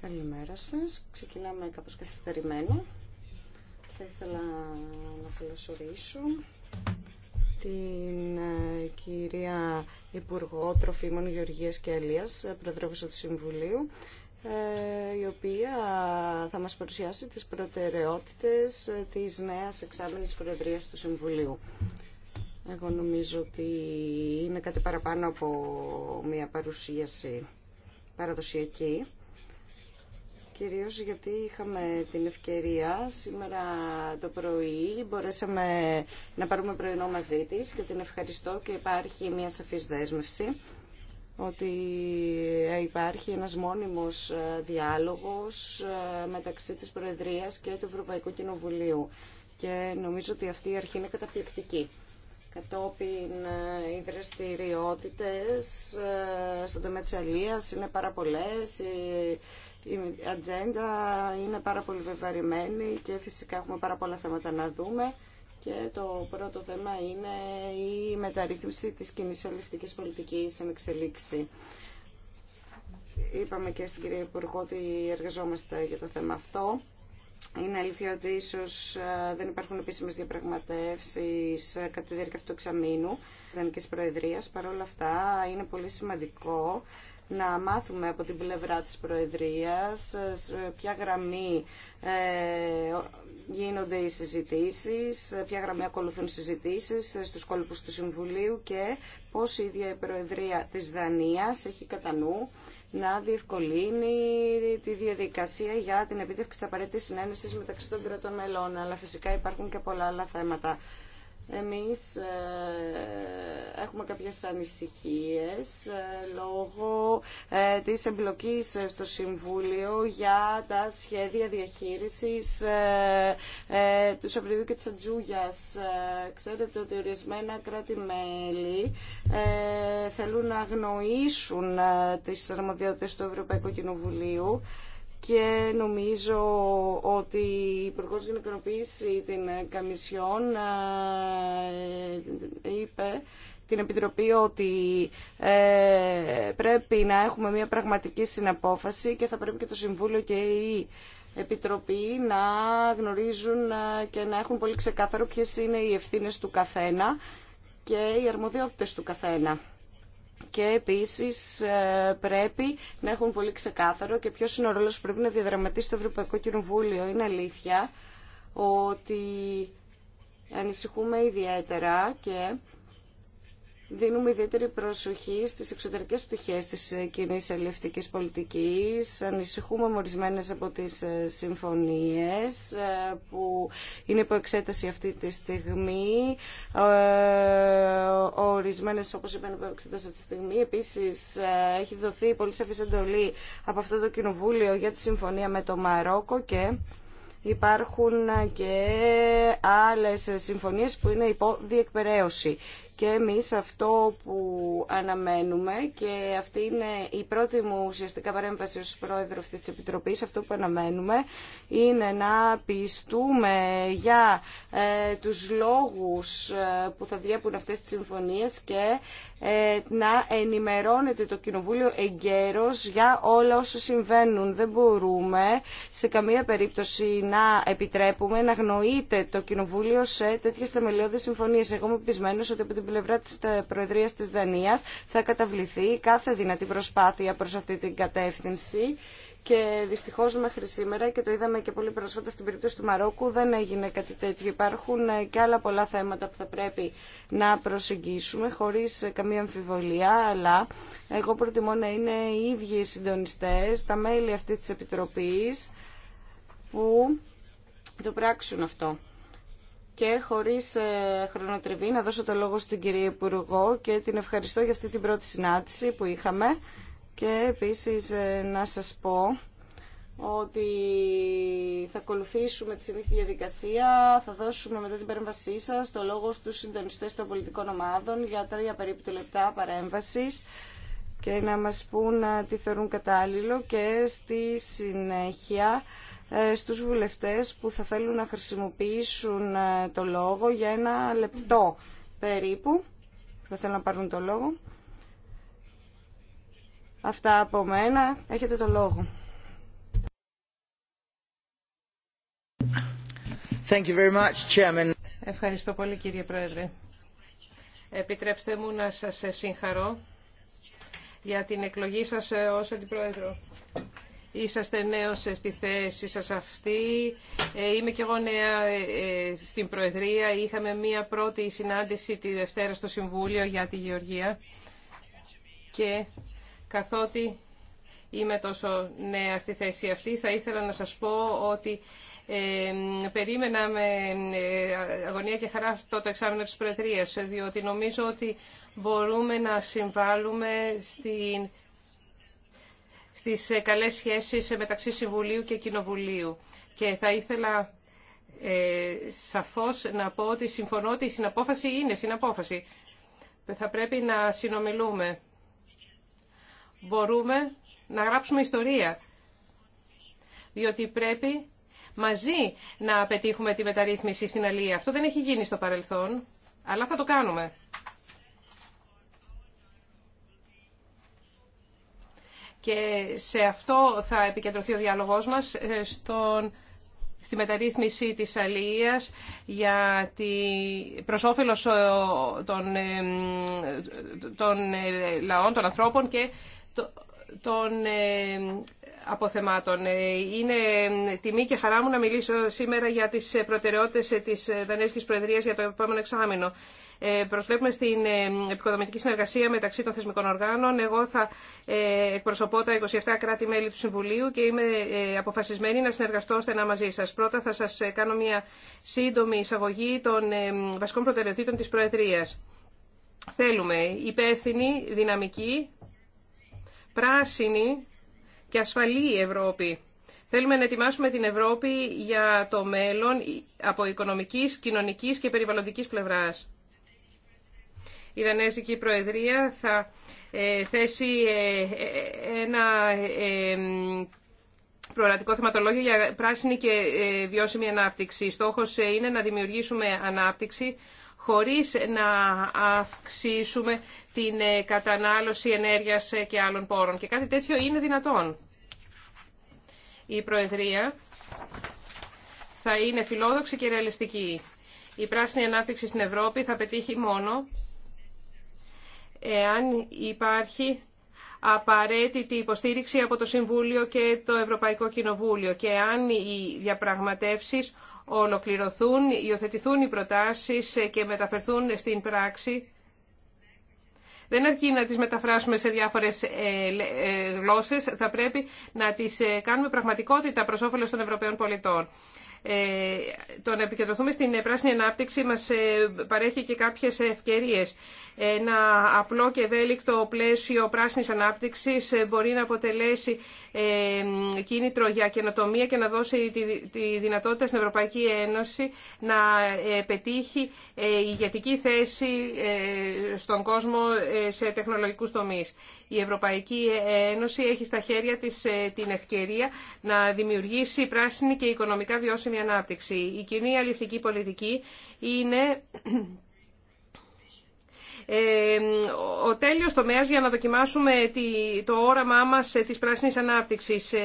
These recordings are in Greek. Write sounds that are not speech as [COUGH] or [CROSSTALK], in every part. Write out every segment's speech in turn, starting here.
Καλημέρα σας. Ξεκινάμε κάπως καθυστερημένα. Θα ήθελα να καλωσορίσω την ε, κυρία Υπουργό Τροφίμων Γεωργίας και Αλίας, ε, Προεδρεύουσα του Συμβουλίου, ε, η οποία θα μας παρουσιάσει τις προτεραιότητε της νέας εξάμενη Προεδρίας του Συμβουλίου. Εγώ νομίζω ότι είναι κάτι παραπάνω από μια παρουσίαση παραδοσιακή. Κυρίως γιατί είχαμε την ευκαιρία σήμερα το πρωί, μπορέσαμε να πάρουμε πρωινό μαζί της και την ευχαριστώ και υπάρχει μια σαφής δέσμευση ότι υπάρχει ένας μόνιμος ε, διάλογος ε, μεταξύ της Προεδρίας και του Ευρωπαϊκού Κοινοβουλίου. Και νομίζω ότι αυτή η αρχή είναι καταπληκτική. Κατόπιν ε, οι δραστηριότητε ε, στον τομέα της αλίας είναι πάρα πολλές, η ατζέντα είναι πάρα πολύ βεβαρημένη και φυσικά έχουμε πάρα πολλά θέματα να δούμε. Και το πρώτο θέμα είναι η μεταρρύθμιση της κοινή αλληλευτικής πολιτικής εν εξελίξη. Είπαμε και στην κυρία Υπουργό ότι εργαζόμαστε για το θέμα αυτό. Είναι αλήθεια ότι ίσω δεν υπάρχουν επίσημε διαπραγματεύσει κατά τη διάρκεια αυτού του εξαμήνου τη Δανική Προεδρία. Παρ' όλα αυτά, είναι πολύ σημαντικό να μάθουμε από την πλευρά της Προεδρίας ποια γραμμή ε, γίνονται οι συζητήσεις, ποια γραμμή ακολουθούν συζητήσεις ε, στους κόλπους του Συμβουλίου και πώς η ίδια η Προεδρία της Δανία έχει κατά νου να διευκολύνει τη διαδικασία για την επίτευξη της απαραίτητης συνένεση μεταξύ των κρατών μελών. Αλλά φυσικά υπάρχουν και πολλά άλλα θέματα. Εμείς ε, έχουμε κάποιες ανησυχίες ε, λόγω ε, της εμπλοκής στο Συμβούλιο για τα σχέδια διαχείρισης του Σαββριδού και της Ατζούγιας. Ξέρετε ότι ορισμένα κράτη-μέλη θέλουν να αγνοήσουν τις αρμοδιότητες του Ευρωπαϊκού Κοινοβουλίου και νομίζω ότι η Υπουργός την Καμισιόν ε, είπε την Επιτροπή ότι ε, πρέπει να έχουμε μια πραγματική συναπόφαση και θα πρέπει και το Συμβούλιο και η Επιτροπή να γνωρίζουν ε, και να έχουν πολύ ξεκάθαρο ποιες είναι οι ευθύνες του καθένα και οι αρμοδιότητες του καθένα και επίσης ε, πρέπει να έχουν πολύ ξεκάθαρο και ποιος είναι ο ρόλος που πρέπει να διαδραματίσει το Ευρωπαϊκό Κοινοβούλιο. Είναι αλήθεια ότι ανησυχούμε ιδιαίτερα και δίνουμε ιδιαίτερη προσοχή στις εξωτερικές πτυχές της ε, κοινή ελευθερικής πολιτικής. Ανησυχούμε με από τις ε, συμφωνίες ε, που είναι υπό εξέταση αυτή τη στιγμή. Ορισμένε, όπως είπαμε, υπό εξέταση αυτή τη στιγμή. Επίσης, έχει δοθεί πολύ σαφή εντολή από αυτό το Κοινοβούλιο για τη συμφωνία με το Μαρόκο και υπάρχουν και άλλες συμφωνίες που είναι υπό διεκπαιρέωση. Και εμείς αυτό που αναμένουμε και αυτή είναι η πρώτη μου ουσιαστικά παρέμβαση ως πρόεδρο αυτής της Επιτροπής, αυτό που αναμένουμε είναι να πιστούμε για ε, τους λόγους ε, που θα διέπουν αυτές τις συμφωνίες και ε, να ενημερώνεται το Κοινοβούλιο εγκαίρως για όλα όσα συμβαίνουν. Δεν μπορούμε σε καμία περίπτωση να επιτρέπουμε να γνωρίζουμε το Κοινοβούλιο σε τέτοιε θεμελιώδει συμφωνίε. Εγώ είμαι ότι από την πλευρά της ε, προεδρία της Δανίας θα καταβληθεί κάθε δυνατή προσπάθεια προς αυτή την κατεύθυνση και δυστυχώ μέχρι σήμερα, και το είδαμε και πολύ πρόσφατα στην περίπτωση του Μαρόκου, δεν έγινε κάτι τέτοιο. Υπάρχουν ε, και άλλα πολλά θέματα που θα πρέπει να προσεγγίσουμε χωρί ε, καμία αμφιβολία, αλλά εγώ προτιμώ να είναι οι ίδιοι οι συντονιστέ, τα μέλη αυτή τη Επιτροπή που το πράξουν αυτό και χωρίς ε, χρονοτριβή να δώσω το λόγο στην κυρία Υπουργό και την ευχαριστώ για αυτή την πρώτη συνάντηση που είχαμε και επίσης ε, να σας πω ότι θα ακολουθήσουμε τη συνήθεια διαδικασία, θα δώσουμε μετά την παρέμβασή σας το λόγο στους συντονιστές των πολιτικών ομάδων για τρία περίπου λεπτά παρέμβασης και να μας πούν τι θεωρούν κατάλληλο και στη συνέχεια ε, στους βουλευτές που θα θέλουν να χρησιμοποιήσουν ε, το λόγο για ένα λεπτό περίπου. Θα θέλουν να πάρουν το λόγο. Αυτά από μένα. Έχετε το λόγο. Thank you very much, Chairman. Ευχαριστώ πολύ κύριε Πρόεδρε. Επιτρέψτε μου να σας συγχαρώ για την εκλογή σας ε, ως Αντιπρόεδρο. Είσαστε νέος ε, στη θέση σας αυτή. Ε, είμαι και εγώ νέα ε, στην Προεδρία. Είχαμε μία πρώτη συνάντηση τη Δευτέρα στο Συμβούλιο για τη Γεωργία. Και καθότι είμαι τόσο νέα στη θέση αυτή, θα ήθελα να σας πω ότι περίμεναμε περίμενα με αγωνία και χαρά το εξάμεινο της Προεδρίας, διότι νομίζω ότι μπορούμε να συμβάλλουμε στην στις ε, καλές σχέσεις ε, μεταξύ Συμβουλίου και Κοινοβουλίου. Και θα ήθελα ε, σαφώς να πω ότι συμφωνώ ότι η συναπόφαση είναι συναπόφαση. Θα πρέπει να συνομιλούμε. Μπορούμε να γράψουμε ιστορία. Διότι πρέπει μαζί να πετύχουμε τη μεταρρύθμιση στην Αλία. Αυτό δεν έχει γίνει στο παρελθόν, αλλά θα το κάνουμε. Και σε αυτό θα επικεντρωθεί ο διάλογός μας, ε, στον, στη μεταρρύθμιση της αλληλείας για τη, προς όφελος ε, των, ε, των λαών, των ανθρώπων και των αποθεμάτων. Ε, είναι ε, τιμή και χαρά μου να μιλήσω σήμερα για τις ε, προτεραιότητες της Δανέζικης Προεδρίας για το επόμενο εξάμεινο. Προσβλέπουμε στην επικοδομητική συνεργασία μεταξύ των θεσμικών οργάνων. Εγώ θα εκπροσωπώ τα 27 κράτη-μέλη του Συμβουλίου και είμαι αποφασισμένη να συνεργαστώ στενά μαζί σα. Πρώτα θα σα κάνω μια σύντομη εισαγωγή των βασικών προτεραιοτήτων τη Προεδρία. Θέλουμε υπεύθυνη, δυναμική, πράσινη και ασφαλή Ευρώπη. Θέλουμε να ετοιμάσουμε την Ευρώπη για το μέλλον από οικονομικής, κοινωνικής και περιβαλλοντικής πλευράς. Η Δανέζικη Προεδρία θα ε, θέσει ε, ε, ένα προορατικό θεματολόγιο για πράσινη και βιώσιμη ανάπτυξη. Στόχος είναι να δημιουργήσουμε ανάπτυξη χωρίς να αυξήσουμε την ε, κατανάλωση ενέργειας ε, και άλλων πόρων. Και κάτι τέτοιο είναι δυνατόν. Η Προεδρία θα είναι φιλόδοξη και ρεαλιστική. Η πράσινη ανάπτυξη στην Ευρώπη θα πετύχει μόνο εάν υπάρχει απαραίτητη υποστήριξη από το Συμβούλιο και το Ευρωπαϊκό Κοινοβούλιο και αν οι διαπραγματεύσεις ολοκληρωθούν, υιοθετηθούν οι προτάσεις και μεταφερθούν στην πράξη, δεν αρκεί να τις μεταφράσουμε σε διάφορες ε, ε, γλώσσες, θα πρέπει να τις ε, κάνουμε πραγματικότητα προς όφελος των Ευρωπαίων πολιτών. Το να επικεντρωθούμε στην πράσινη ανάπτυξη μας παρέχει και κάποιες ευκαιρίες. Ένα απλό και ευέλικτο πλαίσιο πράσινης ανάπτυξης ε, μπορεί να αποτελέσει ε, κίνητρο για καινοτομία και να δώσει τη δυνατότητα στην Ευρωπαϊκή Ένωση να ε, πετύχει ηγετική θέση στον κόσμο σε τεχνολογικούς τομείς. Η Ευρωπαϊκή Ένωση έχει στα χέρια της την ευκαιρία να δημιουργήσει πράσινη και οικονομικά βιώσιμη ανάπτυξη. Η κοινή αληθική πολιτική είναι ο τέλειος τομέας για να δοκιμάσουμε το όραμά μας ε, της πράσινης ανάπτυξης. Ε,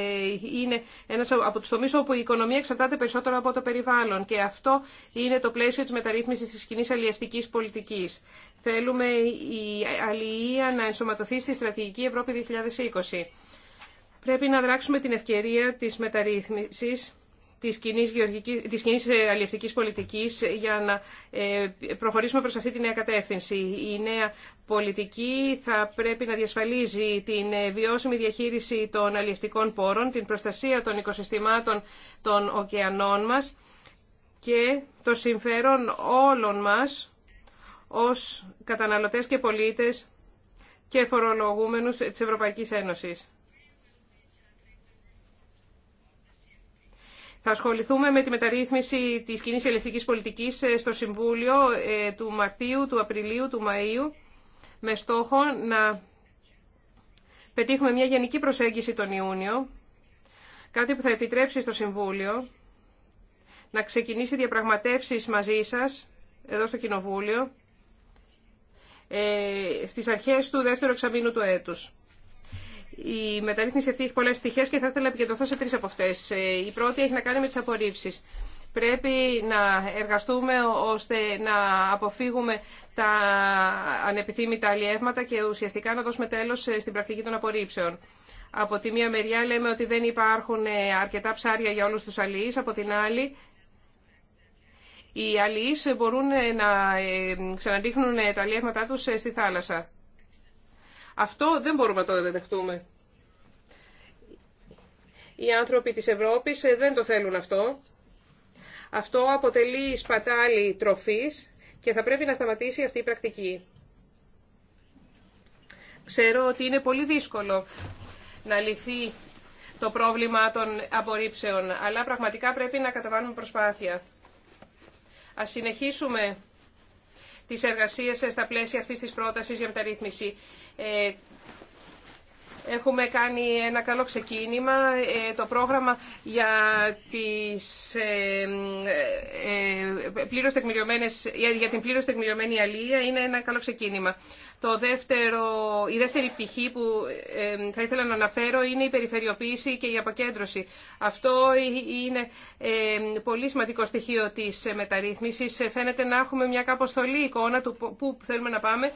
είναι ένας από τους τομείς όπου η οικονομία εξαρτάται περισσότερο από το περιβάλλον και αυτό είναι το πλαίσιο της μεταρρύθμισης της κοινή αλλιευτικής πολιτικής. Θέλουμε η αλληλεία να ενσωματωθεί στη στρατηγική Ευρώπη 2020. Πρέπει να δράξουμε την ευκαιρία της μεταρρύθμισης τη κοινή ε, αλληλευτική πολιτική για να ε, προχωρήσουμε προ αυτή τη νέα κατεύθυνση. Η νέα πολιτική θα πρέπει να διασφαλίζει την ε, βιώσιμη διαχείριση των αλληλευτικών πόρων, την προστασία των οικοσυστημάτων των ωκεανών μας και το συμφέρον όλων μας ως καταναλωτές και πολίτες και φορολογούμενους της Ευρωπαϊκής Ένωσης. Θα ασχοληθούμε με τη μεταρρύθμιση της κοινή ελευθερική πολιτικής ε, στο Συμβούλιο ε, του Μαρτίου, του Απριλίου, του Μαΐου με στόχο να πετύχουμε μια γενική προσέγγιση τον Ιούνιο, κάτι που θα επιτρέψει στο Συμβούλιο να ξεκινήσει διαπραγματεύσεις μαζί σας εδώ στο Κοινοβούλιο ε, στις αρχές του δεύτερου εξαμήνου του έτους. Η μεταρρύθμιση αυτή έχει πολλέ πτυχέ και θα ήθελα να επικεντρωθώ σε τρεις από αυτέ. Ε, η πρώτη έχει να κάνει με τις απορρίψεις. Πρέπει να εργαστούμε ώστε να αποφύγουμε τα ανεπιθύμητα αλλιεύματα και ουσιαστικά να δώσουμε τέλο ε, στην πρακτική των απορρίψεων. Από τη μία μεριά λέμε ότι δεν υπάρχουν ε, αρκετά ψάρια για όλους τους αλληλείς, από την άλλη οι αλληλείς μπορούν να ξαναδείχνουν τα αλλιεύματά τους στη θάλασσα. Αυτό δεν μπορούμε να το δεχτούμε. Οι άνθρωποι της Ευρώπης ε, δεν το θέλουν αυτό. Αυτό αποτελεί σπατάλη τροφής και θα πρέπει να σταματήσει αυτή η πρακτική. Ξέρω ότι είναι πολύ δύσκολο να λυθεί το πρόβλημα των απορρίψεων, αλλά πραγματικά πρέπει να καταβάλουμε προσπάθεια. Ας συνεχίσουμε τις εργασίες ε, στα πλαίσια αυτής της πρότασης για μεταρρύθμιση. Ε, έχουμε κάνει ένα καλό ξεκίνημα. Ε, το πρόγραμμα για τις ε, πλήρως τεκμηριωμένες, για την πλήρως τεκμηριωμένη αλλήλεια είναι ένα καλό ξεκίνημα. Το δεύτερο, η δεύτερη πτυχή που θα ήθελα να αναφέρω είναι η περιφερειοποίηση και η αποκέντρωση. Αυτό είναι πολύ σημαντικό στοιχείο της μεταρρύθμισης. Φαίνεται να έχουμε μια καποστολή εικόνα του πού θέλουμε να πάμε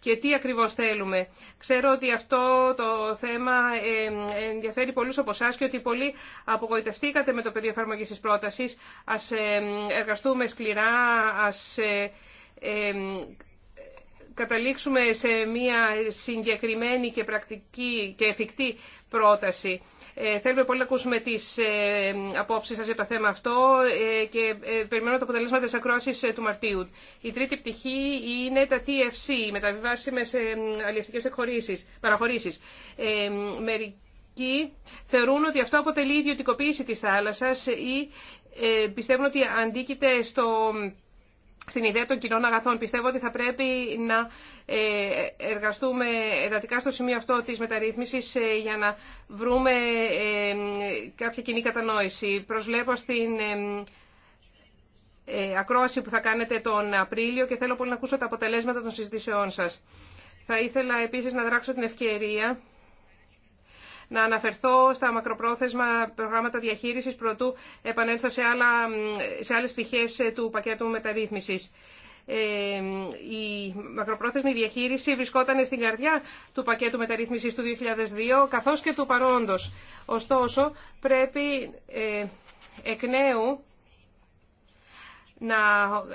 και τι ακριβώς θέλουμε. Ξέρω ότι αυτό το θέμα ε, ενδιαφέρει πολλούς από εσά και ότι πολλοί απογοητευτήκατε με το πεδίο εφαρμογή της πρότασης. Ας ε, εργαστούμε σκληρά, ας ε, καταλήξουμε σε μια συγκεκριμένη και πρακτική και εφικτή πρόταση. Ε, θέλουμε πολύ να ακούσουμε τις ε, απόψει σα για το θέμα αυτό ε, και περιμένουμε τα αποτελέσματα της ακρόασης του Μαρτίου. Η τρίτη πτυχή είναι τα TFC, οι μεταβιβάσιμες αλληλευτικές παραχωρήσεις. Μερικοί θεωρούν ότι αυτό αποτελεί ιδιωτικοποίηση της θάλασσας ή πιστεύουν ότι αντίκειται στο στην ιδέα των κοινών αγαθών. Πιστεύω ότι θα πρέπει να ε, εργαστούμε εντατικά στο σημείο αυτό της μεταρρύθμισης ε, για να βρούμε ε, κάποια κοινή κατανόηση. Προσβλέπω στην ακρόαση που θα κάνετε τον Απρίλιο και θέλω πολύ να ακούσω τα αποτελέσματα των συζητήσεών σας. Θα ήθελα επίσης να δράξω την ευκαιρία να αναφερθώ στα μακροπρόθεσμα προγράμματα διαχείρισης προτού επανέλθω σε, άλλα, σε άλλες πτυχές του πακέτου μεταρρύθμισης. Ε, η μακροπρόθεσμη διαχείριση βρισκόταν στην καρδιά του πακέτου μεταρρύθμισης του 2002 καθώς και του παρόντος. Ωστόσο, πρέπει ε, εκ νέου να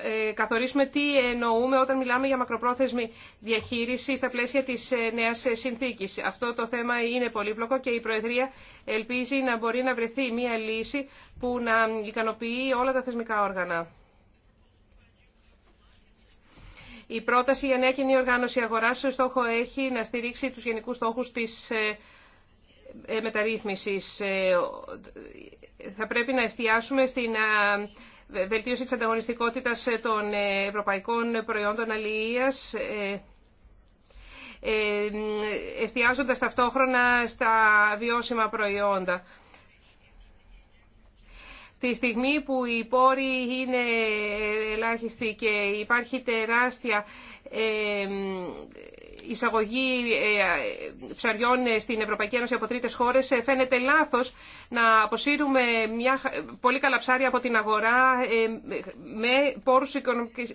ε, καθορίσουμε τι εννοούμε όταν μιλάμε για μακροπρόθεσμη διαχείριση στα πλαίσια της ε, νέας ε, συνθήκης. Αυτό το θέμα είναι πολύπλοκο και η Προεδρία ελπίζει να μπορεί να βρεθεί μια λύση που να ικανοποιεί όλα τα θεσμικά όργανα. Η πρόταση για νέα κοινή οργάνωση αγοράς στόχο έχει να στηρίξει τους γενικούς στόχους της μεταρρύθμισης. Θα πρέπει να εστιάσουμε στην βελτίωση της ανταγωνιστικότητας ε, των ε, ευρωπαϊκών προϊόντων αλληλείας, ε, εστιάζοντας ταυτόχρονα στα βιώσιμα προϊόντα. Τη στιγμή που οι πόροι είναι ελάχιστοι και υπάρχει τεράστια εισαγωγή ε, ψαριών ε, στην Ευρωπαϊκή Ένωση από τρίτες χώρες ε, φαίνεται λάθος να αποσύρουμε μια πολύ καλά ψάρια από την αγορά με πόρους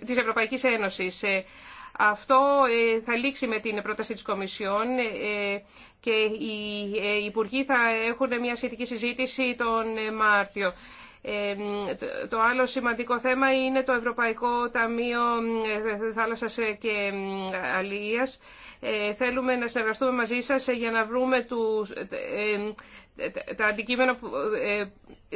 της Ευρωπαϊκής Ένωσης. Αυτό θα λήξει με την πρόταση της Κομισιόν και οι Υπουργοί θα έχουν μια σχετική συζήτηση τον Μάρτιο. Το άλλο σημαντικό θέμα είναι το Ευρωπαϊκό Ταμείο ε, ε, Θάλασσας ε, και Αλληλείας. Θέλουμε να συνεργαστούμε μαζί σας για να βρούμε τους, τα αντικείμενα που,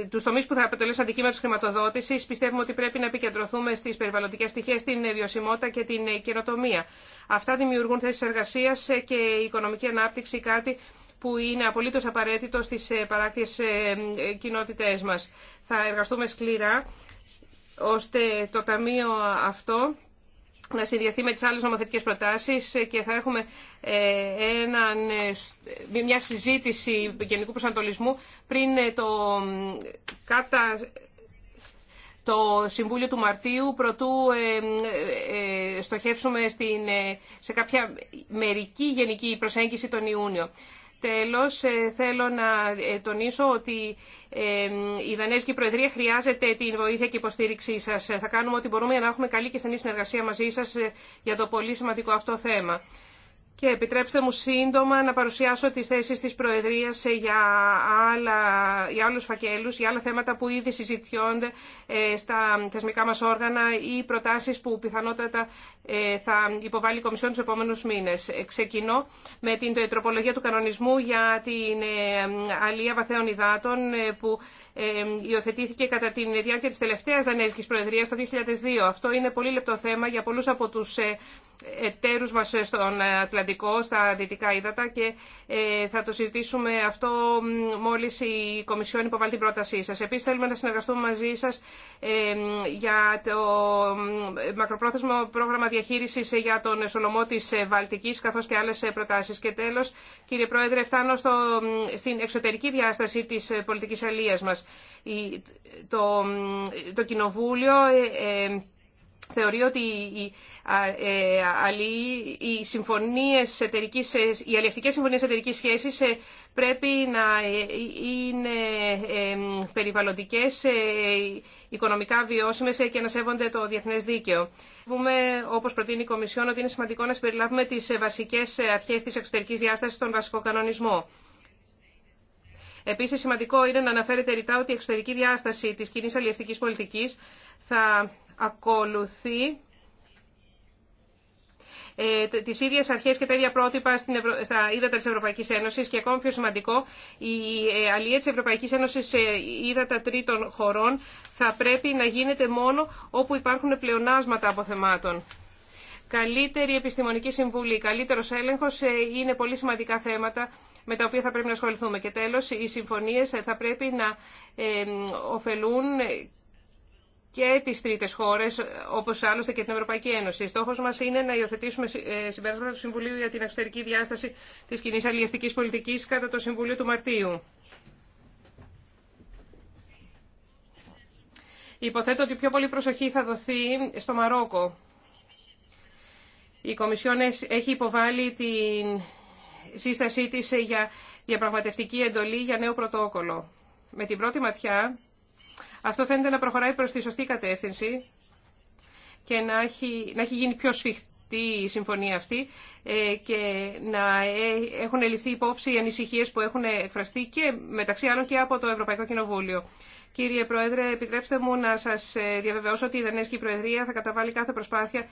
τους τομείς που θα αποτελέσουν αντικείμενα τη χρηματοδότησης. Πιστεύουμε ότι πρέπει να επικεντρωθούμε στις περιβαλλοντικές στοιχεία, στην βιωσιμότητα και την καινοτομία. Αυτά δημιουργούν θέσεις εργασίας και οικονομική ανάπτυξη κάτι που είναι απολύτω απαραίτητο στι ε, παράκτιε ε, κοινότητέ μας. Θα εργαστούμε σκληρά ώστε το Ταμείο αυτό να συνδυαστεί με τις άλλες νομοθετικές προτάσεις και θα έχουμε ε, έναν, μια συζήτηση γενικού προσανατολισμού πριν το, κατά, το Συμβούλιο του Μαρτίου προτού στοχεύσουμε στην, σε κάποια μερική γενική προσέγγιση τον Ιούνιο. Τέλος, ε, θέλω να ε, τονίσω ότι ε, η Δανέζικη Προεδρία χρειάζεται την βοήθεια και υποστήριξή σας. Θα κάνουμε ό,τι μπορούμε για να έχουμε καλή και στενή συνεργασία μαζί σας για το πολύ σημαντικό αυτό θέμα και επιτρέψτε μου σύντομα να παρουσιάσω τις θέσεις της Προεδρίας για, άλλα, για άλλους φακέλους, για άλλα θέματα που ήδη συζητιώνται ε, στα θεσμικά μας όργανα ή προτάσεις που πιθανότατα ε, θα υποβάλει η Κομισιόν τους επόμενους μήνες. Ε, ξεκινώ με την τροπολογία του κανονισμού για την αλία βαθέων υδάτων που υιοθετήθηκε κατά τη διάρκεια της τελευταίας Δανέζικης Προεδρίας το 2002. Αυτό είναι πολύ λεπτό θέμα για πολλούς από τους εταίρους μας στον Ατλαντικό Ατλαντικό, στα Δυτικά ύδατα και ε, θα το συζητήσουμε αυτό μόλι η Κομισιόν υποβάλει την πρότασή σα. Επίση θέλουμε να συνεργαστούμε μαζί σας ε, για το μακροπρόθεσμο πρόγραμμα διαχείρισης ε, για τον Σολομό τη Βαλτική, καθώ και άλλε προτάσει. Και τέλο, κύριε Πρόεδρε, φτάνω στο, στην εξωτερική διάσταση τη πολιτική αλίας μα το, το Κοινοβούλιο θεωρεί ότι η ε, οι συμφωνίες εταιρικής, ε, οι αλληλευτικές συμφωνίες εταιρικής σχέσης ε, πρέπει να είναι περιβαλλοντικές, οικονομικά βιώσιμες και να σέβονται το διεθνές δίκαιο. Βούμε, όπως προτείνει η Κομισιόν, ότι είναι σημαντικό να συμπεριλάβουμε τις βασικές αρχές της εξωτερικής διάστασης στον βασικό κανονισμό. Επίσης, σημαντικό είναι να αναφέρεται ρητά ότι η εξωτερική διάσταση της κοινή αλληλευτικής πολιτικής θα ακολουθεί ε, τις ίδιες αρχές και τα ίδια πρότυπα στα ύδατα της Ευρωπαϊκής Ένωσης και ακόμα πιο σημαντικό, η ε, αλληλεία της Ευρωπαϊκής Ένωσης σε ύδατα τρίτων χωρών θα πρέπει να γίνεται μόνο όπου υπάρχουν πλεονάσματα από θεμάτων. Καλύτερη επιστημονική συμβουλή, καλύτερος έλεγχος ε, είναι πολύ σημαντικά θέματα με τα οποία θα πρέπει να ασχοληθούμε. Και τέλος, οι συμφωνίες θα πρέπει να ωφελούν και τις τρίτες χώρες, όπως άλλωστε και την Ευρωπαϊκή Ένωση. Στόχος μας είναι να υιοθετήσουμε ε, συμπέρασματα του Συμβουλίου για την εξωτερική διάσταση της κοινή αλληλευτικής πολιτικής κατά το Συμβουλίο του Μαρτίου. Υποθέτω ότι πιο πολύ προσοχή θα δοθεί στο Μαρόκο. Η Κομισιόν έχει υποβάλει τη σύστασή της για διαπραγματευτική εντολή για νέο πρωτόκολλο. Με την πρώτη ματιά αυτό φαίνεται να προχωράει προς τη σωστή κατεύθυνση και να έχει, να γίνει πιο σφιχτή η συμφωνία αυτή ε, και να ε, έχουν ληφθεί υπόψη οι ανησυχίες που έχουν εκφραστεί και μεταξύ άλλων και από το Ευρωπαϊκό Κοινοβούλιο. Κύριε Πρόεδρε, επιτρέψτε μου να σας ε, διαβεβαιώσω ότι η Δανέσκη Προεδρία θα καταβάλει κάθε προσπάθεια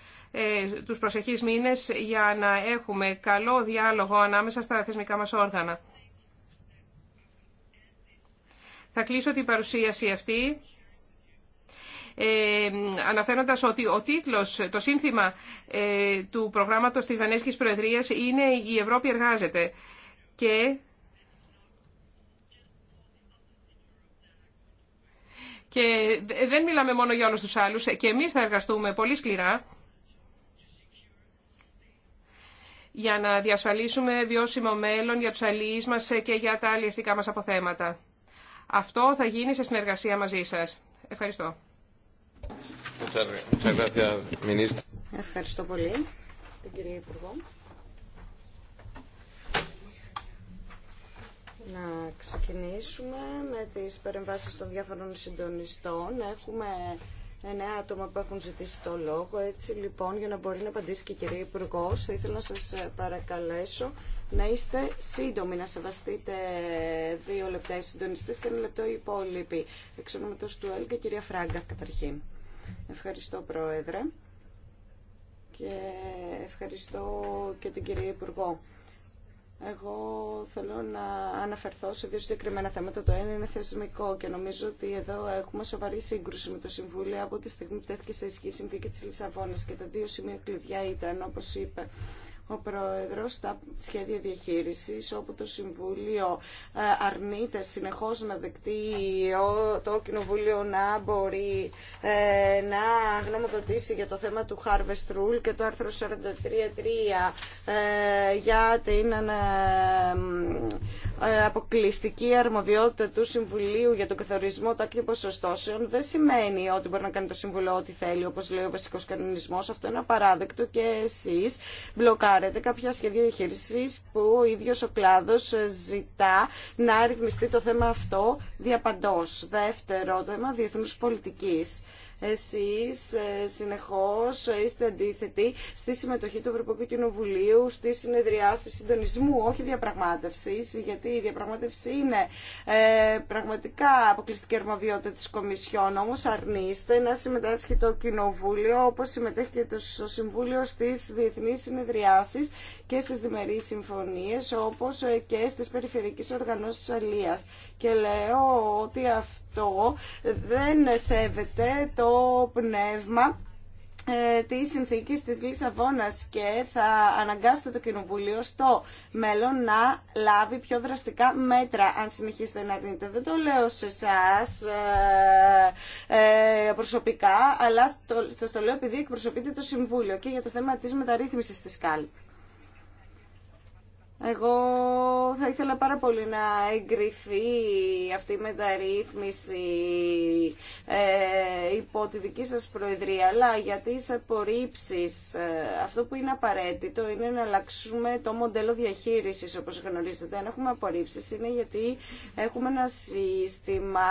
τους προσεχείς μήνες για να έχουμε καλό διάλογο ανάμεσα στα θεσμικά μας όργανα. Θα κλείσω την παρουσίαση αυτή ε, αναφέροντας ότι ο τίτλος, το σύνθημα ε, του προγράμματος της Δανέσκης Προεδρίας είναι «Η Ευρώπη εργάζεται». Και Και δεν μιλάμε μόνο για όλους τους άλλους. Και εμείς θα εργαστούμε πολύ σκληρά για να διασφαλίσουμε βιώσιμο μέλλον για τους αλληλείς μας και για τα αλληλευτικά μας αποθέματα. Αυτό θα γίνει σε συνεργασία μαζί σα. Ευχαριστώ. Ευχαριστώ πολύ την κυρία Υπουργό. Να ξεκινήσουμε με τις παρεμβάσεις των διάφορων συντονιστών. Έχουμε εννέα άτομα που έχουν ζητήσει το λόγο. Έτσι λοιπόν για να μπορεί να απαντήσει και η κυρία Υπουργό, θα ήθελα να σας παρακαλέσω να είστε σύντομοι, να σεβαστείτε δύο λεπτά οι συντονιστέ και ένα λεπτό οι υπόλοιποι. Εξ του ΕΛ και κυρία Φράγκα, καταρχήν. Ευχαριστώ, Πρόεδρε. Και ευχαριστώ και την κυρία Υπουργό. Εγώ θέλω να αναφερθώ σε δύο συγκεκριμένα θέματα. Το ένα είναι θεσμικό και νομίζω ότι εδώ έχουμε σοβαρή σύγκρουση με το Συμβούλιο από τη στιγμή που τέθηκε σε ισχύ η συνθήκη τη Λισαβόνα και τα δύο σημεία κλειδιά ήταν, όπω είπε ο Πρόεδρος στα σχέδια διαχείρισης όπου το Συμβούλιο ε, αρνείται συνεχώς να δεκτεί το Κοινοβούλιο να μπορεί ε, να γνωμοδοτήσει για το θέμα του Harvest Rule και το άρθρο 43.3 ε, για την αποκλειστική αρμοδιότητα του Συμβουλίου για τον καθορισμό τάκνη ποσοστώσεων δεν σημαίνει ότι μπορεί να κάνει το Συμβουλίο ό,τι θέλει όπως λέει ο βασικός κανονισμός. Αυτό είναι απαράδεκτο και εσείς μπλοκάρετε πάρετε κάποια σχέδια διαχείριση που ο ίδιο ο κλάδο ζητά να ρυθμιστεί το θέμα αυτό διαπαντό. Δεύτερο, θέμα διεθνού πολιτική. Εσείς ε, συνεχώς είστε αντίθετοι στη συμμετοχή του Ευρωπαϊκού Κοινοβουλίου στη συνεδριάση συντονισμού, όχι διαπραγμάτευσης, γιατί η διαπραγμάτευση είναι ε, πραγματικά αποκλειστική αρμοδιότητα της Κομισιόν, όμως αρνείστε να συμμετάσχει το Κοινοβούλιο όπως συμμετέχει και το Συμβούλιο στις διεθνείς συνεδριάσεις και στις διμερείς συμφωνίες όπως ε, και στις περιφερειακές οργανώσεις αλίας και λέω ότι αυτό δεν σέβεται το πνεύμα ε, τη συνθήκη τη Λισαβόνα και θα αναγκάσετε το Κοινοβούλιο στο μέλλον να λάβει πιο δραστικά μέτρα, αν συνεχίσετε να αρνείτε. Δεν το λέω σε εσά ε, ε, προσωπικά, αλλά σα το λέω επειδή εκπροσωπείτε το Συμβούλιο και για το θέμα τη μεταρρύθμιση τη ΚΑΛΠ. Εγώ θα ήθελα πάρα πολύ να εγκριθεί αυτή η μεταρρύθμιση ε, υπό τη δική σας προεδρία, αλλά γιατί τις απορρίψεις ε, αυτό που είναι απαραίτητο είναι να αλλάξουμε το μοντέλο διαχείρισης όπως γνωρίζετε. Αν έχουμε απορρίψεις είναι γιατί έχουμε ένα σύστημα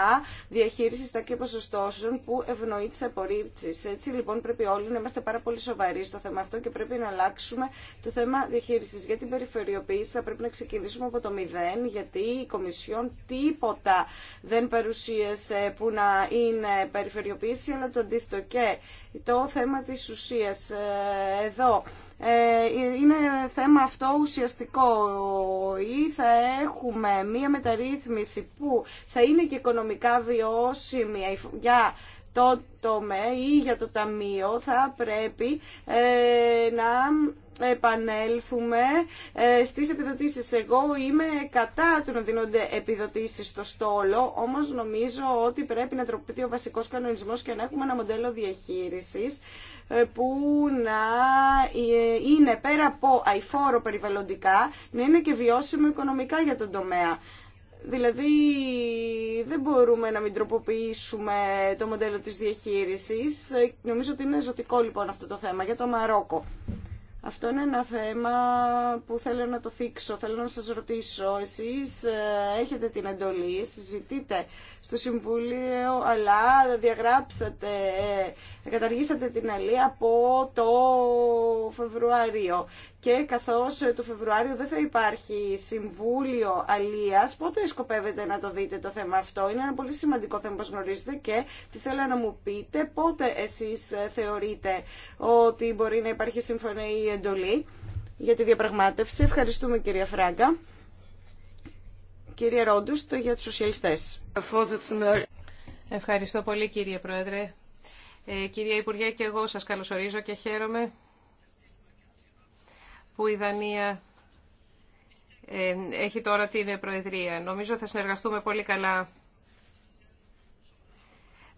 διαχείρισης τα και ποσοστώσεων που ευνοεί τις απορρίψεις. Έτσι λοιπόν πρέπει όλοι να είμαστε πάρα πολύ σοβαροί στο θέμα αυτό και πρέπει να αλλάξουμε το θέμα διαχείρισης για την περιφερειοποίηση θα πρέπει να ξεκινήσουμε από το μηδέν γιατί η Κομισιόν τίποτα δεν παρουσίασε που να είναι περιφερειοποίηση αλλά το αντίθετο και το θέμα της ουσίας ε, εδώ ε, είναι θέμα αυτό ουσιαστικό ή θα έχουμε μία μεταρρύθμιση που θα είναι και οικονομικά βιώσιμη για το τομέα ή για το ταμείο θα πρέπει ε, να επανέλθουμε ε, στις επιδοτήσεις. Εγώ είμαι κατά του να δίνονται επιδοτήσεις στο στόλο, όμως νομίζω ότι πρέπει να τροποποιηθεί ο βασικός κανονισμός και να έχουμε ένα μοντέλο διαχείρισης ε, που να ε, είναι πέρα από αηφόρο περιβαλλοντικά, να είναι και βιώσιμο οικονομικά για τον τομέα. Δηλαδή δεν μπορούμε να μην τροποποιήσουμε το μοντέλο της διαχείρισης. Νομίζω ότι είναι ζωτικό λοιπόν αυτό το θέμα για το Μαρόκο. Αυτό είναι ένα θέμα που θέλω να το θίξω, θέλω να σας ρωτήσω. Εσείς ε, έχετε την εντολή, συζητείτε στο Συμβούλιο, αλλά διαγράψατε, ε, καταργήσατε την αλή από το Φεβρουάριο και καθώς το Φεβρουάριο δεν θα υπάρχει Συμβούλιο Αλίας, πότε σκοπεύετε να το δείτε το θέμα αυτό. Είναι ένα πολύ σημαντικό θέμα που γνωρίζετε και τι θέλω να μου πείτε, πότε εσείς θεωρείτε ότι μπορεί να υπάρχει σύμφωνα ή εντολή για τη διαπραγμάτευση. Ευχαριστούμε κυρία Φράγκα. Κύριε το για τους σοσιαλιστές. Ευχαριστώ πολύ κύριε Πρόεδρε. Ε, κυρία Υπουργέ και εγώ σας καλωσορίζω και χαίρομαι που η Δανία ε, έχει τώρα την Προεδρία. Νομίζω θα συνεργαστούμε πολύ καλά.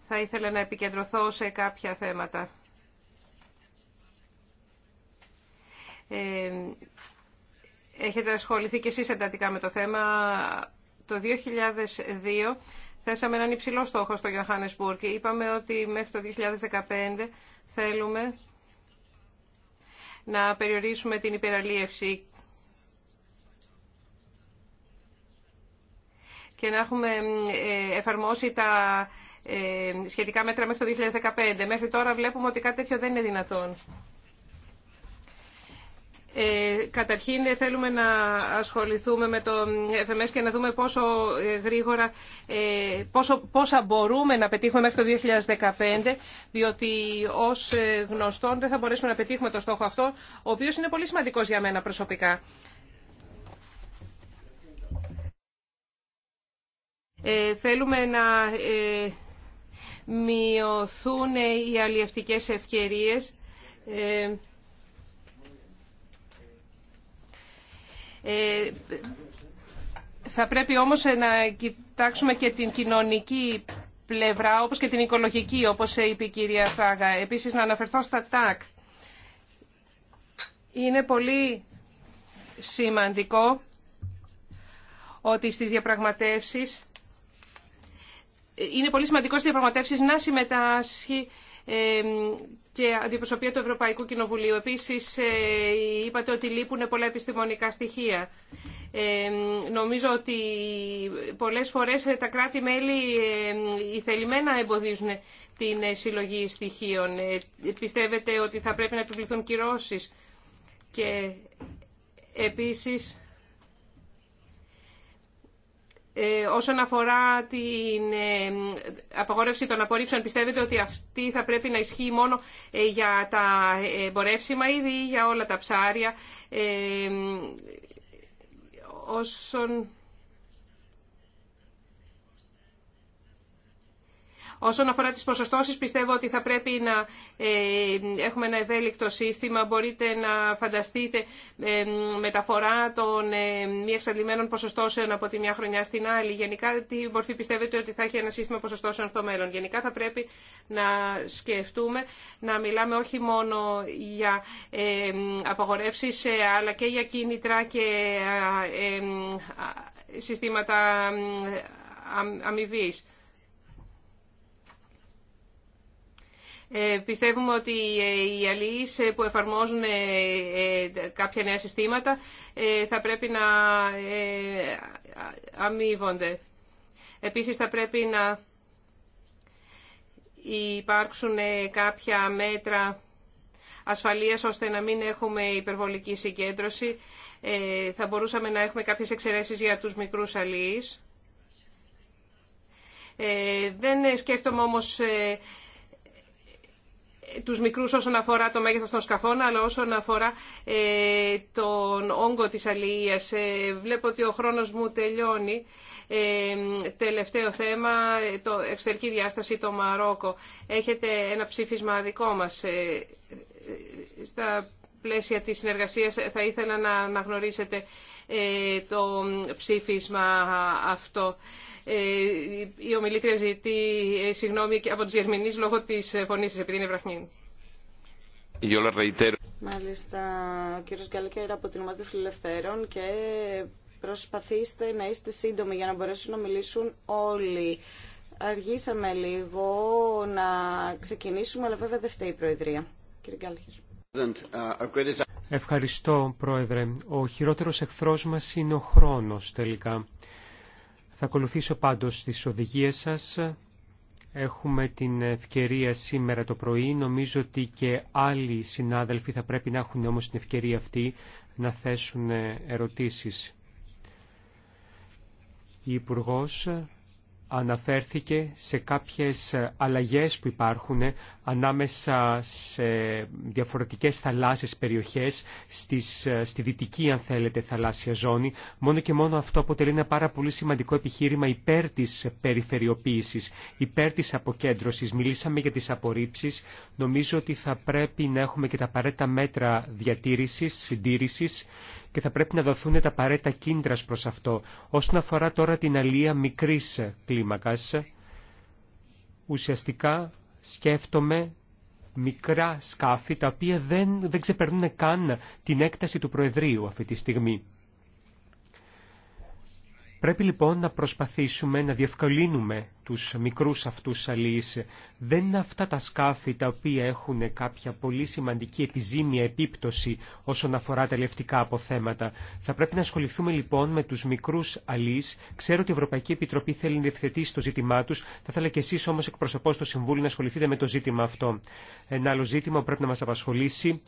Θα ήθελα να επικεντρωθώ σε κάποια θέματα. Ε, έχετε ασχοληθεί και εσείς εντατικά με το θέμα. Το 2002 θέσαμε έναν υψηλό στόχο στο Johannesburg. Είπαμε ότι μέχρι το 2015 θέλουμε να περιορίσουμε την υπεραλίευση και να έχουμε ε, εφαρμόσει τα ε, σχετικά μέτρα μέχρι το 2015. Μέχρι τώρα βλέπουμε ότι κάτι τέτοιο δεν είναι δυνατόν. Ε, καταρχήν ε, θέλουμε να ασχοληθούμε με το FMS και να δούμε πόσο ε, γρήγορα, ε, πόσο, πόσα μπορούμε να πετύχουμε μέχρι το 2015, διότι ως γνωστόν δεν θα μπορέσουμε να πετύχουμε το στόχο αυτό, ο οποίος είναι πολύ σημαντικός για μένα προσωπικά. Ε, θέλουμε να μειωθούν οι αλλιευτικές ευκαιρίες Ε, θα πρέπει όμως ε, να κοιτάξουμε και την κοινωνική πλευρά, όπως και την οικολογική, όπως είπε η κυρία Φράγα. Επίσης, να αναφερθώ στα ΤΑΚ. Είναι πολύ σημαντικό ότι στις διαπραγματεύσεις ε, είναι πολύ σημαντικό στις διαπραγματεύσεις να συμμετάσχει και αντιπροσωπεία του Ευρωπαϊκού Κοινοβουλίου. Επίσης, ε, είπατε ότι λείπουν πολλά επιστημονικά στοιχεία. Ε, νομίζω ότι πολλές φορές ε, τα κράτη-μέλη θελημένα εμποδίζουν την συλλογή στοιχείων. Πιστεύετε ότι θα πρέπει να επιβληθούν κυρώσεις και επίσης ε, όσον αφορά την ε, απαγόρευση των απορρίψεων, πιστεύετε ότι αυτή θα πρέπει να ισχύει μόνο ε, για τα εμπορεύσιμα ή για όλα τα ψάρια. όσον Όσον αφορά τις ποσοστώσεις, πιστεύω ότι θα πρέπει να ε, έχουμε ένα ευέλικτο σύστημα. Μπορείτε να φανταστείτε ε, μεταφορά των ε, μη εξαντλημένων ποσοστώσεων από τη μια χρονιά στην άλλη. Γενικά, τι μορφή πιστεύετε ότι θα έχει ένα σύστημα ποσοστώσεων στο μέλλον. Γενικά, θα πρέπει να σκεφτούμε να μιλάμε όχι μόνο για απαγορεύσεις, αλλά και για κίνητρα και συστήματα αμοιβή. Ε, πιστεύουμε ότι ε, οι αλληλείς ε, που εφαρμόζουν κάποια νέα συστήματα θα πρέπει να αμείβονται. Επίσης θα πρέπει να υπάρξουν κάποια μέτρα ασφαλείας ώστε να μην έχουμε υπερβολική συγκέντρωση. Θα μπορούσαμε να έχουμε κάποιες εξαιρέσεις για τους μικρούς αλληλείς. Δεν σκέφτομαι όμως τους μικρούς όσον αφορά το μέγεθος των σκαφών, αλλά όσον αφορά ε, τον όγκο της αλληλείας. Ε, βλέπω ότι ο χρόνος μου τελειώνει. Ε, τελευταίο θέμα, το εξωτερική διάσταση, το Μαρόκο. Έχετε ένα ψήφισμα δικό μας. Στα πλαίσια της συνεργασίας θα ήθελα να αναγνωρίσετε ε, το ψήφισμα αυτό. Ε, η ομιλήτρια ζητεί ε, συγγνώμη από τους Γερμηνείς λόγω της φωνής της, επειδή είναι βραχνή. Μάλιστα, ο κύριος Γκαλκέρα από την Ομάδα Φιλελευθέρων και προσπαθήστε να είστε σύντομοι για να μπορέσουν να μιλήσουν όλοι. Αργήσαμε λίγο να ξεκινήσουμε, αλλά βέβαια δεν φταίει η Προεδρία. Κύριε Γκάλχερ. Ευχαριστώ, Πρόεδρε. Ο χειρότερος εχθρός μας είναι ο χρόνος, τελικά. Θα ακολουθήσω πάντως τις οδηγίες σας. Έχουμε την ευκαιρία σήμερα το πρωί. Νομίζω ότι και άλλοι συνάδελφοι θα πρέπει να έχουν όμως την ευκαιρία αυτή να θέσουν ερωτήσεις. Η Υπουργός αναφέρθηκε σε κάποιες αλλαγές που υπάρχουν ανάμεσα σε διαφορετικές θαλάσσιες περιοχές, στις, στη δυτική αν θέλετε θαλάσσια ζώνη. Μόνο και μόνο αυτό αποτελεί ένα πάρα πολύ σημαντικό επιχείρημα υπέρ της περιφερειοποίησης, υπέρ της αποκέντρωσης. Μιλήσαμε για τις απορρίψεις. Νομίζω ότι θα πρέπει να έχουμε και τα απαραίτητα μέτρα διατήρησης, συντήρησης και θα πρέπει να δοθούν τα παρέτα κίντρα προ αυτό. Όσον αφορά τώρα την αλία μικρή κλίμακα. ουσιαστικά σκέφτομαι μικρά σκάφη τα οποία δεν, δεν ξεπερνούν καν την έκταση του Προεδρείου αυτή τη στιγμή. Πρέπει λοιπόν να προσπαθήσουμε να διευκολύνουμε τους μικρούς αυτούς αλείς. Δεν είναι αυτά τα σκάφη τα οποία έχουν κάποια πολύ σημαντική επιζήμια επίπτωση όσον αφορά τα λευτικά αποθέματα. Θα πρέπει να ασχοληθούμε λοιπόν με τους μικρούς αλείς. Ξέρω ότι η Ευρωπαϊκή Επιτροπή θέλει να διευθετήσει το ζήτημά τους. Θα ήθελα και εσείς όμως εκπροσωπώς στο Συμβούλιο να ασχοληθείτε με το ζήτημα αυτό. Ένα άλλο ζήτημα που πρέπει να μας απασχολήσει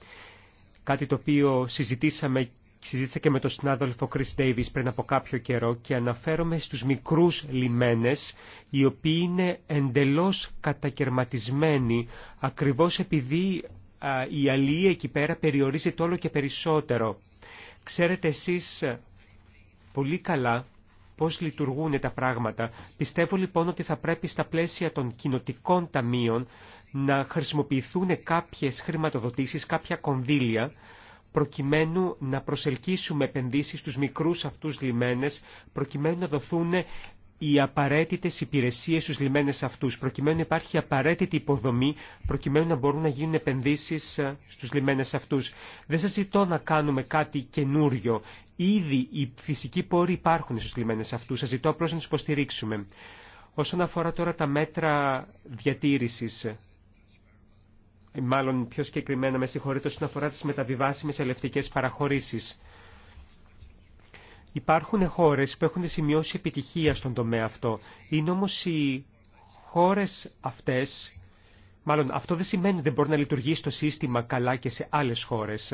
κάτι το οποίο συζητήσαμε συζήτησα και με τον συνάδελφο Chris Davis πριν από κάποιο καιρό και αναφέρομαι στους μικρούς λιμένες οι οποίοι είναι εντελώς κατακαιρματισμένοι ακριβώς επειδή η αλληλεία εκεί πέρα περιορίζεται όλο και περισσότερο. Ξέρετε εσείς ε, πολύ καλά πώς λειτουργούν τα πράγματα. Πιστεύω λοιπόν ότι θα πρέπει στα πλαίσια των κοινοτικών ταμείων να χρησιμοποιηθούν κάποιες χρηματοδοτήσεις, κάποια κονδύλια, προκειμένου να προσελκύσουμε επενδύσεις στους μικρούς αυτούς λιμένες, προκειμένου να δοθούν οι απαραίτητες υπηρεσίες στους λιμένες αυτούς, προκειμένου να υπάρχει απαραίτητη υποδομή, προκειμένου να μπορούν να γίνουν επενδύσεις ε, στους λιμένες αυτούς. Δεν σας ζητώ να κάνουμε κάτι καινούριο. Ήδη οι φυσικοί πόροι υπάρχουν στους λιμένες αυτούς. Σας ζητώ απλώς να τους υποστηρίξουμε. Όσον αφορά τώρα τα μέτρα διατήρησης, ε, μάλλον πιο συγκεκριμένα με συγχωρείτε όσον αφορά τις μεταβιβάσιμες ελευτικές παραχωρήσεις. Υπάρχουν χώρες που έχουν σημειώσει επιτυχία στον τομέα αυτό. Είναι όμως οι χώρες αυτές, μάλλον αυτό δεν σημαίνει ότι δεν μπορεί να λειτουργήσει το σύστημα καλά και σε άλλες χώρες.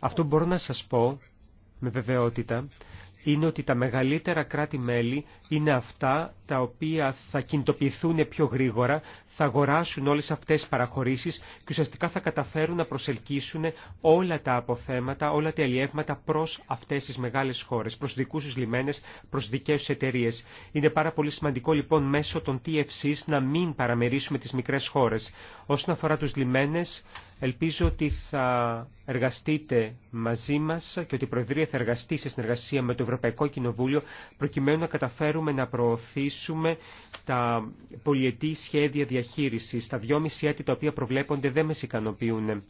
Αυτό μπορώ να σας πω με βεβαιότητα είναι ότι τα μεγαλύτερα κράτη-μέλη είναι αυτά τα οποία θα κινητοποιηθούν πιο γρήγορα, θα αγοράσουν όλες αυτές τις παραχωρήσεις και ουσιαστικά θα καταφέρουν να προσελκύσουν όλα τα αποθέματα, όλα τα ελιεύματα προς αυτές τις μεγάλες χώρες, προς δικούς τους λιμένες, προς δικές τους εταιρείες. Είναι πάρα πολύ σημαντικό λοιπόν μέσω των TFCs να μην παραμερίσουμε τις μικρές χώρες. Όσον αφορά τους λιμένες, Ελπίζω ότι θα εργαστείτε μαζί μας και ότι η Προεδρία θα εργαστεί σε συνεργασία με το Ευρωπαϊκό Κοινοβούλιο προκειμένου να καταφέρουμε να προωθήσουμε τα πολιετή σχέδια διαχείρισης. Τα δυόμιση έτη τα οποία προβλέπονται δεν με ικανοποιούν.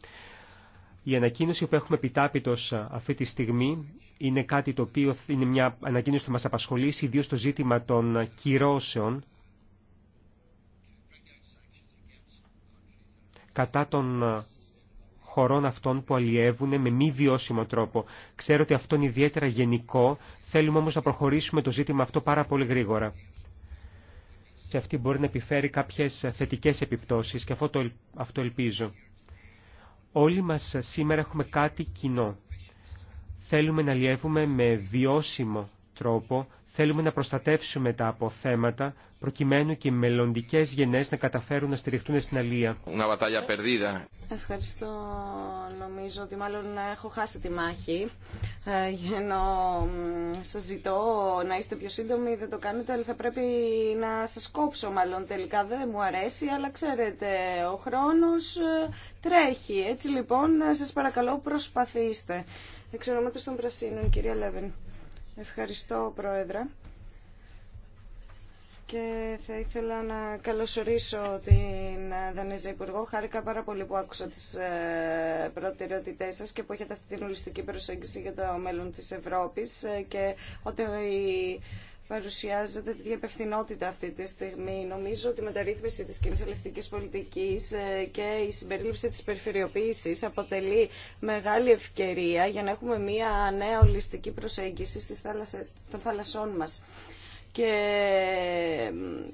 Η ανακοίνωση που έχουμε επιτάπητος αυτή τη στιγμή είναι κάτι το οποίο είναι μια ανακοίνωση που μας απασχολήσει, ιδίως το ζήτημα των κυρώσεων κατά τον χωρών αυτών που αλλιεύουν με μη βιώσιμο τρόπο. Ξέρω ότι αυτό είναι ιδιαίτερα γενικό, θέλουμε όμως να προχωρήσουμε το ζήτημα αυτό πάρα πολύ γρήγορα. Και αυτή μπορεί να επιφέρει κάποιες θετικές επιπτώσεις και αυτό, ελπίζω. Όλοι μας σήμερα έχουμε κάτι κοινό. Θέλουμε να αλλιεύουμε με βιώσιμο τρόπο Θέλουμε να προστατεύσουμε τα αποθέματα προκειμένου και οι μελλοντικέ γενέ να καταφέρουν να στηριχτούν στην αλία. Ευχαριστώ. Νομίζω ότι μάλλον έχω χάσει τη μάχη. Ε, ενώ σας ζητώ να είστε πιο σύντομοι, δεν το κάνετε, αλλά θα πρέπει να σας κόψω μάλλον τελικά. Δεν μου αρέσει, αλλά ξέρετε, ο χρόνο ε, τρέχει. Έτσι λοιπόν, ε, σα παρακαλώ προσπαθήστε. Εξ ονόματος των Πρασίνων, κυρία Λέβεν. Ευχαριστώ, Πρόεδρα. Και θα ήθελα να καλωσορίσω την Δανέζα Υπουργό. Χάρηκα πάρα πολύ που άκουσα τις ε, προτεραιότητές σας και που έχετε αυτή την ολιστική προσέγγιση για το μέλλον της Ευρώπης ε, και ότι παρουσιάζεται τη υπευθυνότητα αυτή τη στιγμή. Νομίζω ότι η μεταρρύθμιση της κοινή ελευτική πολιτικής ε, και η συμπερίληψη της περιφερειοποίησης αποτελεί μεγάλη ευκαιρία για να έχουμε μια νέα ολιστική προσέγγιση στις των θαλασσών μας και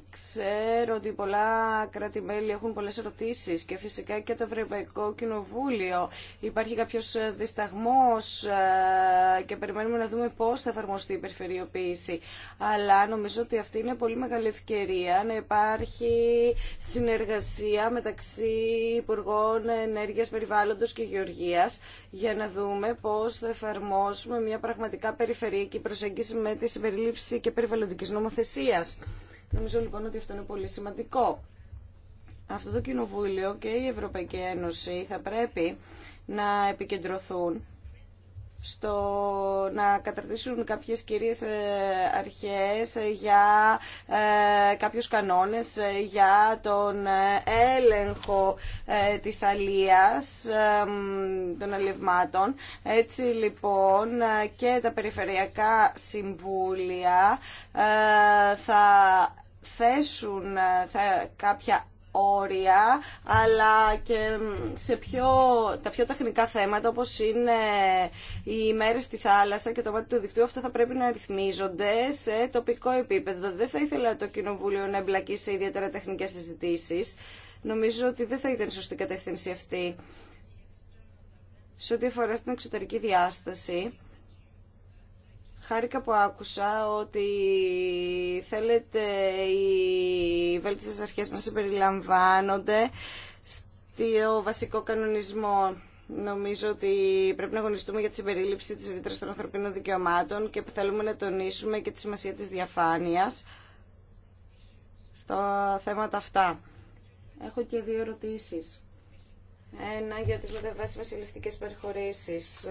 ξέρω ότι πολλά κράτη-μέλη έχουν πολλές ερωτήσεις και φυσικά και το Ευρωπαϊκό Κοινοβούλιο. Υπάρχει κάποιος ε, δισταγμός ε, και περιμένουμε να δούμε πώς θα εφαρμοστεί η περιφερειοποίηση. Αλλά νομίζω ότι αυτή είναι πολύ μεγάλη ευκαιρία να υπάρχει συνεργασία μεταξύ Υπουργών Ενέργειας Περιβάλλοντος και Γεωργίας για να δούμε πώς θα εφαρμόσουμε μια πραγματικά περιφερειακή προσέγγιση με τη συμπεριλήψη και περιβαλλοντικής νομοθεσία. Νομίζω λοιπόν ότι αυτό είναι πολύ σημαντικό. Αυτό το Κοινοβούλιο και η Ευρωπαϊκή Ένωση θα πρέπει να επικεντρωθούν στο να καταρτήσουν κάποιες κυρίες ε, αρχές για ε, κάποιους κανόνες για τον ε, έλεγχο της αλίας των αλευμάτων. Έτσι λοιπόν και τα περιφερειακά συμβούλια θα θέσουν θα, κάποια όρια, αλλά και σε πιο, τα πιο τεχνικά θέματα, όπως είναι οι μέρες στη θάλασσα και το μάτι του δικτύου, αυτά θα πρέπει να ρυθμίζονται σε τοπικό επίπεδο. Δεν θα ήθελα το Κοινοβούλιο να εμπλακεί σε ιδιαίτερα τεχνικές συζητήσεις. Νομίζω ότι δεν θα ήταν σωστή κατεύθυνση αυτή. Σε ό,τι αφορά στην εξωτερική διάσταση, Χάρηκα που άκουσα ότι θέλετε οι βέλτιστες αρχές να συμπεριλαμβάνονται στο βασικό κανονισμό. Νομίζω ότι πρέπει να αγωνιστούμε για τη συμπερίληψη της ρήτρας των ανθρωπίνων δικαιωμάτων και θέλουμε να τονίσουμε και τη σημασία της διαφάνειας στα θέματα αυτά. Έχω και δύο ερωτήσεις. Ένα για τις μεταβάσεις βασιλευτικές περιχωρήσεις.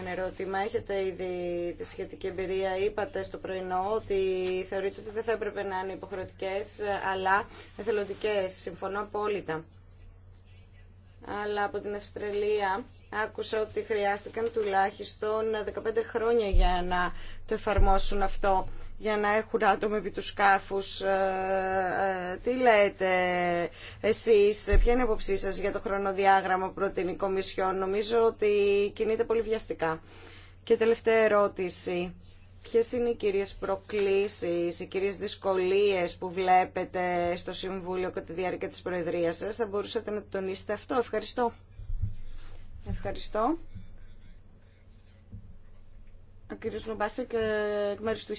Ένα ερώτημα. Έχετε ήδη τη σχετική εμπειρία. Είπατε στο πρωινό ότι θεωρείτε ότι δεν θα έπρεπε να είναι υποχρεωτικές, αλλά εθελοντικές. Συμφωνώ απόλυτα. Αλλά από την Αυστραλία Άκουσα ότι χρειάστηκαν τουλάχιστον 15 χρόνια για να το εφαρμόσουν αυτό, για να έχουν άτομα επί τους σκάφους. Ε, ε, τι λέτε εσείς, ποια είναι η αποψή σα για το χρονοδιάγραμμα που προτείνει Κομισιόν. Νομίζω ότι κινείται πολύ βιαστικά. Και τελευταία ερώτηση. ποιε είναι οι κυρίες προκλήσεις, οι κυρίες δυσκολίες που βλέπετε στο Συμβούλιο κατά τη διάρκεια της Προεδρίας σας. Θα μπορούσατε να τονίσετε αυτό. Ευχαριστώ. Ευχαριστώ. Ο κύριος Λομπάσεκ, ε, εκ του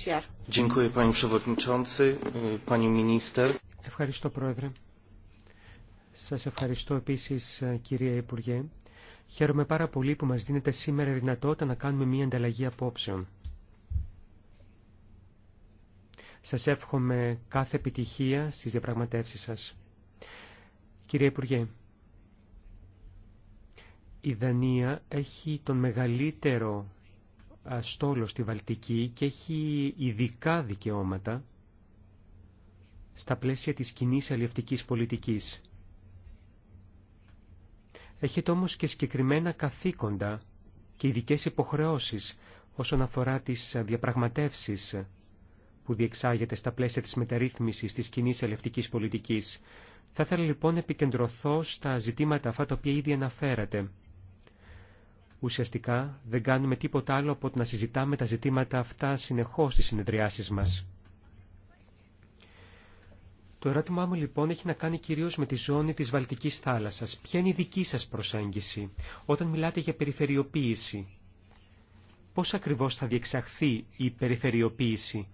ε, Ευχαριστώ, Πρόεδρε. Σας ευχαριστώ επίσης, ε, κυρία Υπουργέ. Χαίρομαι πάρα πολύ που μας δίνετε σήμερα δυνατότητα να κάνουμε μία ανταλλαγή απόψεων. Σας εύχομαι κάθε επιτυχία στις διαπραγματεύσεις σας. Κύριε Υπουργέ, η Δανία έχει τον μεγαλύτερο στόλο στη Βαλτική και έχει ειδικά δικαιώματα στα πλαίσια της κοινή αλληλευτικής πολιτικής. Έχετε όμως και συγκεκριμένα καθήκοντα και ειδικέ υποχρεώσεις όσον αφορά τις διαπραγματεύσεις που διεξάγεται στα πλαίσια της μεταρρύθμισης της κοινή αλληλευτικής πολιτικής. Θα ήθελα λοιπόν να επικεντρωθώ στα ζητήματα αυτά τα οποία ήδη αναφέρατε. Ουσιαστικά δεν κάνουμε τίποτα άλλο από να συζητάμε τα ζητήματα αυτά συνεχώς στις συνεδριάσεις μας. Το ερώτημά μου λοιπόν έχει να κάνει κυρίως με τη ζώνη της Βαλτικής θάλασσας. Ποια είναι η δική σας προσέγγιση όταν μιλάτε για περιφερειοποίηση. Πώς ακριβώς θα διεξαχθεί η περιφερειοποίηση.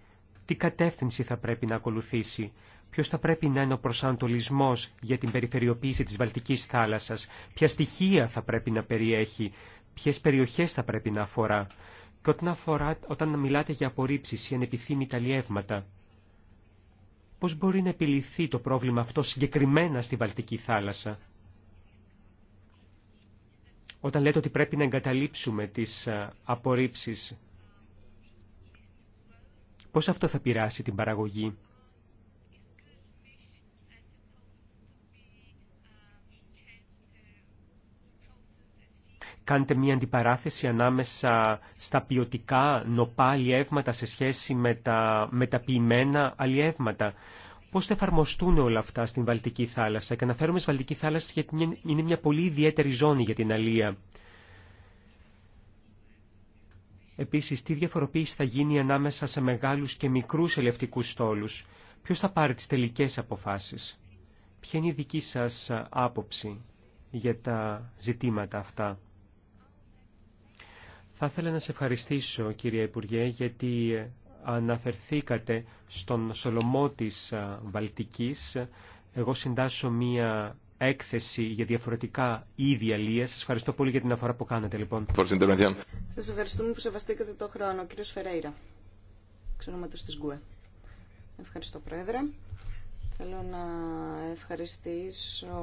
Τι κατεύθυνση θα πρέπει να ακολουθήσει. Ποιος θα πρέπει να είναι ο προσανατολισμός για την περιφερειοποίηση της Βαλτικής θάλασσας. Ποια στοιχεία θα πρέπει να περιέχει ποιες περιοχές θα πρέπει να αφορά. Και όταν, αφορά, όταν μιλάτε για απορρίψεις ή ανεπιθύμητα λιεύματα, πώς μπορεί να επιληθεί το πρόβλημα αυτό συγκεκριμένα στη Βαλτική θάλασσα. Όταν λέτε ότι πρέπει να εγκαταλείψουμε τις απορρίψεις, πώς αυτό θα πειράσει την παραγωγή. κάνετε μια αντιπαράθεση ανάμεσα στα ποιοτικά νοπά αλλιεύματα σε σχέση με τα μεταποιημένα αλλιεύματα. Πώ θα εφαρμοστούν όλα αυτά στην Βαλτική θάλασσα και αναφέρομαι στη Βαλτική θάλασσα γιατί είναι μια πολύ ιδιαίτερη ζώνη για την αλία. Επίσης, τι διαφοροποίηση θα γίνει ανάμεσα σε μεγάλους και μικρούς ελευτικού στόλου, Ποιο θα πάρει τι τελικέ αποφάσει, Ποια είναι η δική σα άποψη για τα ζητήματα αυτά. Θα ήθελα να σε ευχαριστήσω, κυρία Υπουργέ, γιατί αναφερθήκατε στον Σολομό της Βαλτικής. Εγώ συντάσω μία έκθεση για διαφορετικά είδη αλίας. Σας ευχαριστώ πολύ για την αφορά που κάνετε, λοιπόν. Σας ευχαριστούμε που σεβαστήκατε το χρόνο. Κύριος Φερέιρα, ξενόματος της ΓΚΟΕ. Ευχαριστώ, Πρόεδρε. Θέλω να ευχαριστήσω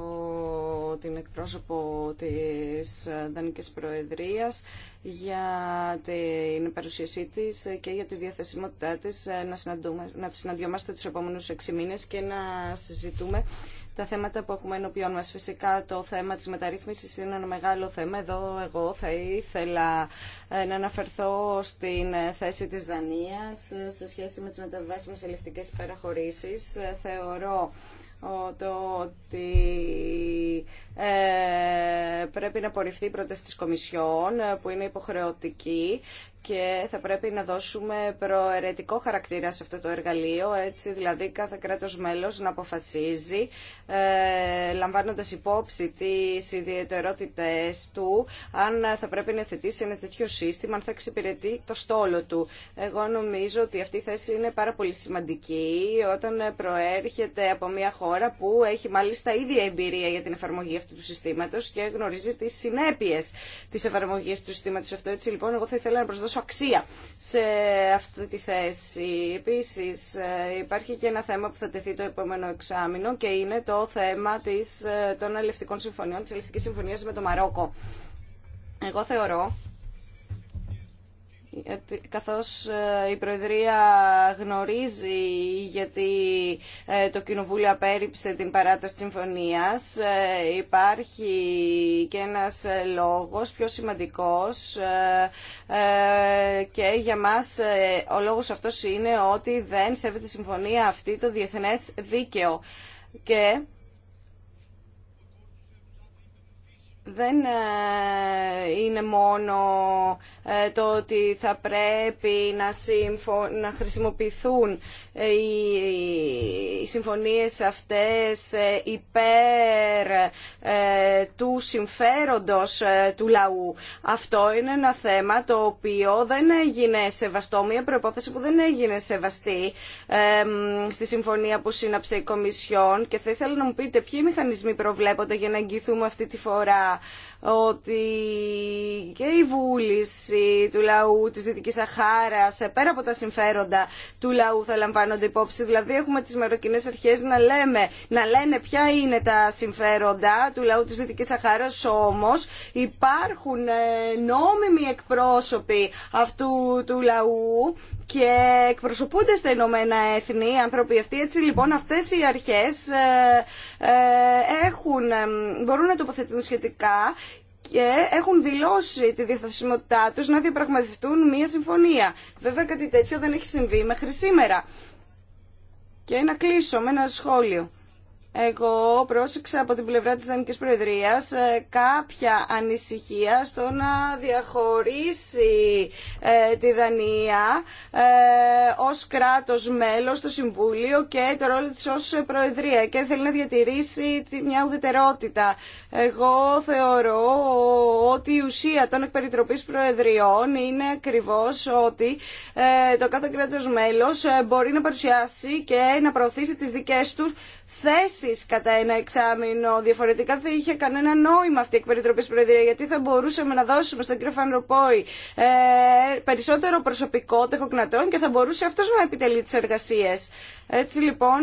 την εκπρόσωπο της Δανικής Προεδρίας για την παρουσίασή της και για τη διαθεσιμότητά της να, συναντούμε, να συναντιόμαστε τους επόμενους 6 μήνες και να συζητούμε τα θέματα που έχουμε ενωπιών μας. Φυσικά το θέμα της μεταρρύθμισης είναι ένα μεγάλο θέμα. Εδώ εγώ θα ήθελα ε, να αναφερθώ στην ε, θέση της Δανίας ε, σε σχέση με τις μεταβάσιμες ελευτικές υπεραχωρήσεις. Θεωρώ ότι πρέπει να απορριφθεί η πρόταση της Κομισιόν που είναι υποχρεωτική και θα πρέπει να δώσουμε προαιρετικό χαρακτήρα σε αυτό το εργαλείο, έτσι δηλαδή κάθε κράτος μέλος να αποφασίζει, ε, λαμβάνοντας υπόψη τις ιδιαιτερότητες του, αν θα πρέπει να θετήσει ένα τέτοιο σύστημα, αν θα εξυπηρετεί το στόλο του. Εγώ νομίζω ότι αυτή η θέση είναι πάρα πολύ σημαντική όταν προέρχεται από μια χώρα που έχει μάλιστα ίδια εμπειρία για την εφαρμογή αυτού του συστήματος και γνωρίζει τις συνέπειες της εφαρμογής του συστήματος Αυτό Έτσι λοιπόν εγώ θα ήθελα να προσδώσω δώσω αξία σε αυτή τη θέση. Επίσης ε, υπάρχει και ένα θέμα που θα τεθεί το επόμενο εξάμεινο και είναι το θέμα της, ε, των αλληλευτικών συμφωνιών, της ελευτικής συμφωνίας με το Μαρόκο. Εγώ θεωρώ καθώς ε, η Προεδρία γνωρίζει γιατί ε, το Κοινοβούλιο απέρριψε την παράταση της συμφωνίας, ε, υπάρχει και ένας λόγος πιο σημαντικός και για μας ο λόγος αυτός είναι ότι δεν σέβεται η συμφωνία αυτή το διεθνές δίκαιο. Και δεν ε, είναι μόνο ε, το ότι θα πρέπει να, χρησιμοποιηθούν ε, οι συμφωνίες αυτές υπέρ του συμφέροντος του λαού. Αυτό είναι ένα θέμα το οποίο δεν έγινε σεβαστό, μια προπόθεση που δεν έγινε σεβαστή στη συμφωνία που σύναψε η Κομισιόν και θα ήθελα να μου πείτε ποιοι μηχανισμοί προβλέπονται για να εγγυηθούμε αυτή τη φορά ότι και η βούληση του λαού της Δυτικής Αχάρας ε, πέρα από τα συμφέροντα του λαού θα λαμβάνονται υπόψη. Δηλαδή έχουμε τις μεροκινές αρχές να, λέμε, να λένε ποια είναι τα συμφέροντα του λαού της Δυτικής Αχάρας όμως υπάρχουν ε, νόμιμοι εκπρόσωποι αυτού του λαού και εκπροσωπούνται στα Ηνωμένα Έθνη οι άνθρωποι αυτοί. Έτσι λοιπόν αυτές οι αρχές ε, ε, έχουν, ε, μπορούν να τοποθετηθούν σχετικά και έχουν δηλώσει τη διαθεσιμότητά τους να διαπραγματευτούν μια συμφωνία. Βέβαια κάτι τέτοιο δεν έχει συμβεί μέχρι σήμερα. Και να κλείσω με ένα σχόλιο. Εγώ πρόσεξα από την πλευρά της Δανικής Προεδρίας ε, κάποια ανησυχία στο να διαχωρίσει ε, τη Δανία ε, ως κράτος μέλος στο Συμβούλιο και το ρόλο της ως Προεδρία και θέλει να διατηρήσει μια ουδετερότητα. Εγώ θεωρώ ότι η ουσία των εκπεριτροπής Προεδριών είναι ακριβώ ότι το κάθε κράτος μέλος μπορεί να παρουσιάσει και να προωθήσει τις δικές του Θέσει κατά ένα εξάμεινο. Διαφορετικά δεν είχε κανένα νόημα αυτή η εκπεριτροπή προεδρία, γιατί θα μπορούσαμε να δώσουμε στον κύριο Φανροπόη ε, περισσότερο προσωπικό τεχοκνατών και θα μπορούσε αυτός να επιτελεί τις εργασίες. Έτσι λοιπόν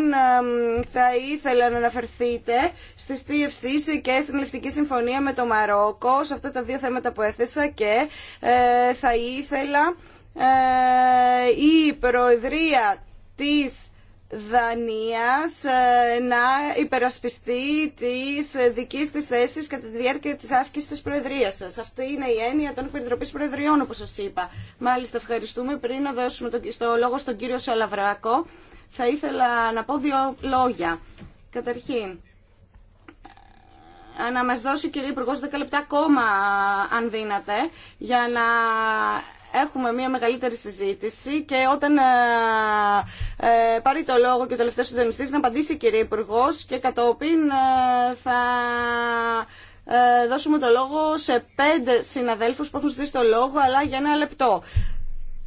θα ήθελα να αναφερθείτε στη TFC και στην Ελευτική Συμφωνία με το Μαρόκο, σε αυτά τα δύο θέματα που έθεσα και ε, θα ήθελα ε, η Προεδρία της Δανίας ε, να υπερασπιστεί τις δικής της θέσεις κατά τη διάρκεια της άσκησης της Προεδρίας σας. Αυτή είναι η έννοια των Επιτροπής Προεδριών, όπως σας είπα. Μάλιστα, ευχαριστούμε. Πριν να δώσουμε το λόγο στον κύριο Σαλαβράκο, θα ήθελα να πω δύο λόγια. Καταρχήν, ε, να μας δώσει, κύριε Υπουργός, 10 λεπτά ακόμα, αν δύναται, για να έχουμε μια μεγαλύτερη συζήτηση και όταν ε, ε, πάρει το λόγο και ο τελευταίος συντονιστής να απαντήσει κυρία Υπουργό και κατόπιν ε, θα ε, δώσουμε το λόγο σε πέντε συναδέλφους που έχουν ζητήσει το λόγο αλλά για ένα λεπτό.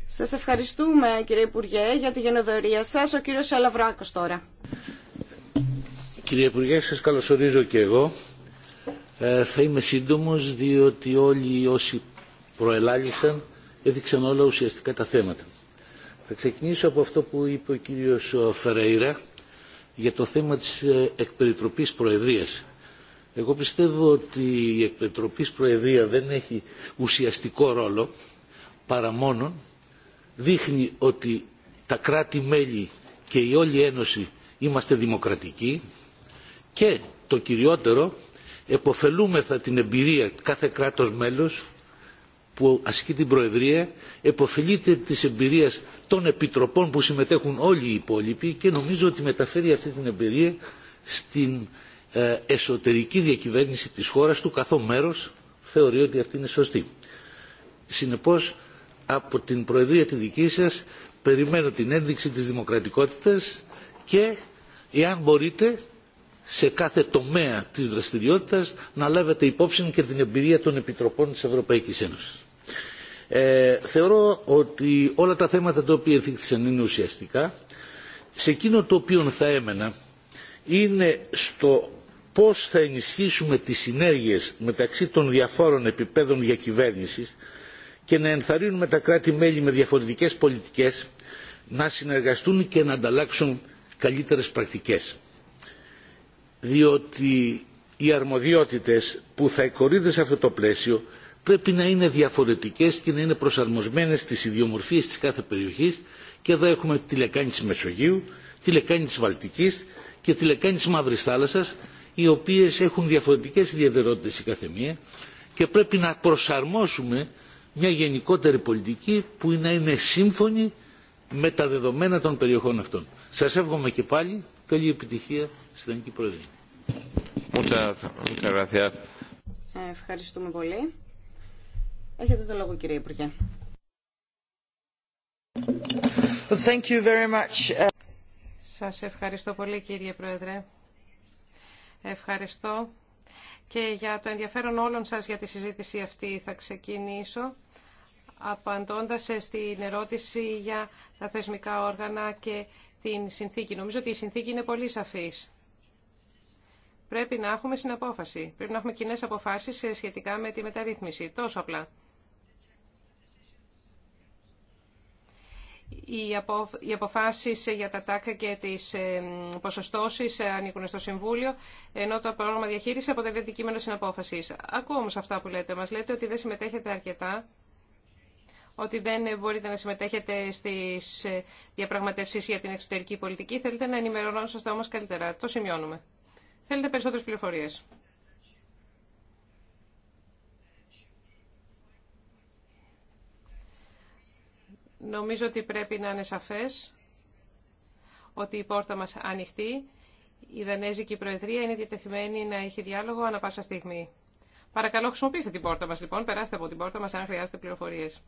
Σας ευχαριστούμε κύριε Υπουργέ για τη γενοδορία σας. Ο κύριος Αλαβράκος τώρα. Κύριε Υπουργέ, σας καλωσορίζω και εγώ. θα είμαι σύντομος διότι όλοι όσοι προελάλησαν έδειξαν όλα ουσιαστικά τα θέματα. Θα ξεκινήσω από αυτό που είπε ο κύριος ε, Φεραίρα για το θέμα της ε, εκπεριτροπής προεδρίας. Εγώ πιστεύω ότι η εκπεριτροπής προεδρία δεν έχει ουσιαστικό ρόλο παρά μόνο δείχνει ότι τα κράτη-μέλη και η όλη Ένωση είμαστε δημοκρατικοί και το κυριότερο εποφελούμεθα την εμπειρία κάθε κράτος μέλος που ασκεί την Προεδρία εποφελείται της εμπειρίας των επιτροπών που συμμετέχουν όλοι οι υπόλοιποι και νομίζω ότι μεταφέρει αυτή την εμπειρία στην ε, εσωτερική διακυβέρνηση της χώρας του καθό μέρος θεωρεί ότι αυτή είναι σωστή. Συνεπώς από την Προεδρία τη δική σας περιμένω την ένδειξη της δημοκρατικότητας και εάν μπορείτε σε κάθε τομέα της δραστηριότητας να λάβετε υπόψη και την εμπειρία των επιτροπών της Ευρωπαϊκής Ένωσης. Ε, θεωρώ ότι όλα τα θέματα τα οποία εθίχθησαν είναι ουσιαστικά. Σε εκείνο το οποίο θα έμενα είναι στο πώς θα ενισχύσουμε τις συνέργειες μεταξύ των διαφόρων επιπέδων διακυβέρνησης και να ενθαρρύνουμε τα κράτη-μέλη με διαφορετικές πολιτικές να συνεργαστούν και να ανταλλάξουν καλύτερες πρακτικές διότι οι αρμοδιότητες που θα εκορίζονται σε αυτό το πλαίσιο πρέπει να είναι διαφορετικές και να είναι προσαρμοσμένες στις ιδιομορφίες της κάθε περιοχής και εδώ έχουμε τη λεκάνη της Μεσογείου, τη λεκάνη της Βαλτικής και τη λεκάνη της Μαύρης Θάλασσας οι οποίες έχουν διαφορετικές ιδιαιτερότητες η μια και πρέπει να προσαρμόσουμε μια γενικότερη πολιτική που να είναι σύμφωνη με τα δεδομένα των περιοχών αυτών. Σας εύχομαι και πάλι Καλή επιτυχία στην Πρόεδρε. Ευχαριστούμε πολύ. Έχετε το λόγο κύριε Υπουργέ. Thank you very much. Σας ευχαριστώ πολύ κύριε Πρόεδρε. Ευχαριστώ και για το ενδιαφέρον όλων σας για τη συζήτηση αυτή. Θα ξεκινήσω απαντώντας στην ερώτηση για τα θεσμικά όργανα και την συνθήκη. Νομίζω ότι η συνθήκη είναι πολύ σαφής. Πρέπει να έχουμε συναπόφαση. Πρέπει να έχουμε κοινέ αποφάσεις ε, σχετικά με τη μεταρρύθμιση. Τόσο απλά. Οι, απο, ε, για τα τάκα και τις ε, ποσοστώσεις ε, ανήκουν στο Συμβούλιο, ενώ το πρόγραμμα διαχείριση αποτελεί αντικείμενο συναπόφασης. Ακούω όμως αυτά που λέτε. Μας λέτε ότι δεν συμμετέχετε αρκετά ότι δεν μπορείτε να συμμετέχετε στις ε, διαπραγματεύσεις για την εξωτερική πολιτική. Θέλετε να ενημερωνόσαστε όμως καλύτερα. Το σημειώνουμε. Θέλετε περισσότερες πληροφορίες. Νομίζω ότι πρέπει να είναι σαφές ότι η πόρτα μας ανοιχτή. Η Δανέζικη Προεδρία είναι διατεθειμένη να έχει διάλογο ανα πάσα στιγμή. Παρακαλώ, χρησιμοποιήστε την πόρτα μας λοιπόν, περάστε από την πόρτα μας αν χρειάζεται πληροφορίες.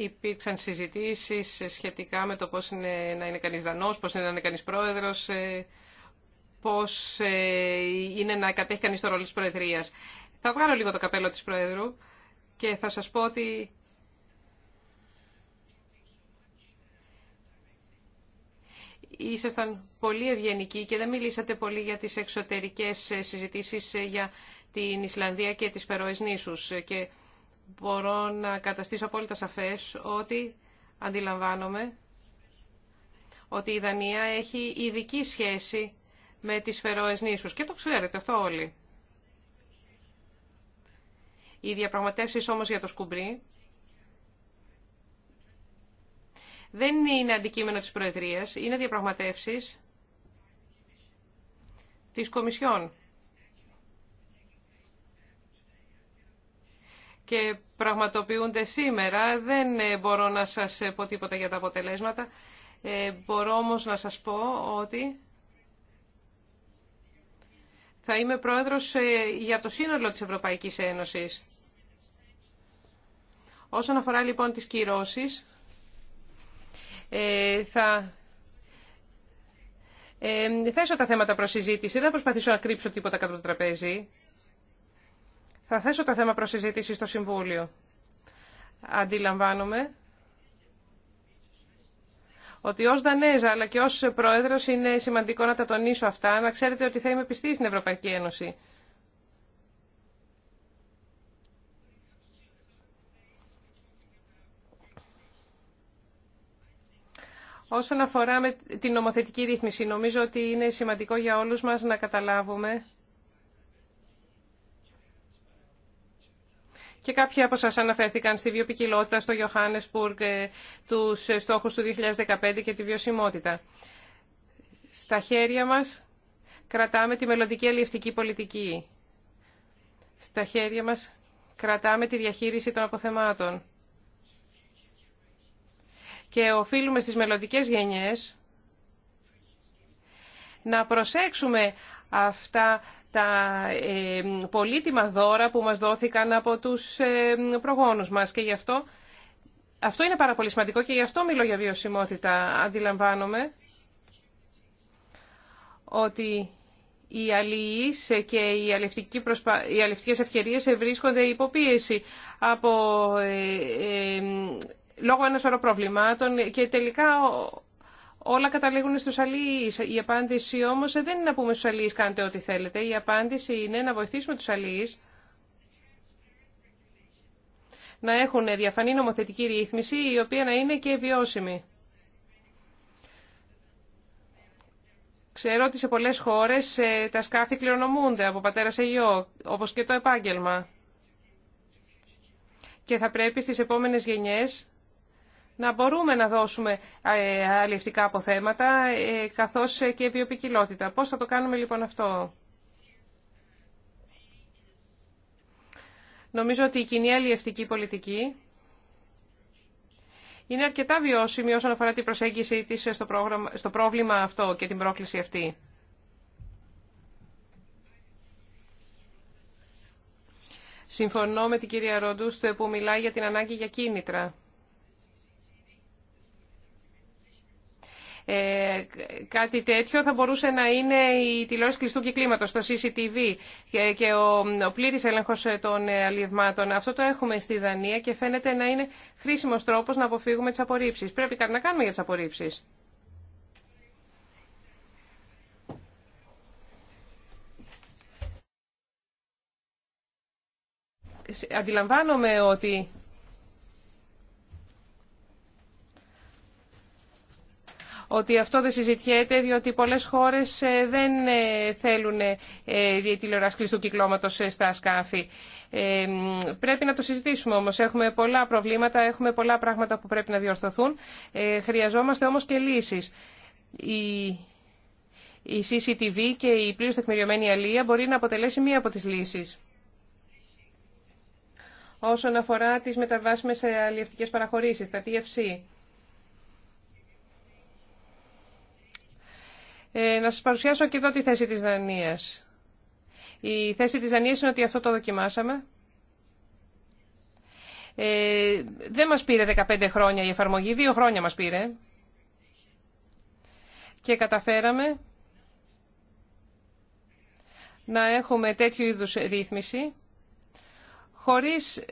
Υπήρξαν συζητήσεις σχετικά με το πώς είναι να είναι κανείς δανός, πώς είναι να είναι κανείς πρόεδρος, ε, πώς ε, είναι να κατέχει κανείς το ρόλο της Προεδρίας. Θα βγάλω λίγο το καπέλο της Προέδρου και θα σας πω ότι ήσασταν πολύ ευγενικοί και δεν μιλήσατε πολύ για τις εξωτερικές συζητήσεις για την Ισλανδία και τις Περόες Και μπορώ να καταστήσω απόλυτα σαφές ότι αντιλαμβάνομαι ότι η Δανία έχει ειδική σχέση με τις Φερόες νήσους και το ξέρετε αυτό όλοι. Οι διαπραγματεύσεις όμως για το σκουμπρί δεν είναι αντικείμενο της Προεδρίας, είναι διαπραγματεύσεις της Κομισιόν. και πραγματοποιούνται σήμερα. Δεν ε, μπορώ να σας ε, πω τίποτα για τα αποτελέσματα. Ε, μπορώ όμως να σας πω ότι θα είμαι πρόεδρος για το σύνολο της Ευρωπαϊκής Ένωσης. Όσον αφορά λοιπόν τις κυρώσεις, θα θέσω τα θέματα προς συζήτηση. Δεν θα προσπαθήσω να κρύψω τίποτα κάτω από το τραπέζι. Θα θέσω το θέμα προς στο Συμβούλιο. Αντιλαμβάνομαι ότι ως Δανέζα αλλά και ως Πρόεδρος είναι σημαντικό να τα τονίσω αυτά, να ξέρετε ότι θα είμαι πιστή στην Ευρωπαϊκή Ένωση. Όσον αφορά με την νομοθετική ρύθμιση, νομίζω ότι είναι σημαντικό για όλους μας να καταλάβουμε Και κάποιοι από σας αναφέρθηκαν στη βιοπικιλότητα, στο Johannesburg, ε, τους στόχους του 2015 και τη βιωσιμότητα. Στα χέρια μας κρατάμε τη μελλοντική αλληλευτική πολιτική. Στα χέρια μας κρατάμε τη διαχείριση των αποθεμάτων. Και οφείλουμε στις μελλοντικές γενιές να προσέξουμε αυτά τα ε, πολύτιμα δώρα που μας δόθηκαν από τους ε, προγόνους μας και γι' αυτό αυτό είναι πάρα πολύ σημαντικό και γι' αυτό μιλώ για βιωσιμότητα. Αντιλαμβάνομαι ότι οι αλληλείς και οι, προσπα... οι αλληλευτικές ευκαιρίες βρίσκονται υποπίεση από... Ε, λόγω ένα σωρό προβλημάτων και τελικά όλα καταλήγουν στους αλληλείς. Η απάντηση όμως δεν είναι να πούμε στους αλληλείς κάντε ό,τι θέλετε. Η απάντηση είναι να βοηθήσουμε τους αλληλείς να έχουν διαφανή νομοθετική ρύθμιση η οποία να είναι και βιώσιμη. Ξέρω ότι σε πολλές χώρες ε, τα σκάφη κληρονομούνται από πατέρα σε γιο, όπως και το επάγγελμα. Και θα πρέπει στις επόμενες γενιές να μπορούμε να δώσουμε ε, αλληλευτικά αποθέματα ε, καθώς ε, και βιοπικιλότητα. Πώς θα το κάνουμε λοιπόν αυτό. Νομίζω ότι η κοινή αλληλευτική πολιτική είναι αρκετά βιώσιμη όσον αφορά την προσέγγιση της στο, πρόγραμμα, στο πρόβλημα αυτό και την πρόκληση αυτή. Συμφωνώ με την κυρία Ρόντουστ που μιλάει για την ανάγκη για κίνητρα. Ε, κάτι τέτοιο θα μπορούσε να είναι η τηλεόραση κλειστού κυκλήματο, το CCTV και ο πλήρης έλεγχος των ε, αλλιευμάτων. Αυτό το έχουμε στη Δανία και φαίνεται να είναι χρήσιμο τρόπος να αποφύγουμε τις απορρίψεις. Πρέπει κάτι να κάνουμε για τις απορρίψεις. Αντιλαμβάνομαι ότι ότι αυτό δεν συζητιέται διότι πολλές χώρες ε, δεν ε, θέλουν ε, τηλεοράς του κυκλώματο στα σκάφη. Πρέπει να το συζητήσουμε όμως. Έχουμε πολλά προβλήματα, έχουμε πολλά πράγματα που πρέπει να διορθωθούν. Χρειαζόμαστε όμως και λύσεις. Η CCTV και η πλήρως τεκμηριωμένη αλία μπορεί να αποτελέσει μία από τις λύσεις. Όσον αφορά τις μεταβάσιμες αλλιευτικές παραχωρήσεις, τα TFC, Ε, να σας παρουσιάσω και εδώ τη θέση της Δανίας. Η θέση της Δανίας είναι ότι αυτό το δοκιμάσαμε. Ε, δεν μας πήρε 15 χρόνια η εφαρμογή, δύο χρόνια μας πήρε. Και καταφέραμε να έχουμε τέτοιου είδους ρύθμιση, χωρίς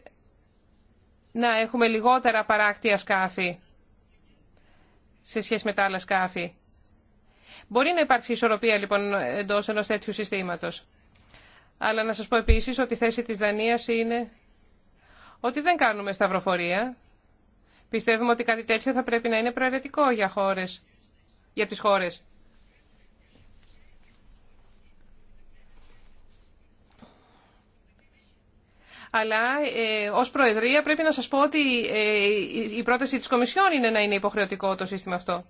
να έχουμε λιγότερα παράκτια σκάφη σε σχέση με τα άλλα σκάφη. Μπορεί να υπάρξει ισορροπία λοιπόν εντό ενό τέτοιου συστήματο. Αλλά να σα πω επίση ότι η θέση τη Δανία είναι ότι δεν κάνουμε σταυροφορία. Πιστεύουμε ότι κάτι τέτοιο θα πρέπει να είναι προαιρετικό για, χώρες, για τις χώρες. Αλλά ε, ως Προεδρία πρέπει να σας πω ότι ε, η πρόταση της Κομισιόν είναι να είναι υποχρεωτικό το σύστημα αυτό.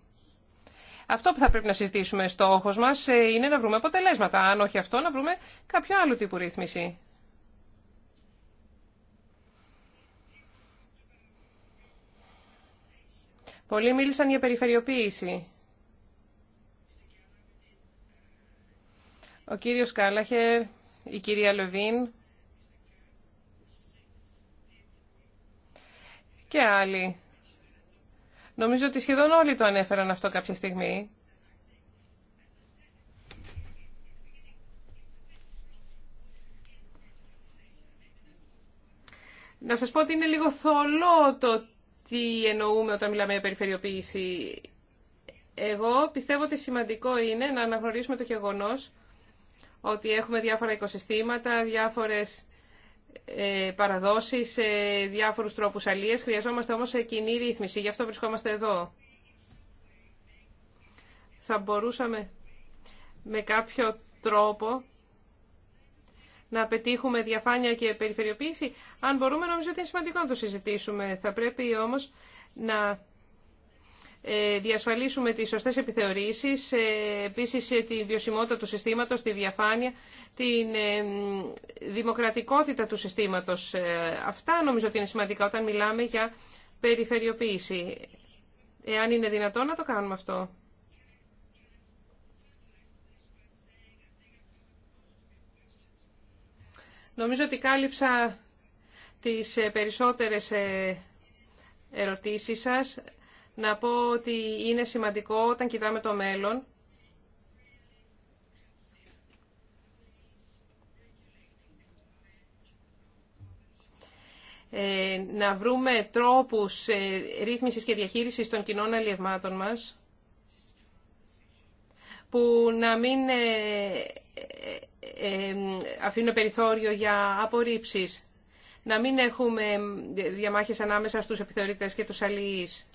Αυτό που θα πρέπει να συζητήσουμε στόχο μα ε, είναι να βρούμε αποτελέσματα. Αν όχι αυτό, να βρούμε κάποιο άλλο τύπο ρύθμιση. Πολλοί μίλησαν για περιφερειοποίηση. Ο κύριος Κάλαχερ, η κυρία Λεβίν και άλλοι Νομίζω ότι σχεδόν όλοι το ανέφεραν αυτό κάποια στιγμή. Να σας πω ότι είναι λίγο θολό το τι εννοούμε όταν μιλάμε για περιφερειοποίηση. Εγώ πιστεύω ότι σημαντικό είναι να αναγνωρίσουμε το γεγονός ότι έχουμε διάφορα οικοσυστήματα, διάφορες ε, παραδόσεις, διάφορου τρόπου αλλίε. Χρειαζόμαστε όμως κοινή ρύθμιση, γι' αυτό βρισκόμαστε εδώ. Θα μπορούσαμε με κάποιο τρόπο να πετύχουμε διαφάνεια και περιφερειοποίηση. Αν μπορούμε, νομίζω ότι είναι σημαντικό να το συζητήσουμε. Θα πρέπει όμως να ε, διασφαλίσουμε τις σωστές επιθεωρήσεις, ε, επίσης ε, τη βιωσιμότητα του συστήματος, τη διαφάνεια, την δημοκρατικότητα του συστήματος. Αυτά νομίζω ότι είναι σημαντικά όταν μιλάμε για περιφερειοποίηση. Εάν είναι δυνατόν να το κάνουμε αυτό. Νομίζω ότι κάλυψα τις περισσότερες ερωτήσεις σας να πω ότι είναι σημαντικό όταν κοιτάμε το μέλλον ε, να βρούμε τρόπους ε, ρύθμισης και διαχείρισης των κοινών αλλιευμάτων μας που να μην ε, αφήνουν περιθώριο για απορρίψεις, να μην έχουμε διαμάχες ανάμεσα στους επιθεωρητές και τους αλληλείς.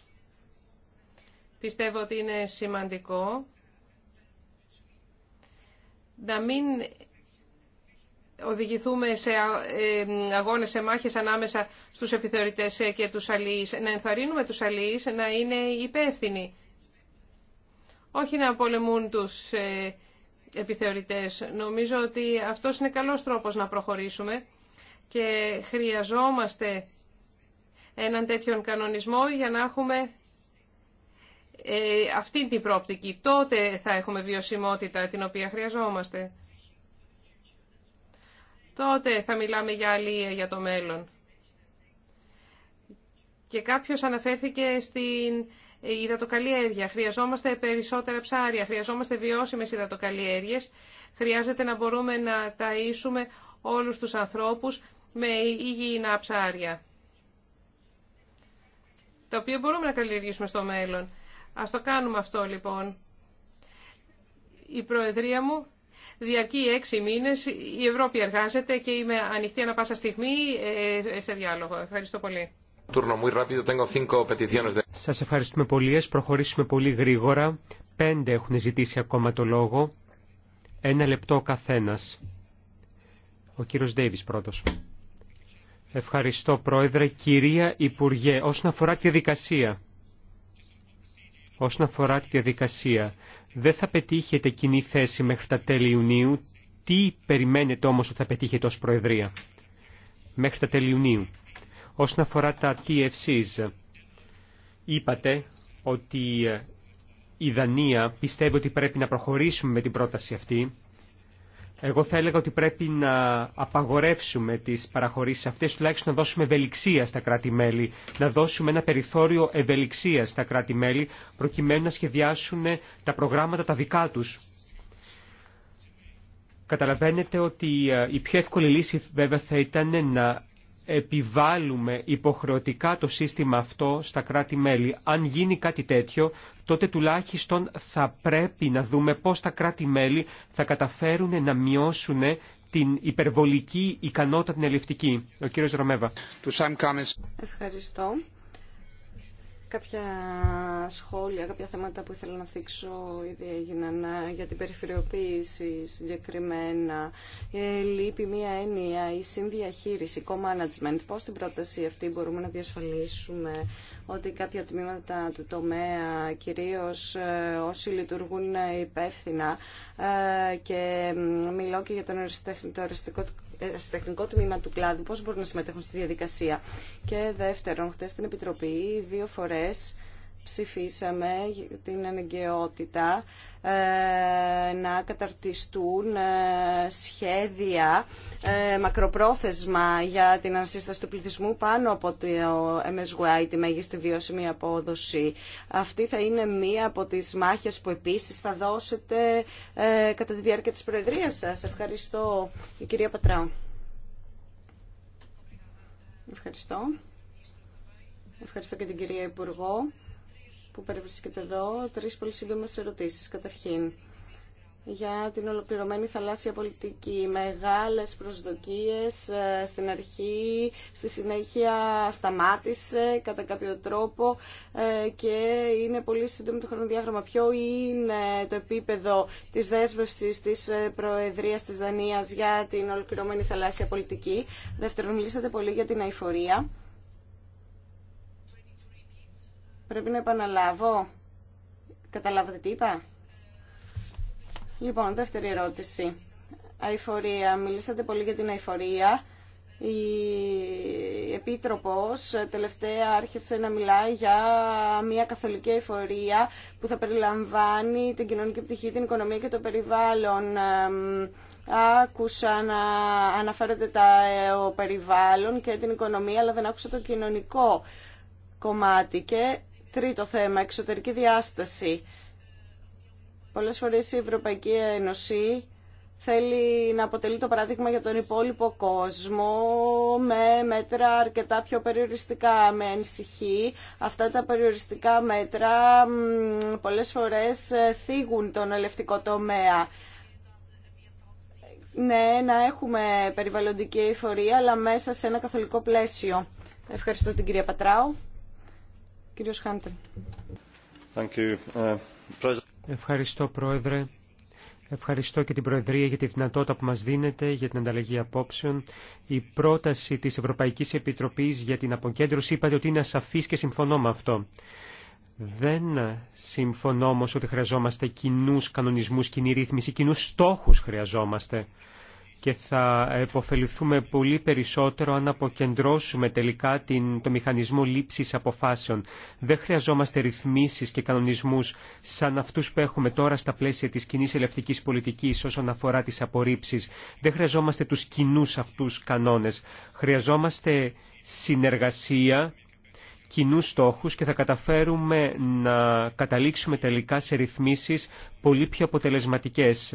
Πιστεύω ότι είναι σημαντικό να μην οδηγηθούμε σε ε, αγώνες, σε μάχες ανάμεσα στους επιθεωρητές και τους αλληλείς. Να ενθαρρύνουμε τους αλληλείς να είναι υπεύθυνοι. Όχι να πολεμούν τους ε, επιθεωρητές. Νομίζω ότι αυτός είναι καλός τρόπος να προχωρήσουμε και χρειαζόμαστε έναν τέτοιον κανονισμό για να έχουμε ε, αυτή την πρόπτικη. Τότε θα έχουμε βιωσιμότητα την οποία χρειαζόμαστε. Τότε θα μιλάμε για αλληλεία για το μέλλον. Και κάποιος αναφέρθηκε στην υδατοκαλλιέργεια. Χρειαζόμαστε περισσότερα ψάρια, χρειαζόμαστε βιώσιμες υδατοκαλλιέργειες. Χρειάζεται να μπορούμε να ταΐσουμε όλους τους ανθρώπους με υγιεινά ψάρια, τα οποία μπορούμε να καλλιεργήσουμε στο μέλλον. Ας το κάνουμε αυτό λοιπόν. Η Προεδρία μου διαρκεί έξι μήνες. Η Ευρώπη εργάζεται και είμαι ανοιχτή ανα πάσα στιγμή ε, σε διάλογο. Ευχαριστώ πολύ. Σας ευχαριστούμε πολύ. Ας προχωρήσουμε πολύ γρήγορα. Πέντε έχουν ζητήσει ακόμα το λόγο. Ένα λεπτό καθένας. Ο κύριος Ντέιβις πρώτος. Ευχαριστώ Πρόεδρε. Κυρία Υπουργέ, όσον αφορά τη δικασία, όσον αφορά τη διαδικασία. Δεν θα πετύχετε κοινή θέση μέχρι τα τέλη Ιουνίου. Τι περιμένετε όμως ότι θα πετύχετε ως Προεδρία μέχρι τα τέλη Ιουνίου. Όσον αφορά τα TFCs, είπατε ότι η Δανία πιστεύει ότι πρέπει να προχωρήσουμε με την πρόταση αυτή εγώ θα έλεγα ότι πρέπει να απαγορεύσουμε τις παραχωρήσεις αυτές, τουλάχιστον να δώσουμε ευελιξία στα κράτη-μέλη, να δώσουμε ένα περιθώριο ευελιξία στα κράτη-μέλη, προκειμένου να σχεδιάσουν τα προγράμματα τα δικά τους. Καταλαβαίνετε ότι ε, η πιο εύκολη λύση βέβαια θα ήταν να επιβάλλουμε υποχρεωτικά το σύστημα αυτό στα κράτη-μέλη. Αν γίνει κάτι τέτοιο, τότε τουλάχιστον θα πρέπει να δούμε πώς τα κράτη-μέλη θα καταφέρουν να μειώσουν την υπερβολική ικανότητα την ελευτική. Ο κύριος Ρωμέβα. Ευχαριστώ. Κάποια σχόλια, κάποια θέματα που ήθελα να θίξω ήδη έγιναν ε, για την περιφερειοποίηση συγκεκριμένα. Ε, λείπει μία έννοια, η συνδιαχείριση, co-management. Πώς την πρόταση αυτή μπορούμε να διασφαλίσουμε ότι κάποια τμήματα του τομέα, κυρίως ε, όσοι λειτουργούν υπεύθυνα ε, και μιλώ και για τον αριστικό ε, στο τεχνικό τμήμα του κλάδου, πώς μπορούν να συμμετέχουν στη διαδικασία. Και δεύτερον, χτες στην Επιτροπή δύο φορές ψηφίσαμε την αναγκαιότητα ε, να καταρτιστούν ε, σχέδια ε, μακροπρόθεσμα για την ανασύσταση του πληθυσμού πάνω από το MSY, τη μέγιστη βιώσιμη απόδοση. Αυτή θα είναι μία από τις μάχες που επίσης θα δώσετε κατά τη διάρκεια της Προεδρίας σας. Ευχαριστώ, η κυρία Πατράου. Ευχαριστώ. Ευχαριστώ και την κυρία Υπουργό που περιβρίσκεται εδώ, τρεις πολύ σύντομες ερωτήσεις. Καταρχήν, για την ολοκληρωμένη θαλάσσια πολιτική. Μεγάλες προσδοκίες ε, στην αρχή, στη συνέχεια σταμάτησε κατά κάποιο τρόπο ε, και είναι πολύ σύντομο το χρονοδιάγραμμα. Ποιο είναι το επίπεδο της δέσμευσης της ε, Προεδρίας της Δανίας για την ολοκληρωμένη θαλάσσια πολιτική. Δεύτερον, μιλήσατε πολύ για την αηφορία Πρέπει να επαναλάβω. Καταλάβατε τι είπα. Λοιπόν, δεύτερη ερώτηση. Αηφορία. Μιλήσατε πολύ για την αηφορία. Η Επίτροπος τελευταία άρχισε να μιλάει για μια καθολική αηφορία που θα περιλαμβάνει την κοινωνική πτυχή, την οικονομία και το περιβάλλον. Άκουσα να αναφέρεται τα ε, περιβάλλον και την οικονομία, αλλά δεν άκουσα το κοινωνικό κομμάτι και Τρίτο θέμα, εξωτερική διάσταση. Πολλές φορές η Ευρωπαϊκή Ένωση θέλει να αποτελεί το παράδειγμα για τον υπόλοιπο κόσμο με μέτρα αρκετά πιο περιοριστικά. Με ανησυχεί αυτά τα περιοριστικά μέτρα πολλές φορές ε, θίγουν τον ελευτικό τομέα. Ναι, να έχουμε περιβαλλοντική εφορία, αλλά μέσα σε ένα καθολικό πλαίσιο. Ευχαριστώ την κυρία Πατράου. Ε, Ευχαριστώ, Πρόεδρε. Ευχαριστώ και την Προεδρία για τη δυνατότητα που μας δίνεται για την ανταλλαγή απόψεων. Η πρόταση της Ευρωπαϊκής Επιτροπής για την αποκέντρωση είπατε ότι είναι ασαφή και συμφωνώ με αυτό. Δεν συμφωνώ όμω ότι χρειαζόμαστε κοινού κανονισμούς, κοινή ρύθμιση, κοινού στόχους χρειαζόμαστε και θα επωφεληθούμε πολύ περισσότερο αν αποκεντρώσουμε τελικά την, το μηχανισμό λήψης αποφάσεων. Δεν χρειαζόμαστε ρυθμίσεις και κανονισμούς σαν αυτούς που έχουμε τώρα στα πλαίσια της κοινή ελευθερικής πολιτικής όσον αφορά τις απορρίψεις. Δεν χρειαζόμαστε τους κοινού αυτούς κανόνες. Χρειαζόμαστε συνεργασία κοινούς στόχους και θα καταφέρουμε να καταλήξουμε τελικά σε ρυθμίσεις πολύ πιο αποτελεσματικές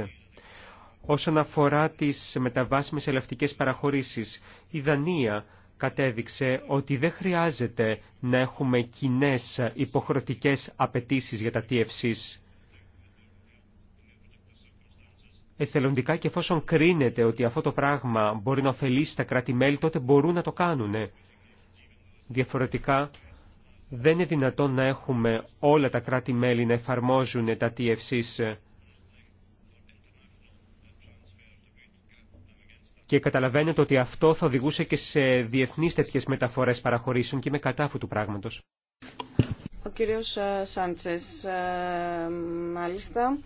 όσον αφορά τις μεταβάσιμες ελευτικές παραχωρήσεις. Η Δανία κατέδειξε ότι δεν χρειάζεται να έχουμε κοινέ υποχρεωτικές απαιτήσεις για τα TFCs. Εθελοντικά και εφόσον κρίνεται ότι αυτό το πράγμα μπορεί να ωφελήσει τα κράτη-μέλη, τότε μπορούν να το κάνουν. Διαφορετικά, δεν είναι δυνατόν να έχουμε όλα τα κράτη-μέλη να εφαρμόζουν τα TFCs και καταλαβαίνετε ότι αυτό θα οδηγούσε και σε διεθνείς τέτοιες μεταφορές παραχωρήσεων και με κατάφου του πράγματος. Ο κύριος ε, Σάντσες, ε, μάλιστα.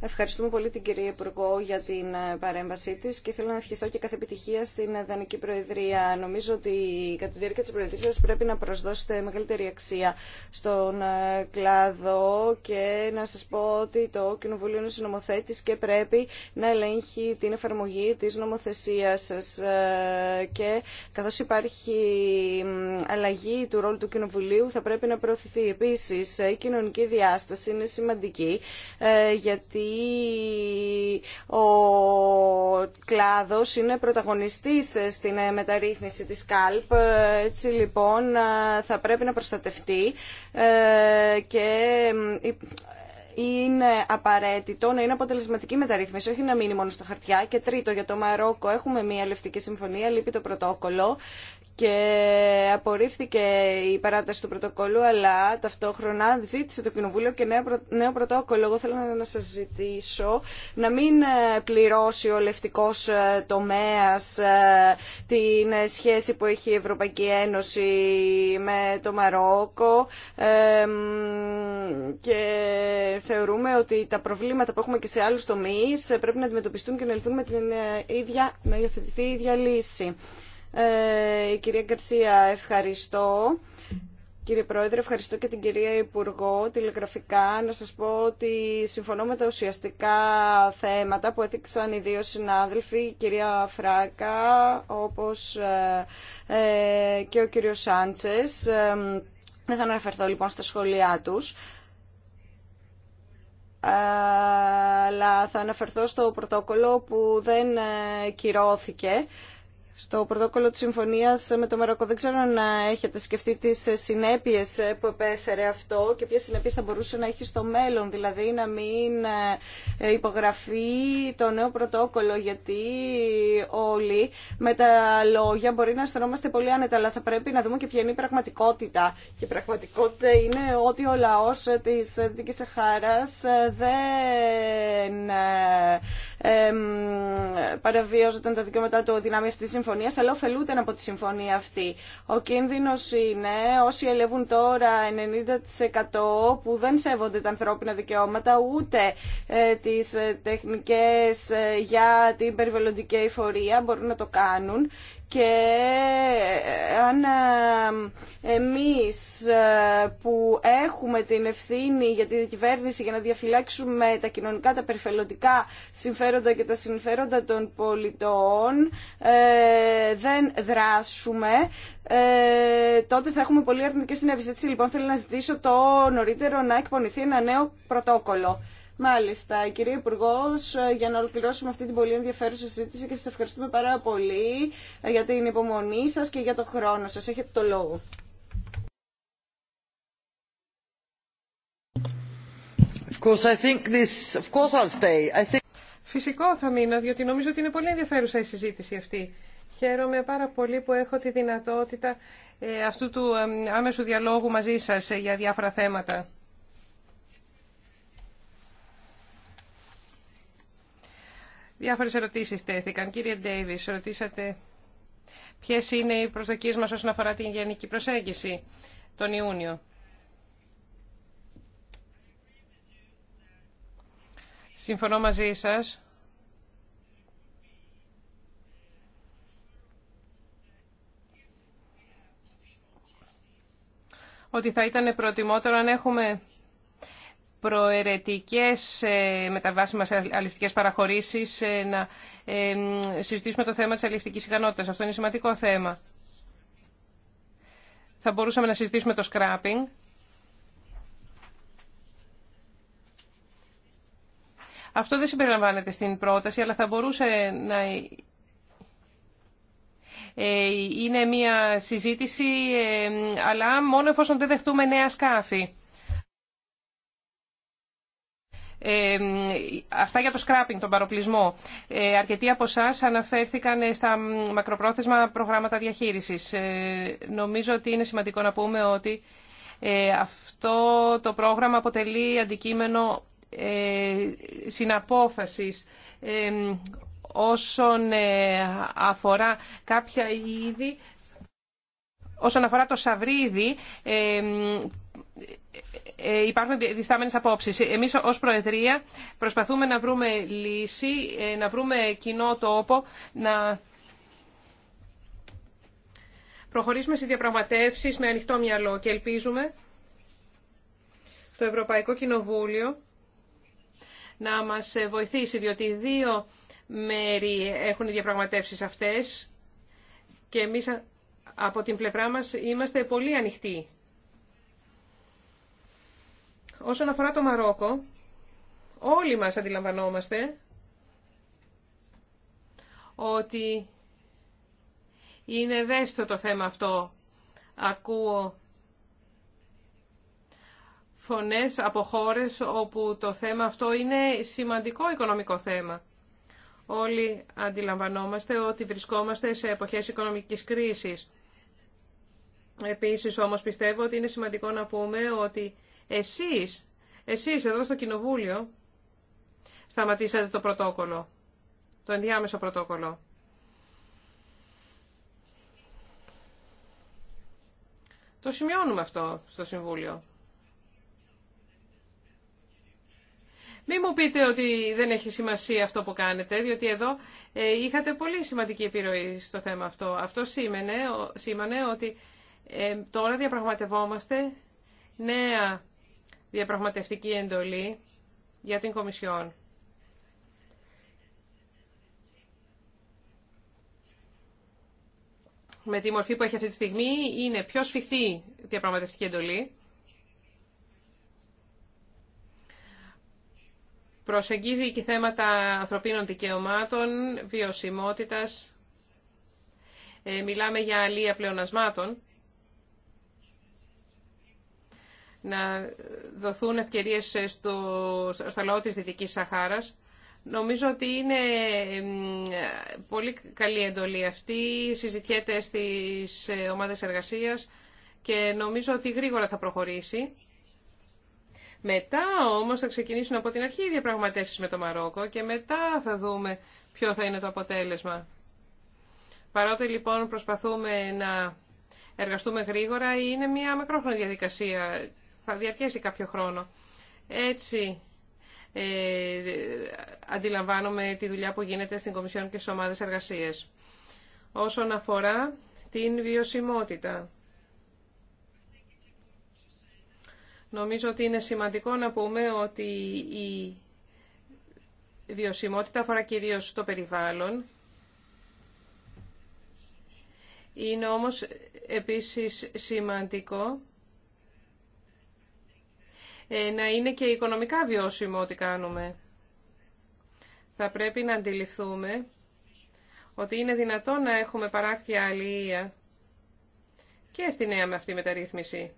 Ευχαριστούμε πολύ την κυρία Υπουργό για την ε, παρέμβασή τη και θέλω να ευχηθώ και κάθε επιτυχία στην ε, Δανική Προεδρία. Νομίζω ότι κατά τη διάρκεια τη Προεδρία σα πρέπει να προσδώσετε μεγαλύτερη αξία στον ε, κλάδο και να σα πω ότι το Κοινοβούλιο είναι συνομοθέτη και πρέπει να ελέγχει την εφαρμογή τη νομοθεσία σα. Και καθώ υπάρχει αλλαγή του ρόλου του Κοινοβουλίου, θα πρέπει να προωθηθεί. Επίση, η κοινωνική διάσταση είναι σημαντική γιατί ο κλάδος είναι πρωταγωνιστής στην μεταρρύθμιση της ΚΑΛΠ. Έτσι λοιπόν θα πρέπει να προστατευτεί ε, και είναι απαραίτητο να είναι αποτελεσματική μεταρρύθμιση, όχι να μείνει μόνο στα χαρτιά. Και τρίτο, για το Μαρόκο έχουμε μία λευτική συμφωνία, λείπει το πρωτόκολλο και απορρίφθηκε η παράταση του πρωτοκόλλου, αλλά ταυτόχρονα ζήτησε το Κοινοβούλιο και νέο πρωτόκολλο. Εγώ θέλω να σας ζητήσω να μην ε, πληρώσει ο λευτικός ε, τομέας ε, την σχέση που έχει η Ευρωπαϊκή Ένωση με το Μαρόκο και θεωρούμε ότι τα προβλήματα που έχουμε και σε άλλους τομείς πρέπει να αντιμετωπιστούν και να λυθούν με την ίδια, να υιοθετηθεί η ίδια λύση. Ε, η κυρία Γκαρσία, ευχαριστώ. Κύριε Πρόεδρε, ευχαριστώ και την κυρία Υπουργό τηλεγραφικά να σας πω ότι συμφωνώ με τα ουσιαστικά θέματα που έθιξαν οι δύο συνάδελφοι, η κυρία Φράκα όπως ε, ε, και ο κύριος Σάντσες. Ε, δεν θα αναφερθώ λοιπόν στα σχόλιά τους αλλά θα αναφερθώ στο πρωτόκολλο που δεν κυρώθηκε στο πρωτόκολλο της συμφωνίας με το Μαρόκο. Δεν ξέρω να έχετε σκεφτεί τις συνέπειες που επέφερε αυτό και ποιες συνέπειες θα μπορούσε να έχει στο μέλλον, δηλαδή να μην ε, υπογραφεί το νέο πρωτόκολλο, γιατί όλοι με τα λόγια μπορεί να αισθανόμαστε πολύ άνετα, αλλά θα πρέπει να δούμε και ποια είναι η πραγματικότητα. Και η πραγματικότητα είναι ότι ο λαός της Δικής Σαχάρας ε, δεν ε, παραβίαζονταν τα δικαιώματά του δυνάμει τη της συμφωνίας, αλλά ωφελούνται από τη συμφωνία αυτή. Ο κίνδυνος είναι όσοι ελεύουν τώρα 90% που δεν σέβονται τα ανθρώπινα δικαιώματα, ούτε ε, τις ε, τεχνικές ε, για την περιβαλλοντική εφορία μπορούν να το κάνουν και αν ε, εμείς ε, που έχουμε την ευθύνη για την κυβέρνηση για να διαφυλάξουμε τα κοινωνικά, τα περιφελοντικά συμφέροντα και τα συμφέροντα των πολιτών ε, δεν δράσουμε τότε θα έχουμε πολύ αρνητικές συνέπειες. Έτσι λοιπόν θέλω να ζητήσω το νωρίτερο να εκπονηθεί ένα νέο πρωτόκολλο. Μάλιστα, κύριε Υπουργό, για να ολοκληρώσουμε αυτή την πολύ ενδιαφέρουσα συζήτηση και σα ευχαριστούμε πάρα πολύ για την υπομονή σα και για το χρόνο σα. Έχετε το λόγο. Φυσικό θα μείνω, διότι νομίζω ότι είναι πολύ ενδιαφέρουσα η συζήτηση αυτή. Χαίρομαι πάρα πολύ που έχω τη δυνατότητα ε, αυτού του ε, άμεσου διαλόγου μαζί σας ε, για διάφορα θέματα. Διάφορες ερωτήσεις τέθηκαν. Κύριε Ντέιβις, ρωτήσατε ποιες είναι οι προσδοκίες μας όσον αφορά την γενική προσέγγιση τον Ιούνιο. Συμφωνώ μαζί σας. ότι θα ήταν προτιμότερο αν έχουμε προαιρετικές ε, μεταβάσιμα αληφτικές παραχωρήσεις, ε, να ε, συζητήσουμε το θέμα της αληφτικής ικανότητας. Αυτό είναι σημαντικό θέμα. Θα μπορούσαμε να συζητήσουμε το scrapping. Αυτό δεν συμπεριλαμβάνεται στην πρόταση, αλλά θα μπορούσε να είναι μια συζήτηση, αλλά μόνο εφόσον δεν δεχτούμε νέα σκάφη αυτά για το scrapping, τον παροπλισμό. Ε, αρκετοί από εσά αναφέρθηκαν στα μακροπρόθεσμα προγράμματα διαχείρισης. Ε, νομίζω ότι είναι σημαντικό να πούμε ότι ε, αυτό το πρόγραμμα αποτελεί αντικείμενο ε, συναπόφασης όσον αφορά κάποια είδη, όσον αφορά το σαβρίδι, ε, υπάρχουν διστάμενες απόψεις. Εμείς ως Προεδρία προσπαθούμε να βρούμε λύση, ε, να βρούμε κοινό τόπο, να προχωρήσουμε στις διαπραγματεύσεις με ανοιχτό μυαλό και ελπίζουμε το Ευρωπαϊκό Κοινοβούλιο να μας βοηθήσει, διότι δύο μέρη έχουν οι διαπραγματεύσεις αυτές και εμείς από την πλευρά μας είμαστε πολύ ανοιχτοί. Όσον αφορά το Μαρόκο, όλοι μας αντιλαμβανόμαστε ότι είναι ευαίσθητο το θέμα αυτό. Ακούω φωνές από χώρες όπου το θέμα αυτό είναι σημαντικό οικονομικό θέμα. Όλοι αντιλαμβανόμαστε ότι βρισκόμαστε σε εποχές οικονομικής κρίσης. Επίσης όμως πιστεύω ότι είναι σημαντικό να πούμε ότι εσείς, εσείς εδώ στο Κοινοβούλιο, σταματήσατε το πρωτόκολλο, το ενδιάμεσο πρωτόκολλο. Το σημειώνουμε αυτό στο Συμβούλιο. Μη μου πείτε ότι δεν έχει σημασία αυτό που κάνετε, διότι εδώ ε, είχατε πολύ σημαντική επιρροή στο θέμα αυτό. Αυτό σήμαινε, σήμανε ότι ε, τώρα διαπραγματευόμαστε νέα διαπραγματευτική εντολή για την Κομισιόν. Με τη μορφή που έχει αυτή τη στιγμή είναι πιο σφιχτή διαπραγματευτική εντολή. Προσεγγίζει και θέματα ανθρωπίνων δικαιωμάτων, βιωσιμότητας. Ε, μιλάμε για αλία πλεονασμάτων. να δοθούν ευκαιρίες στο, στο λαό της Δυτικής Σαχάρας. Νομίζω ότι είναι πολύ καλή εντολή αυτή, συζητιέται στις ε, ομάδες εργασίας και νομίζω ότι γρήγορα θα προχωρήσει. Μετά όμως θα ξεκινήσουν από την αρχή οι διαπραγματεύσεις με το Μαρόκο και μετά θα δούμε ποιο θα είναι το αποτέλεσμα. Παρότι λοιπόν προσπαθούμε να εργαστούμε γρήγορα, είναι μια μακρόχρονη διαδικασία θα διαρκέσει κάποιο χρόνο. Έτσι ε, αντιλαμβάνομαι τη δουλειά που γίνεται στην Κομισιόν και στις ομάδες εργασίες. Όσον αφορά την βιωσιμότητα. Νομίζω ότι είναι σημαντικό να πούμε ότι η βιωσιμότητα αφορά κυρίως το περιβάλλον. Είναι όμως επίσης σημαντικό ε, να είναι και οικονομικά βιώσιμο ό,τι κάνουμε. Θα πρέπει να αντιληφθούμε ότι είναι δυνατό να έχουμε παράκτια αλληλεία και στη νέα με αυτή μεταρρύθμιση.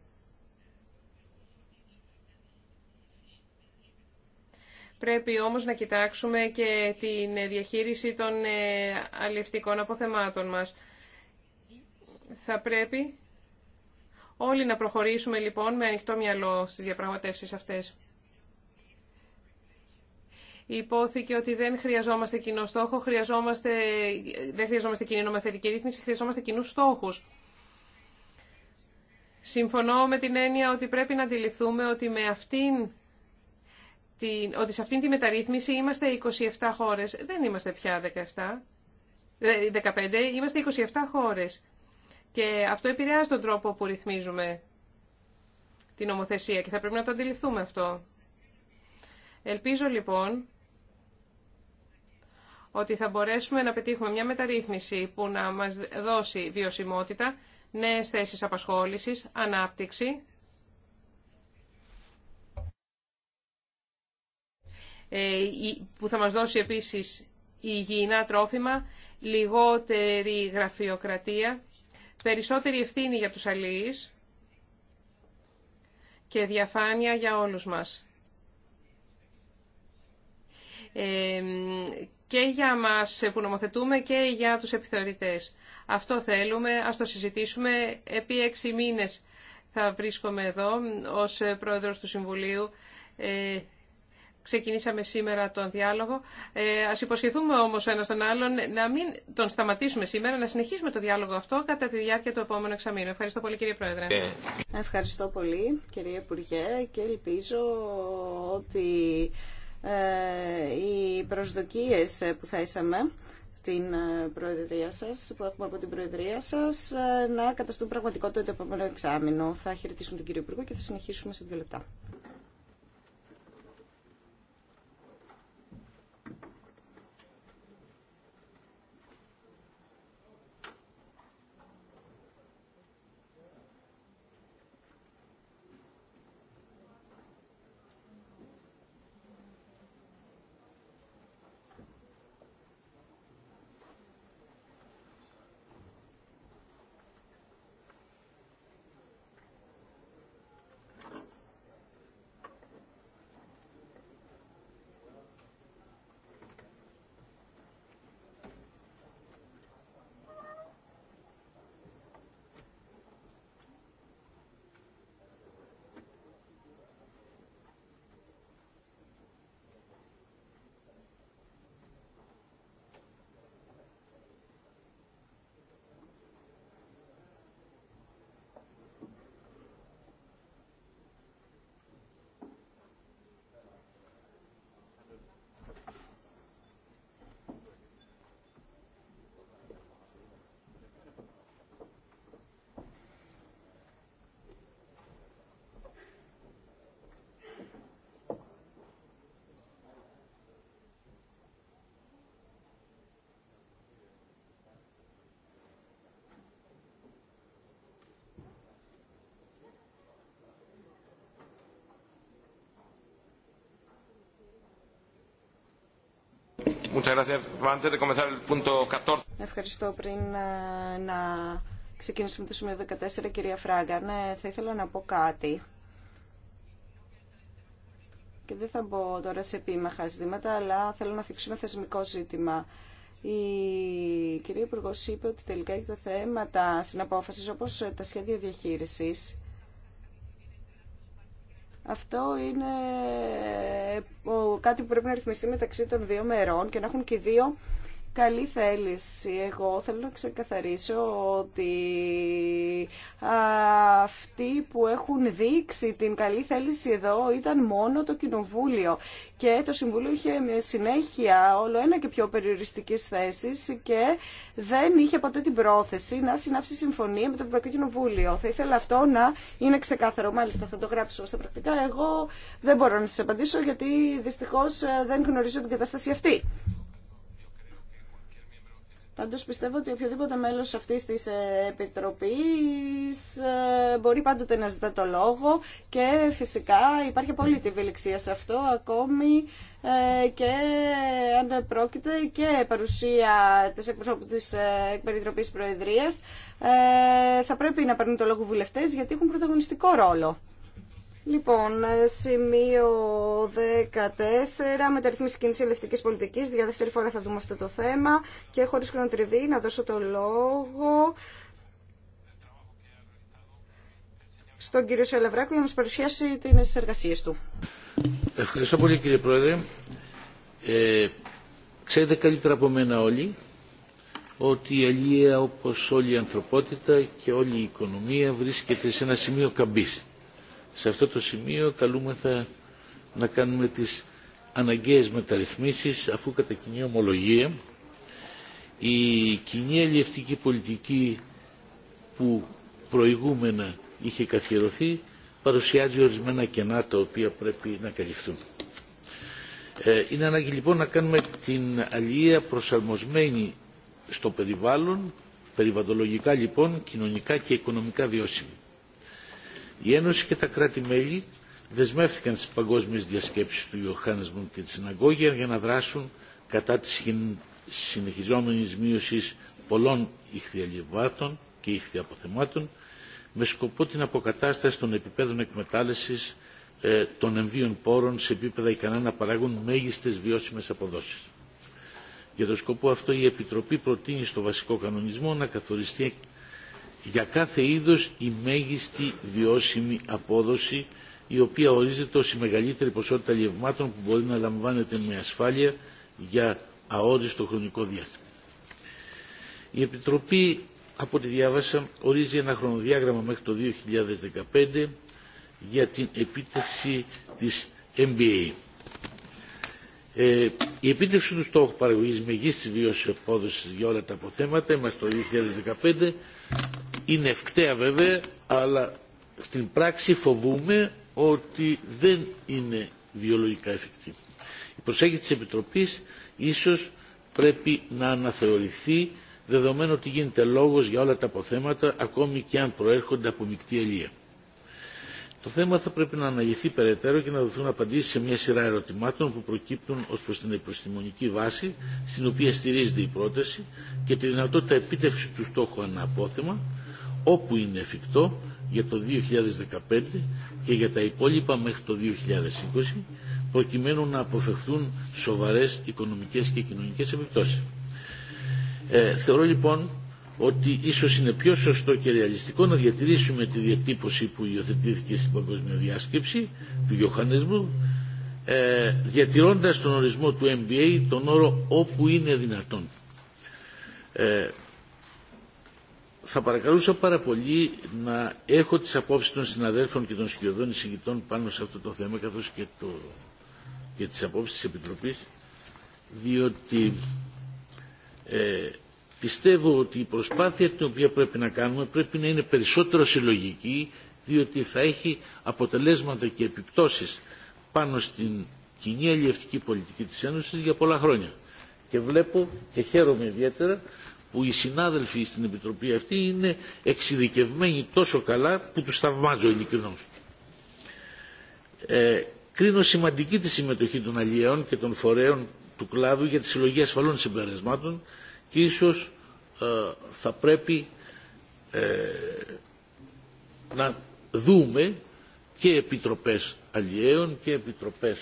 Πρέπει όμως να κοιτάξουμε και την διαχείριση των ε, αλληλευτικών αποθεμάτων μας. Θα πρέπει όλοι να προχωρήσουμε λοιπόν με ανοιχτό μυαλό στις διαπραγματεύσεις αυτές. Υπόθηκε ότι δεν χρειαζόμαστε κοινό στόχο, δεν χρειαζόμαστε κοινή νομοθετική ρύθμιση, χρειαζόμαστε κοινού στόχους. Συμφωνώ με την έννοια ότι πρέπει να αντιληφθούμε ότι, με αυτήν, την, ότι σε αυτήν τη μεταρρύθμιση είμαστε 27 χώρες. Δεν είμαστε πια 17, 15, είμαστε 27 χώρες. Και αυτό επηρεάζει τον τρόπο που ρυθμίζουμε την νομοθεσία και θα πρέπει να το αντιληφθούμε αυτό. Ελπίζω λοιπόν ότι θα μπορέσουμε να πετύχουμε μια μεταρρύθμιση που να μας δώσει βιωσιμότητα, νέες θέσεις απασχόλησης, ανάπτυξη, ε, που θα μας δώσει επίσης υγιεινά τρόφιμα, λιγότερη γραφειοκρατία περισσότερη ευθύνη για τους αλληλείς και διαφάνεια για όλους μας. και για μας που νομοθετούμε και για τους επιθεωρητές. Αυτό θέλουμε, ας το συζητήσουμε. Επί έξι μήνες θα βρίσκομαι εδώ ως πρόεδρος του Συμβουλίου. Ε, Ξεκινήσαμε σήμερα τον διάλογο. Ε, ας υποσχεθούμε όμω ο ένα τον άλλον να μην τον σταματήσουμε σήμερα, να συνεχίσουμε το διάλογο αυτό κατά τη διάρκεια του επόμενου εξαμήνου. Ευχαριστώ πολύ κύριε Πρόεδρε. Ε. Ευχαριστώ πολύ κύριε Υπουργέ και ελπίζω ότι ε, οι προσδοκίες που θέσαμε στην ε, Προεδρία σας, που έχουμε από την Προεδρία σας, ε, να καταστούν πραγματικότητα το επόμενο εξάμεινο. Θα χαιρετήσουμε τον κύριο Υπουργό και θα συνεχίσουμε σε δύο λεπτά. Ευχαριστώ πριν ε, να ξεκινήσουμε το σημείο 14, κυρία Φράγκα. Ναι, θα ήθελα να πω κάτι. Και δεν θα μπω τώρα σε επίμαχα ζητήματα, αλλά θέλω να θίξω ένα θεσμικό ζήτημα. Η κυρία Υπουργό είπε ότι τελικά για τα θέματα συναπόφαση όπω τα σχέδια διαχείριση. Αυτό είναι ε, κάτι που πρέπει να ρυθμιστεί μεταξύ των δύο μερών και να έχουν και οι δύο καλή θέληση. Εγώ θέλω να ξεκαθαρίσω ότι αυτοί που έχουν δείξει την καλή θέληση εδώ ήταν μόνο το Κοινοβούλιο και το Συμβούλιο είχε συνέχεια όλο ένα και πιο περιοριστικές θέσεις και δεν είχε ποτέ την πρόθεση να συνάψει συμφωνία με το Ευρωπαϊκό Κοινοβούλιο. Θα ήθελα αυτό να είναι ξεκάθαρο. Μάλιστα θα το γράψω στα πρακτικά. Εγώ δεν μπορώ να σας απαντήσω γιατί δυστυχώς ε, δεν γνωρίζω την κατάσταση αυτή. Πάντω πιστεύω ότι οποιοδήποτε μέλος αυτής της ε, Επιτροπής ε, μπορεί πάντοτε να ζητά το λόγο και φυσικά υπάρχει απόλυτη ναι. ευελιξία σε αυτό ακόμη ε, και αν πρόκειται και παρουσία της εκπροσώπου της Προεδρία, Προεδρίας θα πρέπει να παίρνουν το λόγο βουλευτές γιατί έχουν πρωταγωνιστικό ρόλο. Λοιπόν, ε, σημείο 14, μεταρρυθμίσει κίνηση ελευτική πολιτική. Για δεύτερη φορά θα δούμε αυτό το θέμα. Και χωρί χρονοτριβή, να δώσω το λόγο στον κύριο Σελαβράκο για να μα παρουσιάσει τι εργασίε του. Ευχαριστώ πολύ, κύριε Πρόεδρε. Ε, ξέρετε καλύτερα από μένα όλοι ότι η Αλία, όπως όλη η ανθρωπότητα και όλη η οικονομία, βρίσκεται σε ένα σημείο καμπής σε αυτό το σημείο καλούμεθα να κάνουμε τις αναγκαίες μεταρρυθμίσεις αφού κατά κοινή ομολογία η κοινή αλλιευτική πολιτική που προηγούμενα είχε καθιερωθεί παρουσιάζει ορισμένα κενά τα οποία πρέπει να καλυφθούν. Ε, είναι ανάγκη λοιπόν να κάνουμε την αλληλεία προσαρμοσμένη στο περιβάλλον, περιβαλλοντολογικά λοιπόν, κοινωνικά και οικονομικά βιώσιμη. Η Ένωση και τα κράτη-μέλη δεσμεύτηκαν στις παγκόσμιες διασκέψεις του Ιωάννησμου και της Ναγκόγια για να δράσουν κατά της συνεχιζόμενης μείωσης πολλών ηχθιαλιβάτων και ηχθιαποθεμάτων με σκοπό την αποκατάσταση των επιπέδων εκμετάλλευσης ε, των εμβίων πόρων σε επίπεδα ικανά να παράγουν μέγιστες βιώσιμες αποδόσεις. Για τον σκοπό αυτό η Επιτροπή προτείνει στο βασικό κανονισμό να καθοριστεί για κάθε είδος η μέγιστη βιώσιμη απόδοση η οποία ορίζεται ως η μεγαλύτερη ποσότητα λιευμάτων που μπορεί να λαμβάνεται με ασφάλεια για αόριστο χρονικό διάστημα. Η Επιτροπή, από ό,τι διάβασα, ορίζει ένα χρονοδιάγραμμα μέχρι το 2015 για την επίτευξη της MBA. Ε, η επίτευξη του στόχου παραγωγής μεγίστης βιώσης απόδοσης για όλα τα αποθέματα μέχρι το 2015 είναι ευκταία βέβαια αλλά στην πράξη φοβούμε ότι δεν είναι βιολογικά εφικτή. Η προσέγγιση της Επιτροπής ίσως πρέπει να αναθεωρηθεί δεδομένου ότι γίνεται λόγος για όλα τα αποθέματα ακόμη και αν προέρχονται από μεικτή ελία. Το θέμα θα πρέπει να αναλυθεί περαιτέρω και να δοθούν απαντήσεις σε μια σειρά ερωτημάτων που προκύπτουν ως προς την επιστημονική βάση στην οποία στηρίζεται η πρόταση και τη δυνατότητα επίτευξη του στόχου ανά όπου είναι εφικτό για το 2015 και για τα υπόλοιπα μέχρι το 2020 προκειμένου να αποφευχθούν σοβαρές οικονομικές και κοινωνικές επιπτώσεις. Ε, θεωρώ λοιπόν ότι ίσως είναι πιο σωστό και ρεαλιστικό να διατηρήσουμε τη διατύπωση που υιοθετήθηκε στην παγκόσμια διάσκεψη του Γιωχανέσμου ε, διατηρώντας τον ορισμό του MBA τον όρο όπου είναι δυνατόν. Ε, θα παρακαλούσα πάρα πολύ να έχω τις απόψεις των συναδέλφων και των σχεδόν εισηγητών πάνω σε αυτό το θέμα καθώς και, το, και τις απόψεις της Επιτροπής διότι ε, πιστεύω ότι η προσπάθεια την οποία πρέπει να κάνουμε πρέπει να είναι περισσότερο συλλογική διότι θα έχει αποτελέσματα και επιπτώσεις πάνω στην κοινή αλλιευτική πολιτική της Ένωσης για πολλά χρόνια. Και βλέπω και χαίρομαι ιδιαίτερα που οι συνάδελφοι στην Επιτροπή αυτή είναι εξειδικευμένοι τόσο καλά που τους θαυμάζω ειλικρινώς. Ε, κρίνω σημαντική τη συμμετοχή των αλλιέων και των φορέων του κλάδου για τη συλλογή ασφαλών συμπερασμάτων και ίσως ε, θα πρέπει ε, να δούμε και επιτροπές αλλιέων και επιτροπές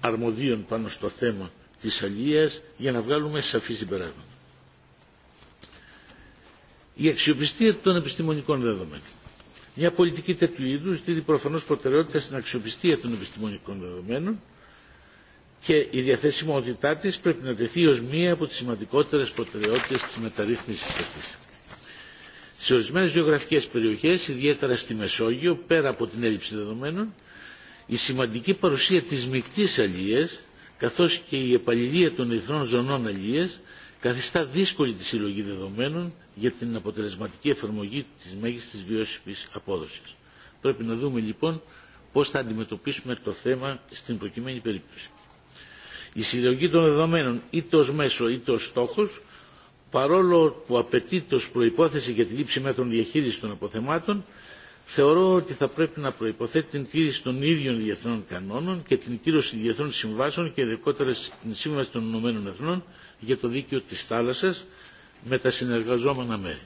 αρμοδίων πάνω στο θέμα της αλίας για να βγάλουμε σαφή συμπεράσματα. Η αξιοπιστία των επιστημονικών δεδομένων. Μια πολιτική τέτοιου είδου δίδει προφανώ προτεραιότητα στην αξιοπιστία των επιστημονικών δεδομένων και η διαθεσιμότητά τη πρέπει να τεθεί ω μία από τι σημαντικότερε προτεραιότητε τη μεταρρύθμιση αυτή. Σε ορισμένε γεωγραφικέ περιοχέ, ιδιαίτερα στη Μεσόγειο, πέρα από την έλλειψη δεδομένων, η σημαντική παρουσία τη μεικτή αλληλεία καθώς και η επαλληλία των εθνών ζωνών αλληλίας καθιστά δύσκολη τη συλλογή δεδομένων για την αποτελεσματική εφαρμογή της μέγιστης βιώσιμης απόδοσης. Πρέπει να δούμε λοιπόν πώς θα αντιμετωπίσουμε το θέμα στην προκειμένη περίπτωση. Η συλλογή των δεδομένων είτε ως μέσο είτε ως στόχος παρόλο που απαιτείται ως προϋπόθεση για τη λήψη μέτρων διαχείρισης των αποθεμάτων θεωρώ ότι θα πρέπει να προϋποθέτει την τήρηση των ίδιων διεθνών κανόνων και την κύρωση διεθνών συμβάσεων και ειδικότερα την Σύμβαση των Ηνωμένων Εθνών για το δίκαιο της θάλασσας με τα συνεργαζόμενα μέρη.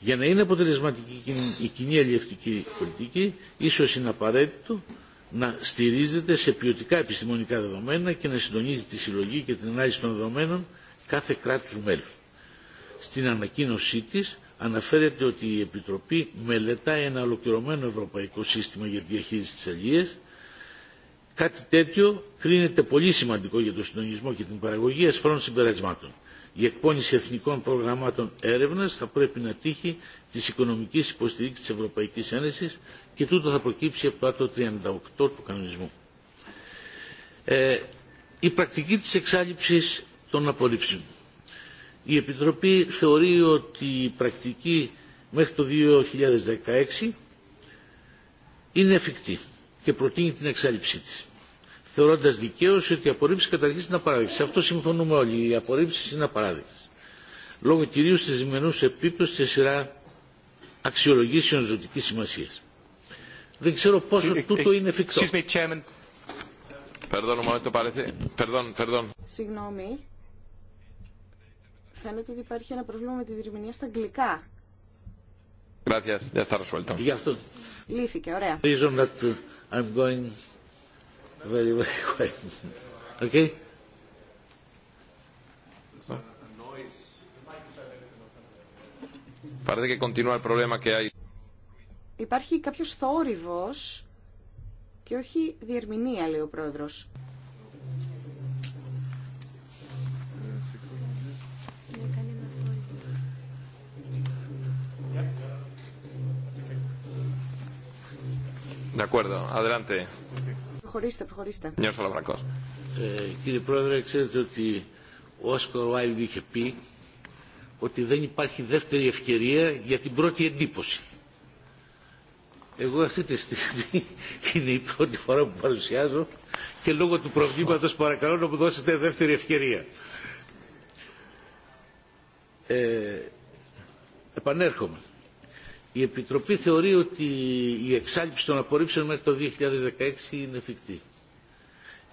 Για να είναι αποτελεσματική η κοινή αλλιευτική πολιτική, ίσως είναι απαραίτητο να στηρίζεται σε ποιοτικά επιστημονικά δεδομένα και να συντονίζει τη συλλογή και την ανάλυση των δεδομένων κάθε κράτους μέλους. Στην ανακοίνωσή της, αναφέρεται ότι η Επιτροπή μελετά ένα ολοκληρωμένο ευρωπαϊκό σύστημα για τη διαχείριση της αλληλείας. Κάτι τέτοιο κρίνεται πολύ σημαντικό για τον συντονισμό και την παραγωγή ασφαλών συμπερασμάτων. Η εκπόνηση εθνικών προγραμμάτων έρευνα θα πρέπει να τύχει τη οικονομική υποστηρίξη τη Ευρωπαϊκή Ένωση και τούτο θα προκύψει από το άτομο 38 του κανονισμού. Ε, η πρακτική της εξάλληψης των απορρίψεων η Επιτροπή θεωρεί ότι η πρακτική μέχρι το 2016 είναι εφικτή και προτείνει την εξάλληψή της. Θεωρώντας δικαίως ότι οι απορρίψεις καταρχήν είναι απαράδεκτες. Σε αυτό συμφωνούμε όλοι. Οι απορρίψεις είναι απαράδεκτες. Λόγω κυρίω της διμενούς επίπτωση σε σειρά αξιολογήσεων ζωτικής σημασίας. Δεν ξέρω πόσο ε, ε, τούτο ε, είναι εφικτό. Συγγνώμη. Φαίνεται ότι υπάρχει ένα πρόβλημα με τη διερμηνία στα αγγλικά. Λύθηκε, ωραία. Uh, I'm going very, very Okay? Υπάρχει κάποιος θόρυβος και όχι διερμηνία, λέει ο πρόεδρος. De acuerdo, adelante. Προχωρήστε, eh, κύριε Πρόεδρε, ξέρετε ότι ο Όσκορ Βάιλντ είχε πει ότι δεν υπάρχει δεύτερη ευκαιρία για την πρώτη εντύπωση. Εγώ αυτή τη στιγμή [LAUGHS] είναι η πρώτη φορά που παρουσιάζω και λόγω του προβλήματο παρακαλώ να μου δώσετε δεύτερη ευκαιρία. Ε, επανέρχομαι. Η Επιτροπή θεωρεί ότι η εξάλληψη των απορρίψεων μέχρι το 2016 είναι εφικτή.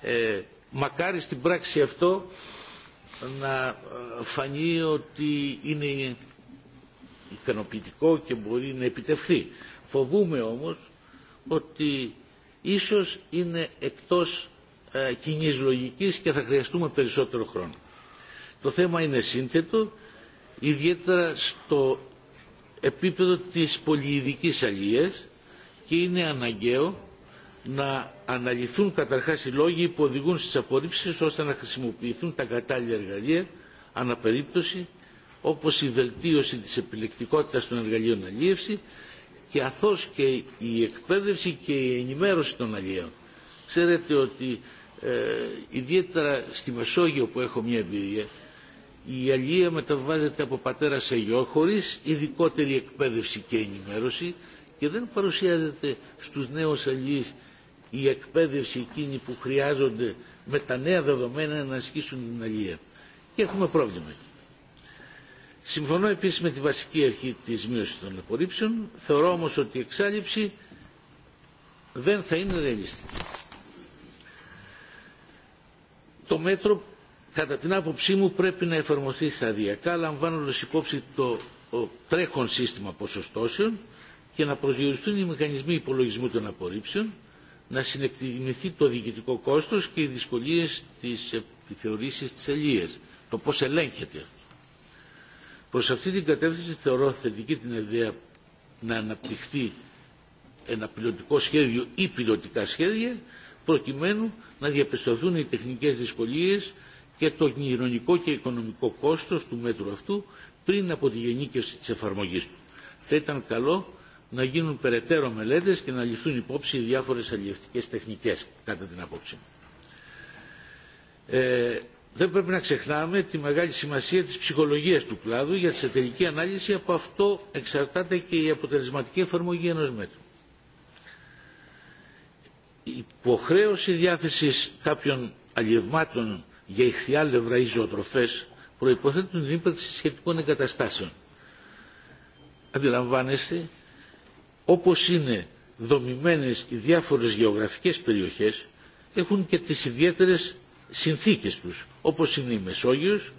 Ε, μακάρι στην πράξη αυτό να ε, φανεί ότι είναι ικανοποιητικό και μπορεί να επιτευχθεί. Φοβούμε όμως ότι ίσως είναι εκτός ε, κοινή λογικής και θα χρειαστούμε περισσότερο χρόνο. Το θέμα είναι σύνθετο, ιδιαίτερα στο επίπεδο της πολυειδικής αλληλείας και είναι αναγκαίο να αναλυθούν καταρχάς οι λόγοι που οδηγούν στις απορρίψεις ώστε να χρησιμοποιηθούν τα κατάλληλα εργαλεία αναπερίπτωση όπως η βελτίωση της επιλεκτικότητας των εργαλείων αλλίευση και αθώς και η εκπαίδευση και η ενημέρωση των αλλιέων. Ξέρετε ότι ε, ιδιαίτερα στη Μεσόγειο που έχω μια εμπειρία η αλληλεία μεταβάζεται από πατέρα σε γιο χωρίς ειδικότερη εκπαίδευση και ενημέρωση και δεν παρουσιάζεται στους νέους αλληλείς η εκπαίδευση εκείνη που χρειάζονται με τα νέα δεδομένα να ασκήσουν την αλληλεία. Και έχουμε πρόβλημα. Συμφωνώ επίσης με τη βασική αρχή της μείωσης των απορρίψεων. Θεωρώ όμως ότι η εξάλληψη δεν θα είναι ρεαλιστική. Το μέτρο κατά την άποψή μου πρέπει να εφαρμοστεί σταδιακά λαμβάνοντας υπόψη το τρέχον σύστημα ποσοστώσεων και να προσδιοριστούν οι μηχανισμοί υπολογισμού των απορρίψεων, να συνεκτιμηθεί το διοικητικό κόστος και οι δυσκολίες της επιθεωρήσης της ελίας, το πώς ελέγχεται. Προς αυτή την κατεύθυνση θεωρώ θετική την ιδέα να αναπτυχθεί ένα πιλωτικό σχέδιο ή πιλωτικά σχέδια προκειμένου να διαπιστωθούν οι τεχνικές δυσκολίες και το κοινωνικό και οικονομικό κόστος του μέτρου αυτού πριν από τη γενίκευση της εφαρμογής του. Θα ήταν καλό να γίνουν περαιτέρω μελέτες και να ληφθούν υπόψη οι διάφορες αλληλευτικές τεχνικές, κατά την απόψη. Ε, δεν πρέπει να ξεχνάμε τη μεγάλη σημασία της ψυχολογίας του κλάδου για τη εταιρική ανάλυση, από αυτό εξαρτάται και η αποτελεσματική εφαρμογή ενός μέτρου. Η υποχρέωση διάθεσης κάποιων αλλιευμάτων για ηχθιάλευρα ή ζωοτροφές προϋποθέτουν την ύπαρξη σχετικών εγκαταστάσεων. Αντιλαμβάνεστε, όπως είναι δομημένες οι διάφορες γεωγραφικές περιοχές, έχουν και τις ιδιαίτερες συνθήκες τους, όπως είναι η Μεσόγειος,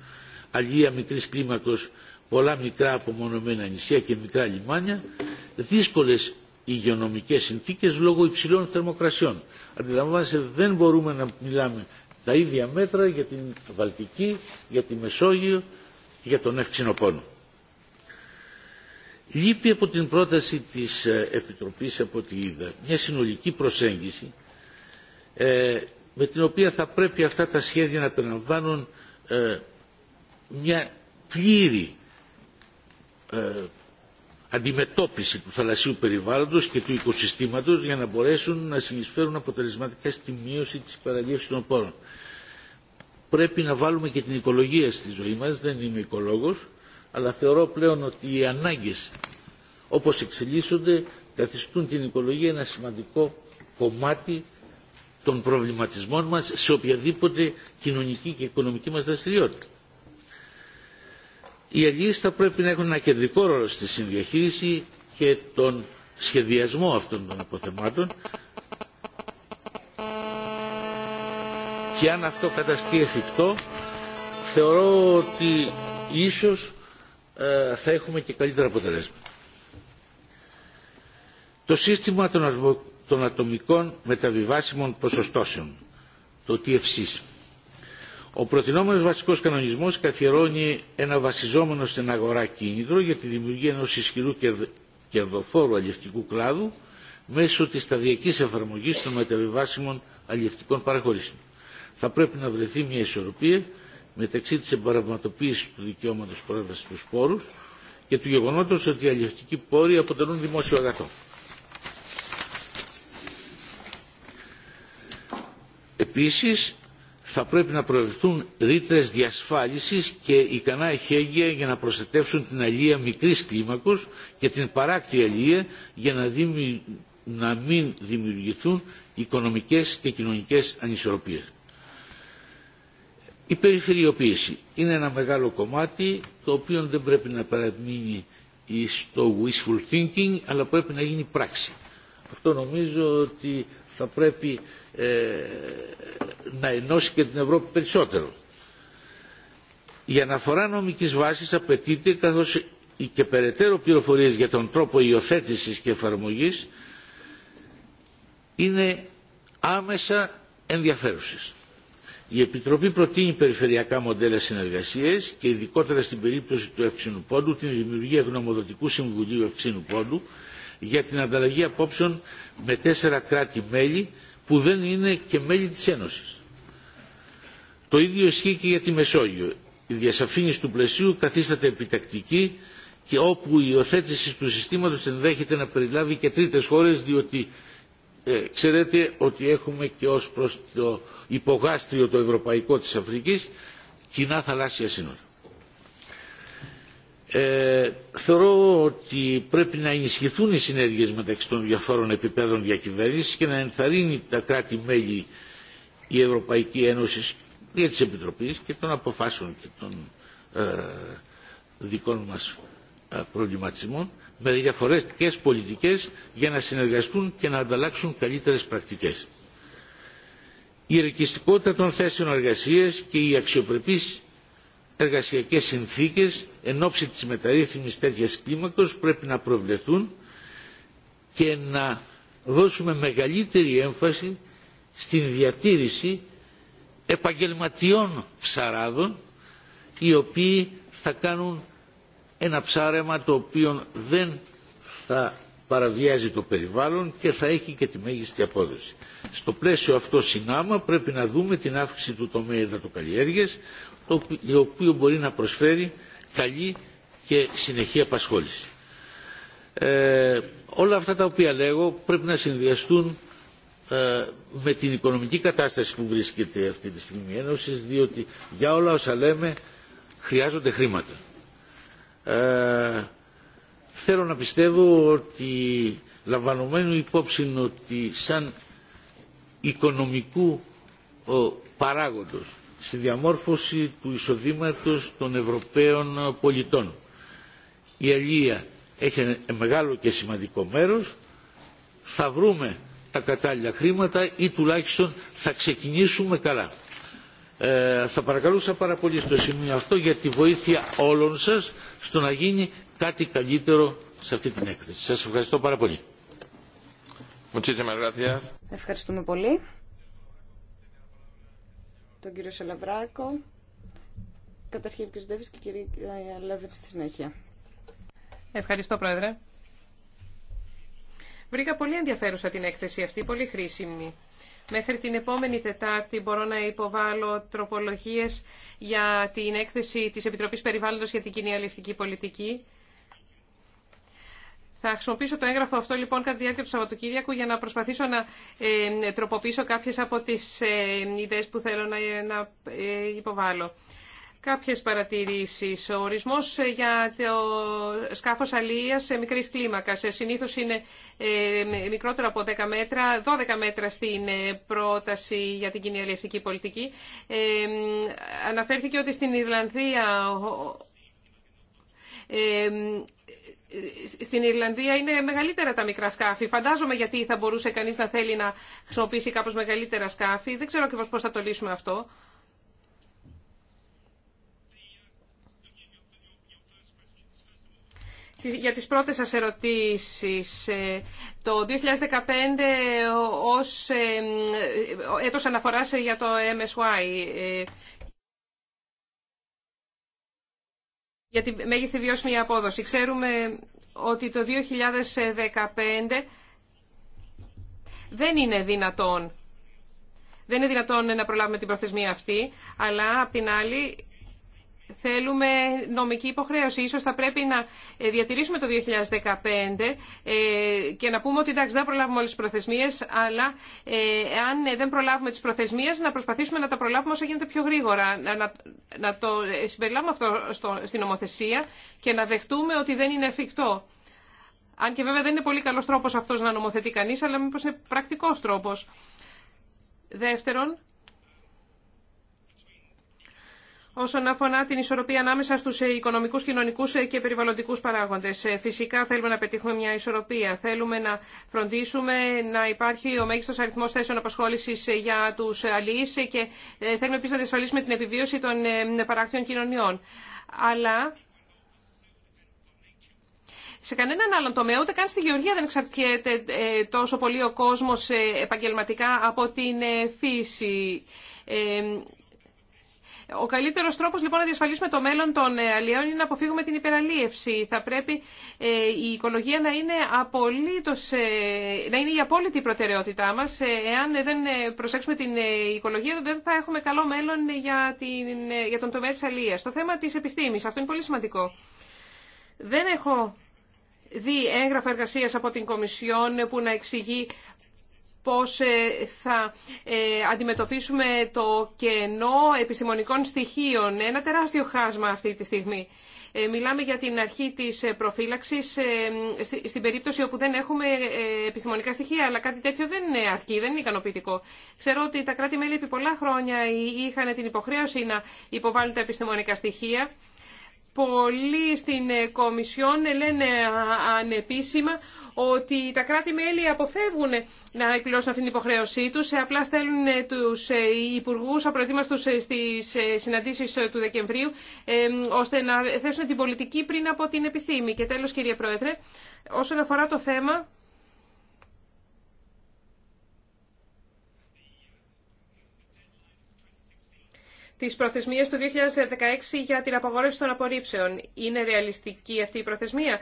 αλληλεία μικρής κλίμακος, πολλά μικρά απομονωμένα νησιά και μικρά λιμάνια, δύσκολες υγειονομικές συνθήκες λόγω υψηλών θερμοκρασιών. Αντιλαμβάνεστε δεν μπορούμε να μιλάμε τα ίδια μέτρα για την Βαλτική, για τη Μεσόγειο, για τον Πόνο. Λείπει από την πρόταση της ε, Επιτροπής από τη μια συνολική προσέγγιση ε, με την οποία θα πρέπει αυτά τα σχέδια να περιλαμβάνουν ε, μια πλήρη αντιμετώπιση του θαλασσίου περιβάλλοντος και του οικοσυστήματος για να μπορέσουν να συνεισφέρουν αποτελεσματικά στη μείωση της παραλίευσης των πόρων πρέπει να βάλουμε και την οικολογία στη ζωή μας, δεν είμαι οικολόγος, αλλά θεωρώ πλέον ότι οι ανάγκες όπως εξελίσσονται καθιστούν την οικολογία ένα σημαντικό κομμάτι των προβληματισμών μας σε οποιαδήποτε κοινωνική και οικονομική μας δραστηριότητα. Οι αλληλείς θα πρέπει να έχουν ένα κεντρικό ρόλο στη συνδιαχείριση και τον σχεδιασμό αυτών των αποθεμάτων και αν αυτό καταστεί εφικτό θεωρώ ότι ίσως ε, θα έχουμε και καλύτερα αποτελέσματα. Το σύστημα των ατομικών μεταβιβάσιμων ποσοστώσεων, το TFC. Ο προτινόμενος βασικός κανονισμός καθιερώνει ένα βασιζόμενο στην αγορά κίνητρο για τη δημιουργία ενός ισχυρού κερδοφόρου αλληλευτικού κλάδου μέσω της σταδιακής εφαρμογής των μεταβιβάσιμων αλληλευτικών παραχωρήσεων θα πρέπει να βρεθεί μια ισορροπία μεταξύ της εμπαραγματοποίησης του δικαιώματος πρόσβασης στους πόρους και του γεγονότος ότι οι αλληλευτικοί πόροι αποτελούν δημόσιο αγαθό. Επίσης, θα πρέπει να προευθούν ρήτρε διασφάλισης και ικανά εχέγγυα για να προστατεύσουν την αλληλεία μικρής κλίμακος και την παράκτη αλληλεία για να, να μην δημιουργηθούν οικονομικές και κοινωνικές ανισορροπίες. Η περιφερειοποίηση είναι ένα μεγάλο κομμάτι το οποίο δεν πρέπει να παραμείνει στο wishful thinking αλλά πρέπει να γίνει πράξη. Αυτό νομίζω ότι θα πρέπει ε, να ενώσει και την Ευρώπη περισσότερο. Η αναφορά νομικής βάσης απαιτείται καθώς και περαιτέρω πληροφορίες για τον τρόπο υιοθέτηση και εφαρμογής είναι άμεσα ενδιαφέρουσες. Η Επιτροπή προτείνει περιφερειακά μοντέλα συνεργασία και ειδικότερα στην περίπτωση του ευξήνου πόντου την δημιουργία γνωμοδοτικού συμβουλίου ευξήνου πόντου για την ανταλλαγή απόψεων με τέσσερα κράτη-μέλη που δεν είναι και μέλη της Ένωσης. Το ίδιο ισχύει και για τη Μεσόγειο. Η διασαφήνιση του πλαισίου καθίσταται επιτακτική και όπου η υιοθέτηση του συστήματος ενδέχεται να περιλάβει και τρίτες χώρες διότι ε, ξέρετε ότι έχουμε και ω προς το υπογάστριο το ευρωπαϊκό της Αφρικής, κοινά θαλάσσια σύνορα. Ε, θεωρώ ότι πρέπει να ενισχυθούν οι συνέργειες μεταξύ των διαφόρων επιπέδων διακυβέρνησης και να ενθαρρύνει τα κράτη-μέλη η Ευρωπαϊκή Ένωση και της Επιτροπής και των αποφάσεων και των ε, δικών μας ε, προβληματισμών με διαφορετικές πολιτικές για να συνεργαστούν και να ανταλλάξουν καλύτερες πρακτικές η ελκυστικότητα των θέσεων εργασίας και οι αξιοπρεπείς εργασιακές συνθήκες εν ώψη της μεταρρύθμισης τέτοιας κλίμακος πρέπει να προβλεφθούν και να δώσουμε μεγαλύτερη έμφαση στην διατήρηση επαγγελματιών ψαράδων οι οποίοι θα κάνουν ένα ψάρεμα το οποίο δεν θα παραβιάζει το περιβάλλον και θα έχει και τη μέγιστη απόδοση. Στο πλαίσιο αυτό συνάμα πρέπει να δούμε την αύξηση του τομέα υδατοκαλλιέργειας, το οποίο μπορεί να προσφέρει καλή και συνεχή απασχόληση. Ε, όλα αυτά τα οποία λέγω πρέπει να συνδυαστούν ε, με την οικονομική κατάσταση που βρίσκεται αυτή τη στιγμή η Ένωση, διότι για όλα όσα λέμε χρειάζονται χρήματα. Ε, θέλω να πιστεύω ότι λαμβανομένου υπόψη ότι σαν οικονομικού παράγοντος στη διαμόρφωση του εισοδήματος των Ευρωπαίων πολιτών. Η Ελία έχει μεγάλο και σημαντικό μέρος. Θα βρούμε τα κατάλληλα χρήματα ή τουλάχιστον θα ξεκινήσουμε καλά. Ε, θα παρακαλούσα πάρα πολύ στο σημείο αυτό για τη βοήθεια όλων σας στο να γίνει κάτι καλύτερο σε αυτή την έκθεση. Σας ευχαριστώ πάρα πολύ. Ευχαριστούμε πολύ. Τον κύριο Σελαβράκο. Καταρχήν ο κύριο και η κυρία Λέβετ στη συνέχεια. Ευχαριστώ, Πρόεδρε. Βρήκα πολύ ενδιαφέρουσα την έκθεση αυτή, πολύ χρήσιμη. Μέχρι την επόμενη Τετάρτη μπορώ να υποβάλω τροπολογίες για την έκθεση της Επιτροπής Περιβάλλοντος για την Κοινή Αλληλευτική Πολιτική θα χρησιμοποιήσω το έγγραφο αυτό λοιπόν κατά τη διάρκεια του Σαββατοκύριακου για να προσπαθήσω να ε, τροποποιήσω κάποιε από τι ε, ιδέες που θέλω να, ε, ε, υποβάλω. Κάποιε παρατηρήσει. Ο ορισμό για το σκάφο αλληλεία σε μικρής κλίμακα. Συνήθως είναι μικρότερο από 10 μέτρα, 12 μέτρα στην πρόταση για την κοινή αλληλευτική πολιτική. Αναφέρθηκε ότι στην Ιρλανδία στην Ιρλανδία είναι μεγαλύτερα τα μικρά σκάφη. Φαντάζομαι γιατί θα μπορούσε κανείς να θέλει να χρησιμοποιήσει κάπως μεγαλύτερα σκάφη. Δεν ξέρω ακριβώς πώς θα το λύσουμε αυτό. Για τις πρώτες σας ερωτήσεις, ε, το 2015 ως ε, ε, έτος αναφοράς για το MSY για τη μέγιστη βιώσιμη απόδοση. Ξέρουμε ότι το 2015 δεν είναι δυνατόν. Δεν είναι δυνατόν να προλάβουμε την προθεσμία αυτή, αλλά απ' την άλλη Θέλουμε νομική υποχρέωση. Ίσως θα πρέπει να ε, διατηρήσουμε το 2015 ε, και να πούμε ότι εντάξει δεν προλάβουμε όλες τις προθεσμίες, αλλά ε, αν δεν προλάβουμε τις προθεσμίες να προσπαθήσουμε να τα προλάβουμε όσο γίνεται πιο γρήγορα. Να, να το συμπεριλάβουμε αυτό στο, στην νομοθεσία και να δεχτούμε ότι δεν είναι εφικτό. Αν και βέβαια δεν είναι πολύ καλός τρόπος αυτός να νομοθετεί κανείς, αλλά μήπως είναι πρακτικός τρόπος. Δεύτερον, όσον αφορά την ισορροπία ανάμεσα στου ε, οικονομικού, κοινωνικού ε, και περιβαλλοντικού παράγοντε. Ε, φυσικά θέλουμε να πετύχουμε μια ισορροπία. Θέλουμε να φροντίσουμε να υπάρχει ο μέγιστο αριθμό θέσεων απασχόληση για του αλληλεί και θέλουμε επίση να διασφαλίσουμε την επιβίωση των παράκτιων κοινωνιών. Αλλά σε κανέναν άλλον τομέα, ούτε καν στη γεωργία δεν εξαρτιέται τόσο πολύ ο κόσμο επαγγελματικά από την φύση. Ο καλύτερο τρόπο λοιπόν να διασφαλίσουμε το μέλλον των ε, αλλιών είναι να αποφύγουμε την υπεραλίευση. Θα πρέπει ε, η οικολογία να είναι, απολύτως, ε, να είναι η απόλυτη προτεραιότητά μας. Εάν δεν προσέξουμε την οικολογία δεν θα έχουμε καλό μέλλον για, την, για τον τομέα τη Το θέμα της επιστήμης, αυτό είναι πολύ σημαντικό. Δεν έχω δει έγγραφα εργασίας από την Κομισιόν που να εξηγεί πώς ε, θα ε, αντιμετωπίσουμε το κενό επιστημονικών στοιχείων. Ένα τεράστιο χάσμα αυτή τη στιγμή. Ε, μιλάμε για την αρχή της προφύλαξης στην περίπτωση όπου δεν έχουμε επιστημονικά στοιχεία, αλλά κάτι τέτοιο δεν είναι αρκεί, δεν είναι ικανοποιητικό. Ξέρω ότι τα κράτη-μέλη επί πολλά χρόνια είχαν την υποχρέωση να υποβάλουν τα επιστημονικά στοιχεία. Πολλοί στην Κομισιόν λένε ανεπίσημα ότι τα κράτη-μέλη αποφεύγουν να εκπληρώσουν αυτήν την υποχρέωσή τους, ε, απλά στέλνουν ε, τους ε, υπουργού απροετοίμαστου στις συναντήσεις του Δεκεμβρίου, ώστε να θέσουν την πολιτική πριν από την επιστήμη. Και τέλος, κύριε Πρόεδρε, όσον αφορά το θέμα... τις προθεσμίες του 2016 για την απαγόρευση των απορρίψεων. Είναι ρεαλιστική αυτή η προθεσμία.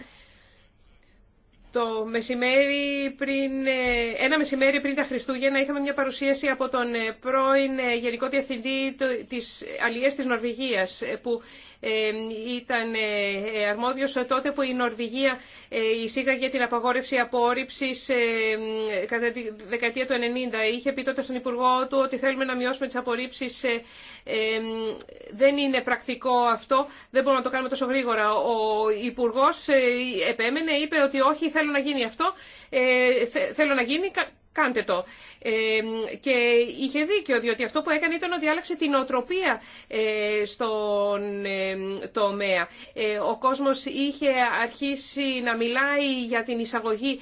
Το μεσημέρι πριν, ε, ένα μεσημέρι πριν τα Χριστούγεννα είχαμε μια παρουσίαση από τον ε, πρώην ε, Γενικό Διευθυντή της Αλλιές της Νορβηγίας που ήταν ε, ε, αρμόδιος τότε που η Νορβηγία ε, εισήγαγε την απαγόρευση απόρριψης κατά τη δεκαετία του 90. Είχε πει τότε στον Υπουργό του ότι θέλουμε να μειώσουμε τις απορρίψεις. Δεν είναι πρακτικό αυτό, δεν μπορούμε να το κάνουμε τόσο γρήγορα. Ο Υπουργός επέμενε, είπε ότι όχι, θέλω να γίνει αυτό, θέλω να γίνει κάντε το. Ε, και είχε δίκιο, διότι αυτό που έκανε ήταν ότι άλλαξε την οτροπία ε, στον ε, τομέα. ο κόσμος είχε αρχίσει να μιλάει για την εισαγωγή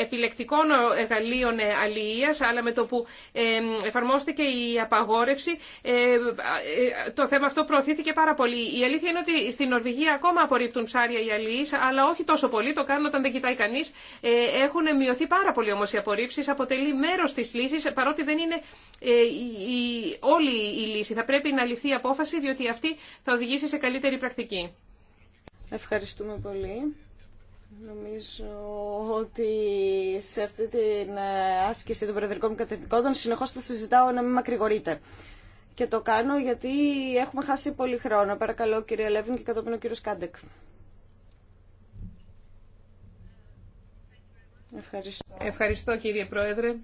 επιλεκτικών εργαλείων αλληλείας, αλλά με το που εφαρμόστηκε η απαγόρευση, το θέμα αυτό προωθήθηκε πάρα πολύ. Η αλήθεια είναι ότι στην Νορβηγία ακόμα απορρίπτουν ψάρια οι αλληλείς, αλλά όχι τόσο πολύ, το κάνουν όταν δεν κοιτάει κανείς. έχουν μειωθεί πάρα πολύ όμως οι απορρίψεις, αποτελεί μέρος της λύση, παρότι δεν είναι ε, η, όλη η λύση. Θα πρέπει να ληφθεί η απόφαση, διότι αυτή θα οδηγήσει σε καλύτερη πρακτική. Ευχαριστούμε πολύ. Νομίζω ότι σε αυτή την ε, άσκηση των προεδρικών κατευθυντικών συνεχώς θα συζητάω να μην μακρηγορείτε. Και το κάνω γιατί έχουμε χάσει πολύ χρόνο. Παρακαλώ κύριε Λέβιν και κατόπιν ο κύριο Κάντεκ. Ευχαριστώ. Ευχαριστώ κύριε Πρόεδρε.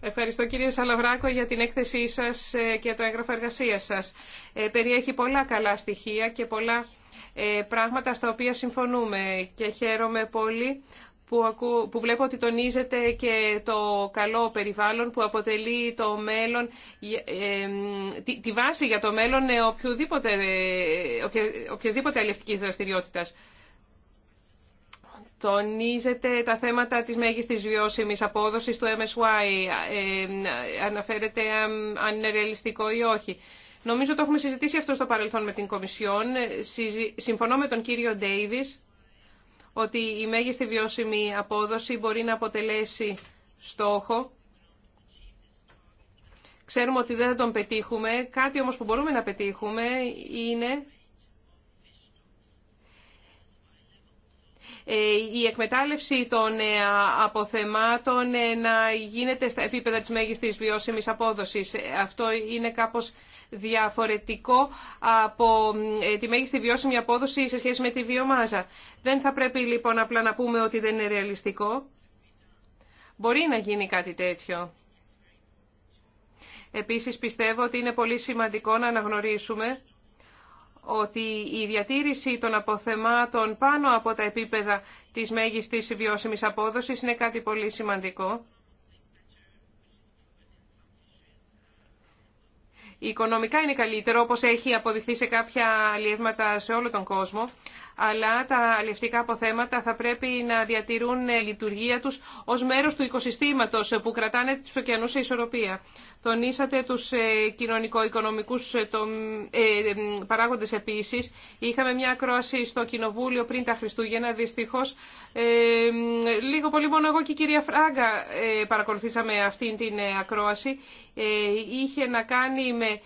Ευχαριστώ κύριε Σαλαβράκο για την έκθεσή σας ε, και το έγγραφο εργασία σας. Ε, περιέχει πολλά καλά στοιχεία και πολλά ε, πράγματα στα οποία συμφωνούμε και χαίρομαι πολύ που που βλέπω ότι τονίζεται και το καλό περιβάλλον που αποτελεί το μέλλον, τη βάση για το μέλλον οποιοδήποτε, οποιασδήποτε αλληλευτικής δραστηριότητας. Τονίζεται τα θέματα της μέγιστης βιώσιμης απόδοσης του MSY. Ε, αναφέρεται ε, αν είναι ρεαλιστικό ή όχι. Νομίζω το έχουμε συζητήσει αυτό στο παρελθόν με την Κομισιόν. Συμφωνώ με τον κύριο Ντέιβις ότι η μέγιστη βιώσιμη απόδοση μπορεί να αποτελέσει στόχο. Ξέρουμε ότι δεν θα τον πετύχουμε. Κάτι όμως που μπορούμε να πετύχουμε είναι Ε, η εκμετάλλευση των ε, αποθεμάτων ε, να γίνεται στα επίπεδα της μέγιστης βιώσιμης απόδοσης. Αυτό είναι κάπως διαφορετικό από τη μέγιστη βιώσιμη απόδοση σε σχέση με τη βιομάζα. Δεν θα πρέπει λοιπόν απλά να πούμε ότι δεν είναι ρεαλιστικό. Μπορεί να γίνει κάτι τέτοιο. Επίσης πιστεύω ότι είναι πολύ σημαντικό να αναγνωρίσουμε ότι η διατήρηση των αποθεμάτων πάνω από τα επίπεδα της μέγιστης βιώσιμης απόδοσης είναι κάτι πολύ σημαντικό. Οικονομικά είναι καλύτερο, όπως έχει αποδειχθεί σε κάποια αλλιεύματα σε όλο τον κόσμο, αλλά τα αλληλευτικά αποθέματα θα πρέπει να διατηρούν ε, λειτουργία τους ως μέρος του οικοσυστήματος ε, που κρατάνε τους ωκεανούς σε ισορροπία. Τονίσατε τους ε, κοινωνικο-οικονομικούς παράγοντες επίσης. Είχαμε μια ακρόαση στο Κοινοβούλιο πριν τα Χριστούγεννα, δυστυχώς. Λίγο πολύ μόνο εγώ και η κυρία Φράγκα παρακολουθήσαμε αυτή την ακρόαση. Είχε να κάνει με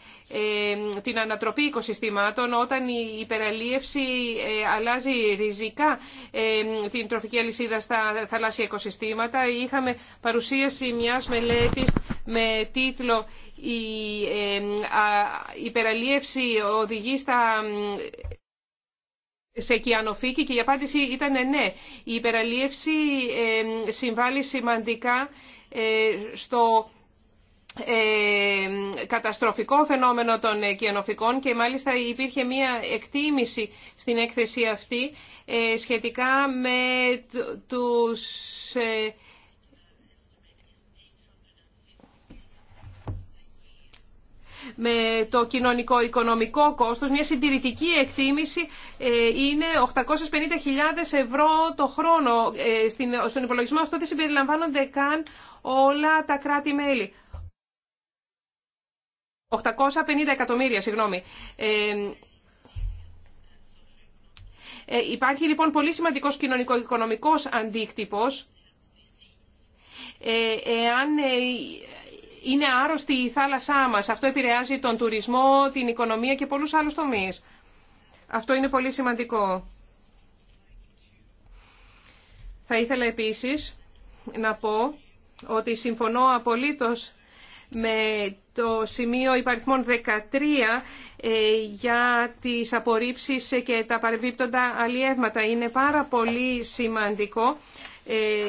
την ανατροπή οικοσυστημάτων όταν η υπεραλίευση ε, αλλάζει ριζικά την τροφική αλυσίδα στα θαλάσσια οικοσυστήματα. Είχαμε παρουσίαση μιας μελέτης με τίτλο «Η υπεραλίευση οδηγεί στα σε κιανοφίκη» και η απάντηση ήταν ναι. Η υπεραλίευση συμβάλλει σημαντικά ε, στο ε, καταστροφικό φαινόμενο των κοινοφικών και μάλιστα υπήρχε μία εκτίμηση στην έκθεση αυτή ε, σχετικά με τους... Ε, με το κοινωνικό-οικονομικό κόστος, μια συντηρητική εκτίμηση είναι 850.000 ευρώ το χρόνο. Στον υπολογισμό αυτό δεν συμπεριλαμβάνονται καν όλα τα κράτη-μέλη. 850 εκατομμύρια, συγγνώμη. Ε, ε, υπάρχει λοιπόν πολύ σημαντικός κοινωνικο-οικονομικός αντίκτυπος ε, εάν ε, είναι άρρωστη η θάλασσά μας. Αυτό επηρεάζει τον τουρισμό, την οικονομία και πολλούς άλλους τομείς. Αυτό είναι πολύ σημαντικό. Θα ήθελα επίσης να πω ότι συμφωνώ απολύτως με το σημείο υπαριθμών 13 για τις απορρίψεις και τα παρεμπίπτοντα αλλιεύματα. Είναι πάρα πολύ σημαντικό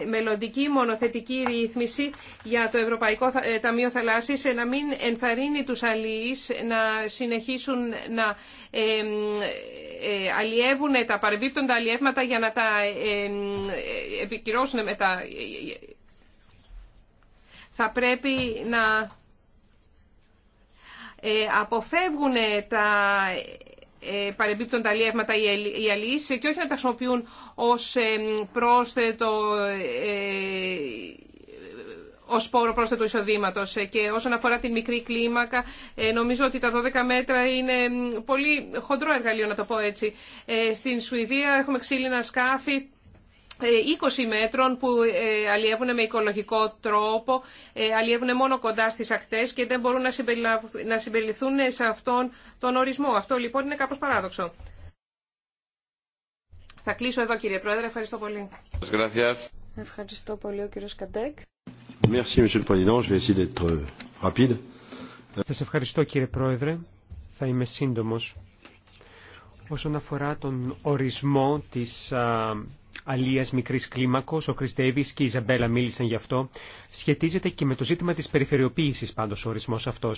μελλοντική μονοθετική ρύθμιση για το Ευρωπαϊκό Ταμείο Θαλάσσης να μην ενθαρρύνει τους αλλιείς να συνεχίσουν να αλλιεύουν τα παρεμπίπτοντα αλλιεύματα για να τα επικυρώσουν μετά. Θα πρέπει να ε, αποφεύγουν τα ε, παρεμπίπτοντα αλλιεύματα οι αλλοίς ε, και όχι να τα χρησιμοποιούν ως πρόσθετο ω πόρο πρόσθετου εισοδήματο. Και όσον αφορά την μικρή κλίμακα, νομίζω ότι τα 12 μέτρα είναι πολύ χοντρό εργαλείο, να το πω έτσι. Στην Σουηδία έχουμε ξύλινα σκάφη 20 ε, μέτρων που ε, αλλιεύουν με οικολογικό τρόπο, ε, αλλιεύουν μόνο κοντά στις ακτές και δεν μπορούν να συμπεριληφθούν σε αυτόν τον ορισμό. Αυτό λοιπόν είναι κάπως παράδοξο. Θα κλείσω εδώ κύριε Πρόεδρε. Ευχαριστώ πολύ. Ευχαριστώ πολύ ο κύριος Καντέκ. Σας ευχαριστώ κύριε Πρόεδρε. Θα είμαι σύντομος. Όσον αφορά τον ορισμό της αλίας μικρή κλίμακος, ο Κρις και η Ζαμπέλα μίλησαν γι' αυτό, σχετίζεται και με το ζήτημα τη περιφερειοποίησης πάντω ο ορισμό αυτό.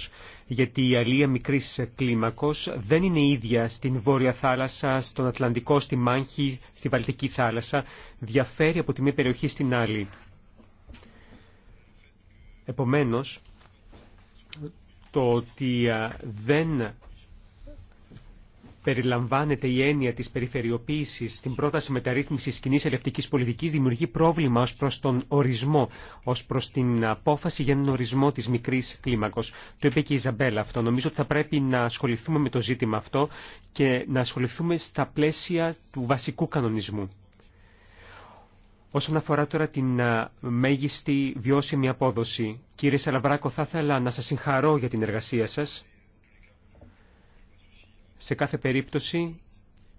γιατί η αλία μικρή κλίμακος δεν είναι ίδια στην Βόρεια Θάλασσα, στον Ατλαντικό, στη Μάνχη, στη Βαλτική Θάλασσα, διαφέρει από τη μία περιοχή στην άλλη. Επομένω το ότι δεν περιλαμβάνεται η έννοια της περιφερειοποίησης στην πρόταση μεταρρύθμισης κοινή ελευτικής πολιτικής δημιουργεί πρόβλημα ως προς τον ορισμό, ως προς την απόφαση για τον ορισμό της μικρής κλίμακος. Το είπε και η Ιζαμπέλα αυτό. Νομίζω ότι θα πρέπει να ασχοληθούμε με το ζήτημα αυτό και να ασχοληθούμε στα πλαίσια του βασικού κανονισμού. Όσον αφορά τώρα την μέγιστη βιώσιμη απόδοση, κύριε Σαλαβράκο, θα ήθελα να σας συγχαρώ για την εργασία σας. Σε κάθε περίπτωση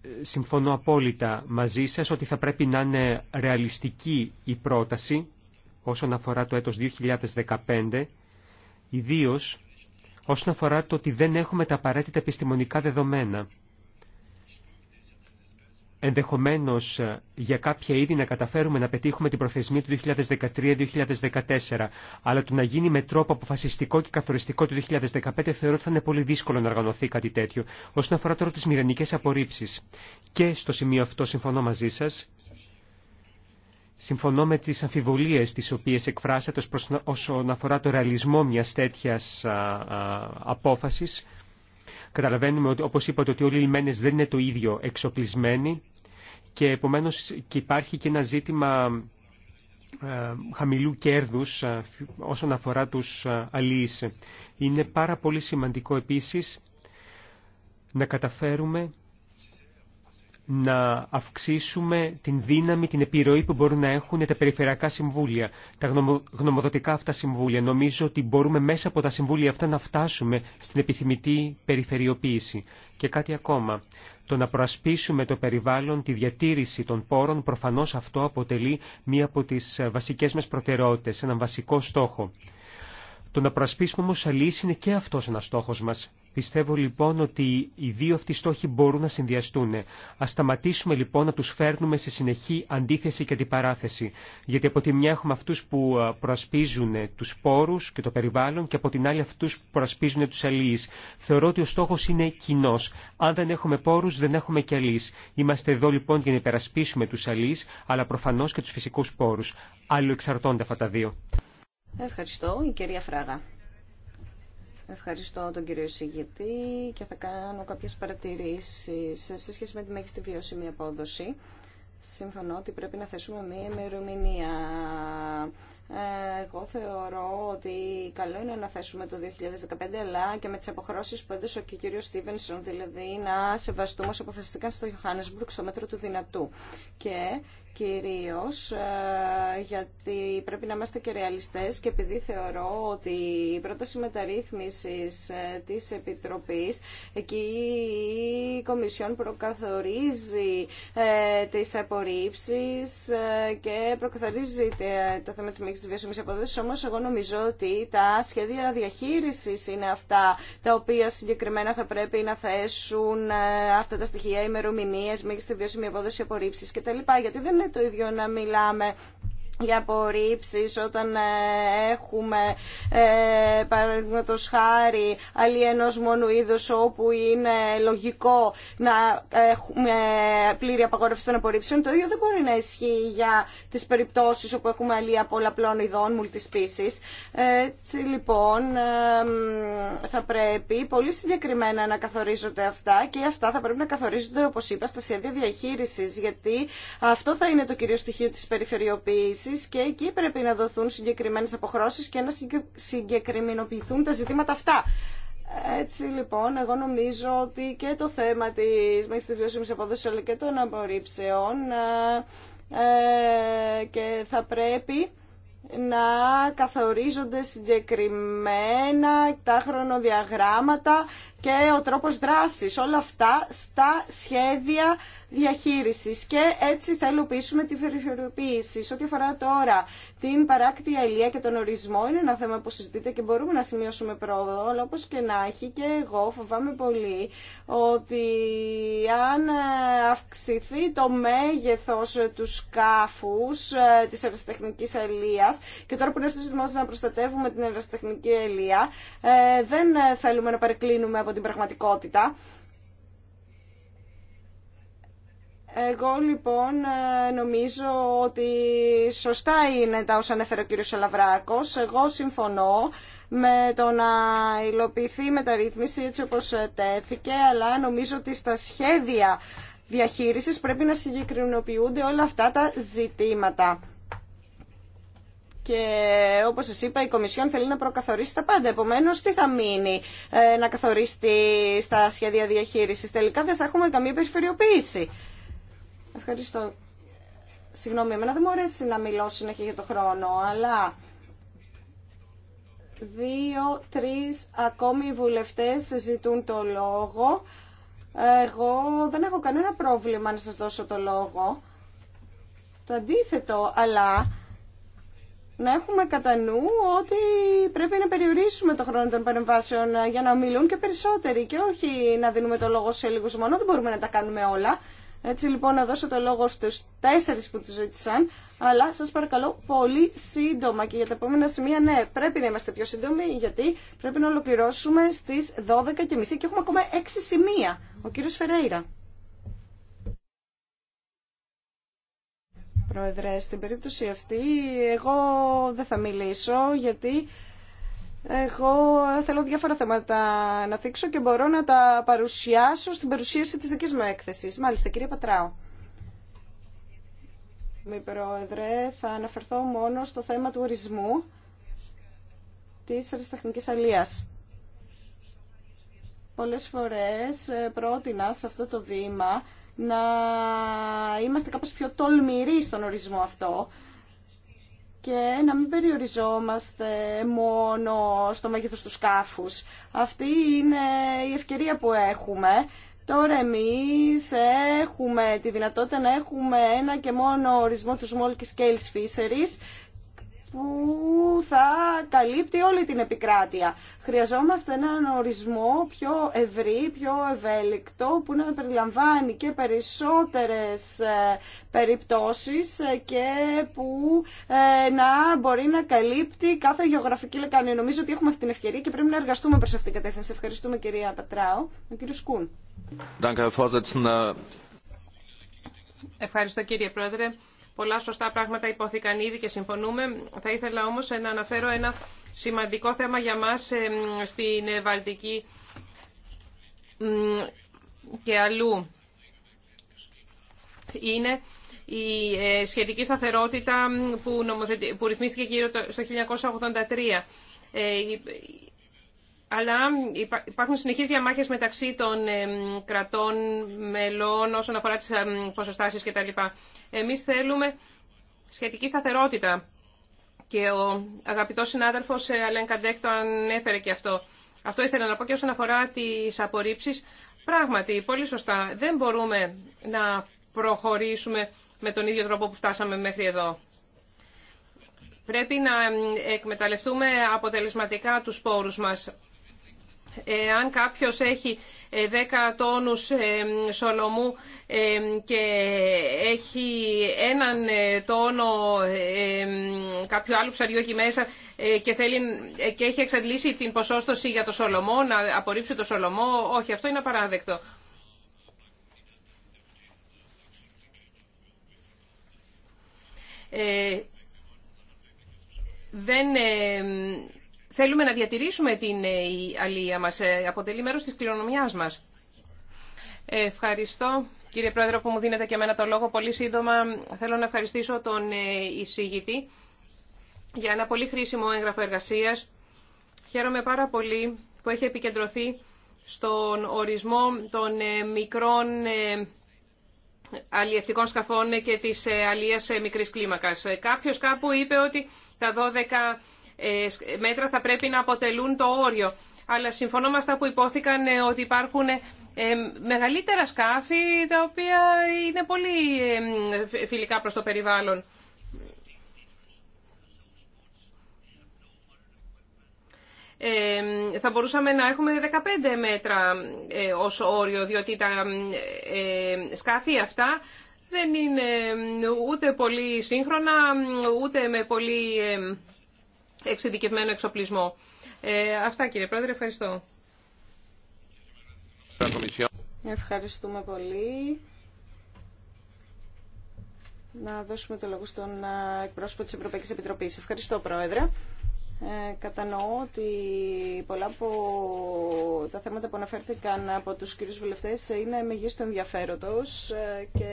ε, συμφωνώ απόλυτα μαζί σας ότι θα πρέπει να είναι ρεαλιστική η πρόταση όσον αφορά το έτος 2015, ιδίως όσον αφορά το ότι δεν έχουμε τα απαραίτητα επιστημονικά δεδομένα ενδεχομένως ε, για κάποια είδη να καταφέρουμε να πετύχουμε την προθεσμία του 2013-2014, αλλά το να γίνει με τρόπο αποφασιστικό και καθοριστικό του 2015 θεωρώ ότι θα είναι πολύ δύσκολο να οργανωθεί κάτι τέτοιο. Όσον αφορά τώρα τις μηδενικές απορρίψεις, και στο σημείο αυτό συμφωνώ μαζί σας, Συμφωνώ με τις αμφιβολίες τις οποίες εκφράσατε όσον αφορά το ρεαλισμό μιας τέτοιας α, απόφασης. Καταλαβαίνουμε, ότι, όπως είπατε, ότι όλοι οι λιμένες δεν είναι το ίδιο εξοπλισμένοι και επομένως και υπάρχει και ένα ζήτημα ε, χαμηλού κέρδους ε, όσον αφορά τους ε, αλίες. Είναι πάρα πολύ σημαντικό επίσης να καταφέρουμε να αυξήσουμε την δύναμη, την επιρροή που μπορούν να έχουν τα περιφερειακά συμβούλια, τα γνωμοδοτικά αυτά συμβούλια. Νομίζω ότι μπορούμε μέσα από τα συμβούλια αυτά να φτάσουμε στην επιθυμητή περιφερειοποίηση. Και κάτι ακόμα. Το να προασπίσουμε το περιβάλλον, τη διατήρηση των πόρων, προφανώς αυτό αποτελεί μία από τις ε, βασικές μας προτεραιότητες, έναν βασικό στόχο. Το να προασπίσουμε όμως αλύση είναι και αυτός ένας στόχος μας. Πιστεύω λοιπόν ότι οι δύο αυτοί στόχοι μπορούν να συνδυαστούν. Α σταματήσουμε λοιπόν να του φέρνουμε σε συνεχή αντίθεση και αντιπαράθεση. Γιατί από τη μια έχουμε αυτού που προασπίζουν ε, του πόρου και το περιβάλλον και από την άλλη αυτού που προασπίζουν ε, του αλληλεί. Θεωρώ ότι ο στόχο είναι κοινό. Αν δεν έχουμε πόρου, δεν έχουμε και αλληλεί. Είμαστε εδώ λοιπόν για να υπερασπίσουμε του αλληλεί, αλλά προφανώ και του φυσικού πόρου. Άλλο εξαρτώνται αυτά τα δύο. Ευχαριστώ, η κυρία Φράγα. Ευχαριστώ τον κύριο εισηγητή και θα κάνω κάποιες παρατηρήσεις σε σχέση με τη μέγιστη βιώσιμη απόδοση. Συμφωνώ ότι πρέπει να θέσουμε μία ημερομηνία. Εγώ θεωρώ ότι καλό είναι να θέσουμε το 2015, αλλά και με τις αποχρώσεις που έδωσε και ο κύριος Στίβενσον, δηλαδή να σεβαστούμε όσο αποφασιστήκαν στο Johannesburg στο μέτρο του δυνατού. Και κυρίως ε, γιατί πρέπει να είμαστε και ρεαλιστές και επειδή θεωρώ ότι η πρόταση μεταρρύθμισης ε, της Επιτροπής εκεί η Κομισιόν προκαθορίζει ε, τις απορρίψεις και προκαθορίζει το θέμα της της βιώσιμης αποδόσης όμως εγώ νομίζω ότι τα σχέδια διαχείρισης είναι αυτά τα οποία συγκεκριμένα θα πρέπει να θέσουν αυτά τα στοιχεία ημερομηνίε, της βιώσιμη απόδοση απορρίψει κτλ. Γιατί δεν είναι το ίδιο να μιλάμε για απορρίψεις όταν ε, έχουμε ε, παραδείγματο χάρη αλλή ενός μόνο είδους όπου είναι λογικό να έχουμε πλήρη απαγόρευση των απορρίψεων το ίδιο δεν μπορεί να ισχύει για τις περιπτώσεις όπου έχουμε αλλία πολλαπλών ειδών μουλτισπίσης έτσι λοιπόν θα πρέπει πολύ συγκεκριμένα να καθορίζονται αυτά και αυτά θα πρέπει να καθορίζονται όπως είπα στα σχέδια διαχείρισης γιατί αυτό θα είναι το κυρίω στοιχείο της περιφερειοποίησης και εκεί πρέπει να δοθούν συγκεκριμένε αποχρώσεις και να συγκεκριμενοποιηθούν τα ζητήματα αυτά. Έτσι λοιπόν, εγώ νομίζω ότι και το θέμα τη μέχρι τη βιώσιμη απόδοση αλλά και των απορρίψεων ε, και θα πρέπει να καθορίζονται συγκεκριμένα τα χρονοδιαγράμματα και ο τρόπος δράσης, όλα αυτά στα σχέδια διαχείρισης και έτσι θα υλοποιήσουμε τη περιφερειοποίηση. Σε ό,τι αφορά τώρα την παράκτη αιλία και τον ορισμό είναι ένα θέμα που συζητείται και μπορούμε να σημειώσουμε πρόοδο, αλλά όπως και να έχει και εγώ φοβάμαι πολύ ότι αν αυξηθεί το μέγεθος του σκάφους ε, της αεραστεχνικής αιλίας και τώρα που είναι στο να προστατεύουμε την αεραστεχνική αιλία ε, δεν θέλουμε να παρεκκλίνουμε από την πραγματικότητα. Εγώ λοιπόν νομίζω ότι σωστά είναι τα όσα ανέφερε ο κύριος Σαλαβράκος. Εγώ συμφωνώ με το να υλοποιηθεί η μεταρρύθμιση έτσι όπως τέθηκε, αλλά νομίζω ότι στα σχέδια διαχείρισης πρέπει να συγκεκρινοποιούνται όλα αυτά τα ζητήματα. Και όπως σας είπα, η Κομισιόν θέλει να προκαθορίσει τα πάντα. Επομένως, τι θα μείνει ε, να καθορίσει στα σχέδια διαχείρισης. Τελικά δεν θα έχουμε καμία περιφερειοποίηση. Ευχαριστώ. Συγγνώμη, εμένα δεν μου αρέσει να μιλώ συνέχεια για το χρόνο, αλλά δύο, τρεις ακόμη βουλευτές ζητούν το λόγο. Εγώ δεν έχω κανένα πρόβλημα να σας δώσω το λόγο. Το αντίθετο, αλλά να έχουμε κατά νου ότι πρέπει να περιορίσουμε το χρόνο των παρεμβάσεων ε, για να μιλούν και περισσότεροι και όχι να δίνουμε το λόγο σε λίγους μόνο, δεν μπορούμε να τα κάνουμε όλα. Έτσι λοιπόν να δώσω το λόγο στους τέσσερις που τους ζήτησαν, αλλά σας παρακαλώ πολύ σύντομα και για τα επόμενα σημεία ναι, πρέπει να είμαστε πιο σύντομοι γιατί πρέπει να ολοκληρώσουμε στις 12.30 και έχουμε ακόμα έξι σημεία. Ο κύριος Φερέιρα. Πρόεδρε, στην περίπτωση αυτή εγώ δεν θα μιλήσω γιατί εγώ θέλω διάφορα θέματα να θίξω και μπορώ να τα παρουσιάσω στην παρουσίαση της δικής μου έκθεσης. Μάλιστα, κύριε Πατράου. Μη Πρόεδρε, θα αναφερθώ μόνο στο θέμα του ορισμού της αριστεχνικής αλίας. Πολλές φορές ε, πρότεινα σε αυτό το βήμα να είμαστε κάπως πιο τολμηροί στον ορισμό αυτό και να μην περιοριζόμαστε μόνο στο μέγεθος του σκάφους. Αυτή είναι η ευκαιρία που έχουμε. Τώρα εμείς έχουμε τη δυνατότητα να έχουμε ένα και μόνο ορισμό του small scale fisheries που θα καλύπτει όλη την επικράτεια. Χρειαζόμαστε έναν ορισμό πιο ευρύ, πιο ευέλικτο, που να περιλαμβάνει και περισσότερες ε, περιπτώσεις ε, και που ε, να μπορεί να καλύπτει κάθε γεωγραφική λεκάνη. Νομίζω ότι έχουμε αυτή την ευκαιρία και πρέπει να εργαστούμε προς αυτήν την κατεύθυνση. Ευχαριστούμε κυρία Πατράου. Ο κύριος Κούν. Ευχαριστώ κύριε Πρόεδρε. Πολλά σωστά πράγματα υπόθηκαν ήδη και συμφωνούμε. Θα ήθελα όμως να αναφέρω ένα σημαντικό θέμα για μας στην Βαλτική και αλλού. Είναι η ε, σχετική σταθερότητα που, νομοθετη... που ρυθμίστηκε γύρω στο 1983 αλλά υπάρχουν συνεχείς διαμάχες μεταξύ των κρατών μελών όσον αφορά τις ποσοστάσεις κτλ. Εμείς θέλουμε σχετική σταθερότητα και ο αγαπητός συνάδελφος ε, Αλέν Καντέκ το ανέφερε και αυτό. Αυτό ήθελα να πω και όσον αφορά τις απορρίψεις. Πράγματι, πολύ σωστά, δεν μπορούμε να προχωρήσουμε με τον ίδιο τρόπο που φτάσαμε μέχρι εδώ. Πρέπει να εκμεταλλευτούμε αποτελεσματικά τους πόρους μας. Ε, αν κάποιος έχει 10 ε, τόνους ε, σολομού και έχει έναν τόνο κάποιο άλλο ψαριού εκεί μέσα και, θέλει, και έχει εξαντλήσει την ποσόστοση για το σολομό, να απορρίψει το σολομό, όχι, αυτό είναι απαράδεκτο. δεν Θέλουμε να διατηρήσουμε την ε, αλία μας. Ε, αποτελεί μέρος της κληρονομιάς μας. Ε, ευχαριστώ. Κύριε Πρόεδρο που μου δίνετε και εμένα το λόγο, πολύ σύντομα θέλω να ευχαριστήσω τον εισηγητή για ένα πολύ χρήσιμο έγγραφο εργασίας. Χαίρομαι πάρα πολύ που έχει επικεντρωθεί στον ορισμό των μικρών αλλιευτικών σκαφών και της αλλίας μικρής κλίμακας. Κάποιος κάπου είπε ότι τα 12 ε, μέτρα θα πρέπει να αποτελούν το όριο. Αλλά συμφωνώ με αυτά που υπόθηκαν ε, ότι υπάρχουν ε, μεγαλύτερα σκάφη τα οποία είναι πολύ φιλικά προς το περιβάλλον. θα μπορούσαμε να έχουμε 15 μέτρα ως όριο, διότι τα σκάφη αυτά δεν είναι ούτε πολύ σύγχρονα, ούτε με πολύ εξειδικευμένο εξοπλισμό. Ε, αυτά κύριε Πρόεδρε, ευχαριστώ. Ευχαριστούμε πολύ. Να δώσουμε το λόγο στον ε, εκπρόσωπο της Ευρωπαϊκής Επιτροπής. Ευχαριστώ Πρόεδρε. Ε, κατανοώ ότι πολλά από τα θέματα που αναφέρθηκαν από τους κύριους βουλευτές είναι μεγίστο ενδιαφέροντος ε, και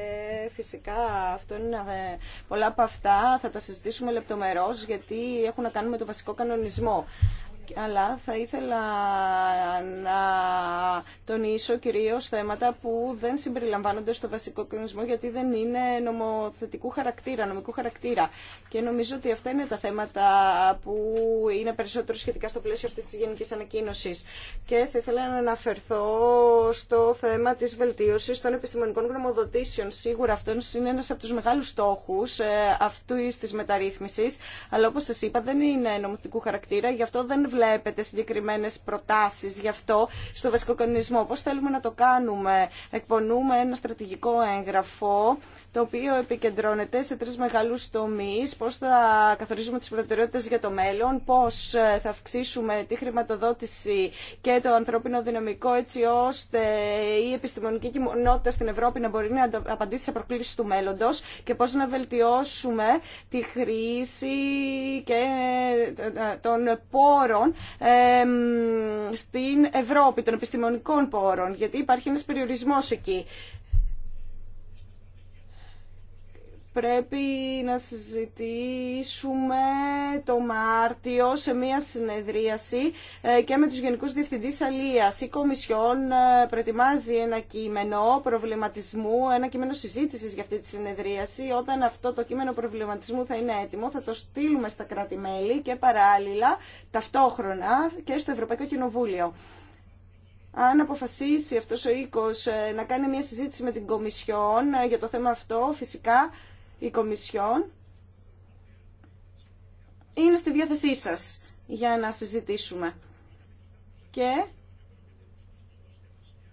φυσικά αυτό είναι, ε, πολλά από αυτά θα τα συζητήσουμε λεπτομερώς γιατί έχουν να κάνουν με το βασικό κανονισμό αλλά θα ήθελα να τονίσω κυρίως θέματα που δεν συμπεριλαμβάνονται στο βασικό κοινωνισμό γιατί δεν είναι νομοθετικού χαρακτήρα, νομικού χαρακτήρα. Και νομίζω ότι αυτά είναι τα θέματα που είναι περισσότερο σχετικά στο πλαίσιο αυτής της γενικής ανακοίνωσης. Και θα ήθελα να αναφερθώ στο θέμα της βελτίωσης των επιστημονικών γνωμοδοτήσεων. Σίγουρα αυτό είναι ένας από τους μεγάλους στόχους ε, αυτής της μεταρρύθμισης, αλλά όπως σας είπα δεν είναι νομοθετικού χαρακτήρα, γι' αυτό δεν Βλέπετε συγκεκριμένες προτάσεις γι' αυτό στο βασικό κανονισμό. Πώς θέλουμε να το κάνουμε. Εκπονούμε ένα στρατηγικό έγγραφο το οποίο επικεντρώνεται σε τρεις μεγάλους τομείς, πώς θα καθορίζουμε τις προτεραιότητες για το μέλλον, πώς ε, θα αυξήσουμε τη χρηματοδότηση και το ανθρώπινο δυναμικό έτσι ώστε η επιστημονική κοινότητα στην Ευρώπη να μπορεί να απαντήσει σε προκλήσεις του μέλλοντος και πώς να βελτιώσουμε τη χρήση και ε, ε, των πόρων στην Ευρώπη, των επιστημονικών πόρων, γιατί υπάρχει ένας περιορισμός εκεί. πρέπει να συζητήσουμε το Μάρτιο σε μία συνεδρίαση ε, και με τους Γενικούς Διευθυντής Αλίας. Η Κομισιόν ε, προετοιμάζει ένα κείμενο προβληματισμού, ένα κείμενο συζήτησης για αυτή τη συνεδρίαση. Όταν αυτό το κείμενο προβληματισμού θα είναι έτοιμο, θα το στείλουμε στα κράτη-μέλη και παράλληλα ταυτόχρονα και στο Ευρωπαϊκό Κοινοβούλιο αν αποφασίσει αυτός ο οίκος ε, να κάνει μια συζήτηση με την Κομισιόν για το θέμα αυτό, φυσικά η Κομισιόν είναι στη διάθεσή σας για να συζητήσουμε. Και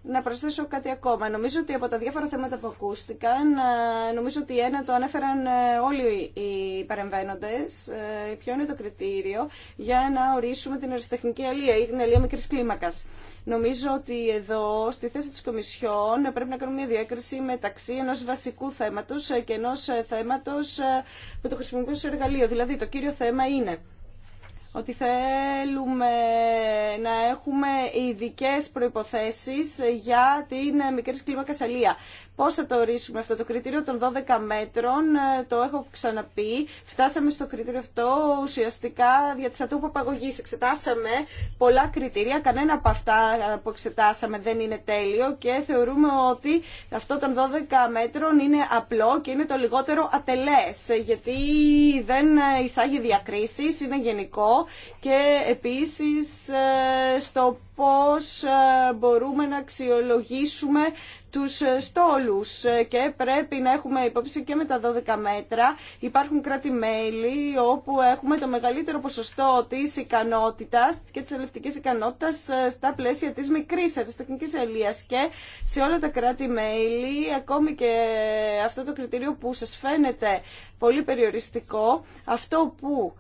να προσθέσω κάτι ακόμα. Νομίζω ότι από τα διάφορα θέματα που ακούστηκαν, ε, νομίζω ότι ένα το ανέφεραν ε, όλοι οι παρεμβαίνοντες. Ε, ποιο είναι το κριτήριο για να ορίσουμε την αριστεχνική αλία ή την αλία μικρής κλίμακας. Νομίζω ότι εδώ στη θέση της Κομισιόν πρέπει να κάνουμε μια διάκριση μεταξύ ενός βασικού θέματος και ενός θέματος που το χρησιμοποιούμε εργαλείο. Δηλαδή το κύριο θέμα είναι ότι θέλουμε να έχουμε ειδικέ προϋποθέσεις για την μικρή κλίμακα σαλία. Πώς θα το ορίσουμε αυτό το κριτήριο των 12 μέτρων, ε, το έχω ξαναπεί. Φτάσαμε στο κριτήριο αυτό ουσιαστικά για τις που απαγωγή. Εξετάσαμε πολλά κριτήρια, κανένα από αυτά που εξετάσαμε δεν είναι τέλειο και θεωρούμε ότι αυτό των 12 μέτρων είναι απλό και είναι το λιγότερο ατελές, γιατί δεν εισάγει διακρίσει, είναι γενικό και επίση ε, στο πώς ε, μπορούμε να αξιολογήσουμε τους ε, στόλους ε, και πρέπει να έχουμε υπόψη και με τα 12 μέτρα. Υπάρχουν κράτη-μέλη όπου έχουμε το μεγαλύτερο ποσοστό της ικανότητας και της ελευτικής ικανότητας στα πλαίσια της μικρής αριστεχνικής ελίας και σε όλα τα κράτη-μέλη ακόμη και αυτό το κριτήριο που σας φαίνεται πολύ περιοριστικό, αυτό που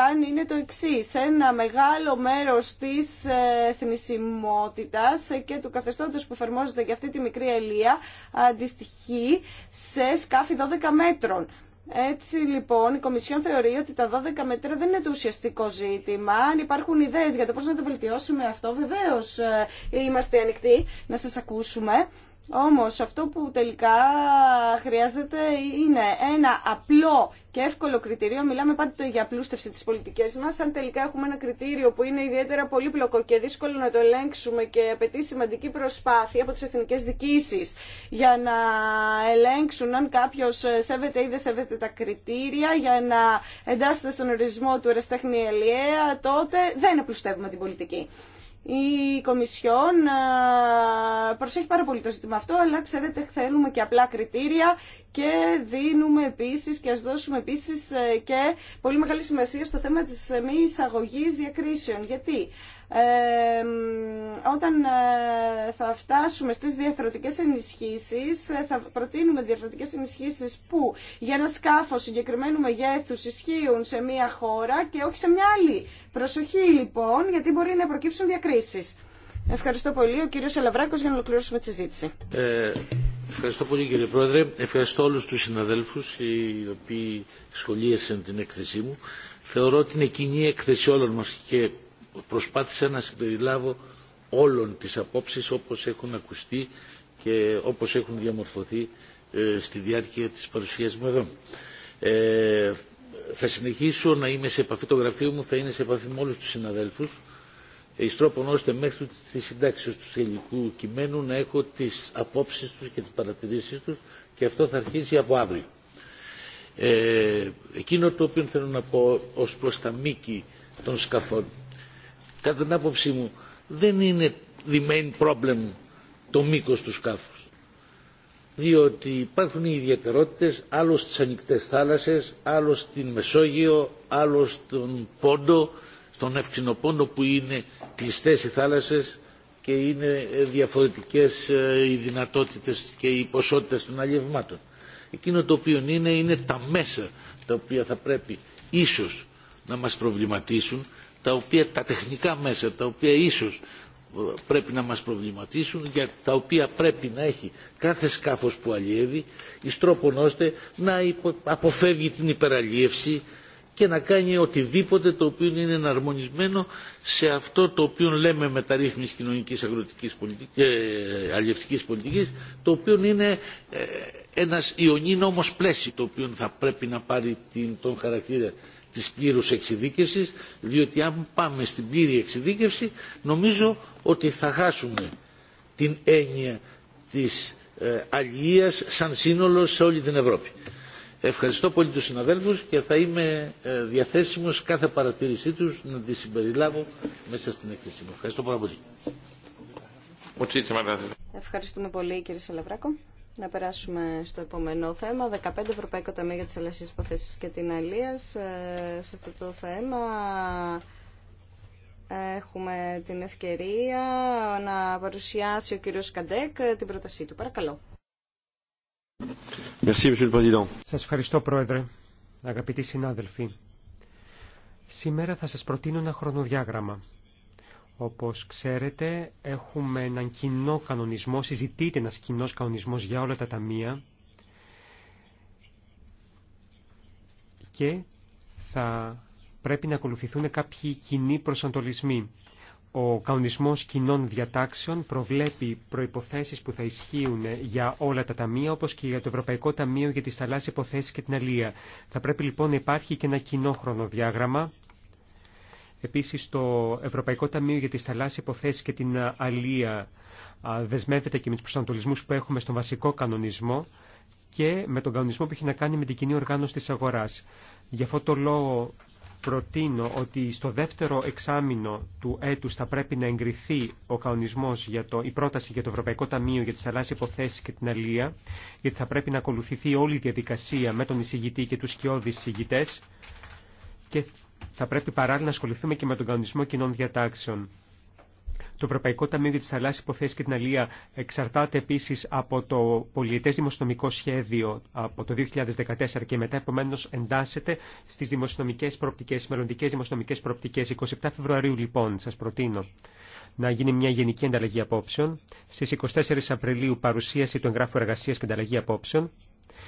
κάνει είναι το σε Ένα μεγάλο μέρο τη ε, θνησιμότητας ε, και του καθεστώτο που εφαρμόζεται για αυτή τη μικρή ελία αντιστοιχεί σε σκάφη 12 μέτρων. Έτσι λοιπόν η Κομισιόν θεωρεί ότι τα 12 μέτρα δεν είναι το ουσιαστικό ζήτημα. Αν υπάρχουν ιδέε για το πώ να το βελτιώσουμε αυτό, βεβαίω ε, είμαστε ανοιχτοί να σα ακούσουμε. Όμως αυτό που τελικά χρειάζεται είναι ένα απλό και εύκολο κριτήριο. Μιλάμε πάντοτε για απλούστευση της πολιτικής μας. Αν τελικά έχουμε ένα κριτήριο που είναι ιδιαίτερα πολύπλοκο και δύσκολο να το ελέγξουμε και απαιτεί σημαντική προσπάθεια από τις εθνικές δικήσεις για να ελέγξουν αν κάποιος σέβεται ή δεν σέβεται τα κριτήρια για να εντάσσεται στον ορισμό του εραστέχνη ελιέα, τότε δεν απλουστεύουμε την πολιτική η Κομισιόν προσέχει πάρα πολύ το ζήτημα αυτό, αλλά ξέρετε θέλουμε και απλά κριτήρια και δίνουμε επίσης και ας δώσουμε επίσης ε, και πολύ μεγάλη σημασία στο θέμα της μη εισαγωγή διακρίσεων. Γιατί όταν ε, θα φτάσουμε στις διαθροτικές ενισχύσεις, ε, θα προτείνουμε διαθροτικές ενισχύσεις που για ένα σκάφος συγκεκριμένου μεγέθους ισχύουν σε μία χώρα και όχι σε μια άλλη. Προσοχή λοιπόν, γιατί μπορεί να προκύψουν διακρίσεις. Ευχαριστώ πολύ. Ο κύριος Αλαβράκος για να ολοκληρώσουμε τη συζήτηση. Ε, ευχαριστώ πολύ κύριε Πρόεδρε. Ευχαριστώ όλους τους συναδέλφους οι οποίοι σχολίασαν την έκθεσή μου. Θεωρώ ότι είναι κοινή έκθεση όλων μας και προσπάθησα να συμπεριλάβω όλων τις απόψεις όπως έχουν ακουστεί και όπως έχουν διαμορφωθεί ε, στη διάρκεια της παρουσίας μου εδώ. Ε, θα συνεχίσω να είμαι σε επαφή, το γραφείο μου θα είναι σε επαφή με όλους τους συναδέλφους εις τρόπον ώστε μέχρι τη συντάξη του τελικού κειμένου να έχω τις απόψεις τους και τις παρατηρήσεις τους και αυτό θα αρχίσει από αύριο. Ε, εκείνο το οποίο θέλω να πω ως προς τα μήκη των σκαφών κατά την άποψή μου δεν είναι the main problem το μήκος του σκάφους. Διότι υπάρχουν οι ιδιαιτερότητες άλλο στις ανοιχτές θάλασσες, άλλο στην Μεσόγειο, άλλο στον Πόντο, στον Πόντο που είναι κλειστές οι θάλασσες και είναι διαφορετικές ε, οι δυνατότητες και οι ποσότητες των αλλιευμάτων. Εκείνο το οποίο είναι, είναι τα μέσα τα οποία θα πρέπει ίσως να μας προβληματίσουν τα, οποία, τα τεχνικά μέσα τα οποία ίσως ε, πρέπει να μας προβληματίσουν για τα οποία πρέπει να έχει κάθε σκάφος που αλλιεύει εις τρόπον ώστε να αποφεύγει την υπεραλίευση και να κάνει οτιδήποτε το οποίο είναι εναρμονισμένο σε αυτό το οποίο λέμε μεταρρύθμιση κοινωνικής αγροτικής πολιτικής, ε, πολιτικής το οποίο είναι ε, ένας ιονίνο πλαίσιο το οποίο θα πρέπει να πάρει τον χαρακτήρα της πλήρους εξειδίκευσης, διότι αν πάμε στην πλήρη εξειδίκευση νομίζω ότι θα χάσουμε την έννοια της ε, αλληλείας σαν σύνολο σε όλη την Ευρώπη. Ευχαριστώ πολύ τους συναδέλφους και θα είμαι ε, διαθέσιμος κάθε παρατήρησή τους να τη συμπεριλάβω μέσα στην εκθέση μου. Ευχαριστώ πάρα πολύ. Ευχαριστούμε πολύ κύριε να περάσουμε στο επόμενο θέμα. 15 Ευρωπαϊκό Ταμείο για τις Αλλασίες Υποθέσει και την Αλία. Ε, σε αυτό το θέμα έχουμε την ευκαιρία να παρουσιάσει ο κύριος Καντέκ ε, την πρότασή του. Παρακαλώ. Σας ευχαριστώ Πρόεδρε, αγαπητοί συνάδελφοι. Σήμερα θα σας προτείνω ένα χρονοδιάγραμμα. Όπως ξέρετε, έχουμε έναν κοινό κανονισμό, συζητείται ένας κοινός κανονισμός για όλα τα ταμεία και θα πρέπει να ακολουθηθούν κάποιοι κοινοί προσανατολισμοί. Ο κανονισμός κοινών διατάξεων προβλέπει προϋποθέσεις που θα ισχύουν για όλα τα ταμεία, όπως και για το Ευρωπαϊκό Ταμείο για τις θαλάσσιες υποθέσεις και την αλία. Θα πρέπει λοιπόν να υπάρχει και ένα κοινό χρονοδιάγραμμα Επίσης το Ευρωπαϊκό Ταμείο για τις θαλάσσιες υποθέσεις και την αλία δεσμεύεται και με τους προσανατολισμούς που έχουμε στον βασικό κανονισμό και με τον κανονισμό που έχει να κάνει με την κοινή οργάνωση της αγοράς. Γι' αυτό το λόγο προτείνω ότι στο δεύτερο εξάμεινο του έτους θα πρέπει να εγκριθεί ο κανονισμός για το, η πρόταση για το Ευρωπαϊκό Ταμείο για τις θαλάσσιες υποθέσεις και την αλία, γιατί θα πρέπει να ακολουθηθεί όλη η διαδικασία με τον εισηγητή και τους σκιώδεις εισηγητές και θα πρέπει παράλληλα να ασχοληθούμε και με τον κανονισμό κοινών διατάξεων. Το Ευρωπαϊκό Ταμείο για τι Θαλάσσιε Υποθέσει και την Αλία εξαρτάται επίση από το πολιετέ δημοσιονομικό σχέδιο από το 2014 και μετά, επομένω εντάσσεται στι δημοσιονομικέ προοπτικέ, μελλοντικέ δημοσιονομικέ προοπτικέ. 27 Φεβρουαρίου, λοιπόν, σα προτείνω να γίνει μια γενική ανταλλαγή απόψεων. Στι 24 Απριλίου, παρουσίαση του εγγράφου εργασία και ανταλλαγή απόψεων.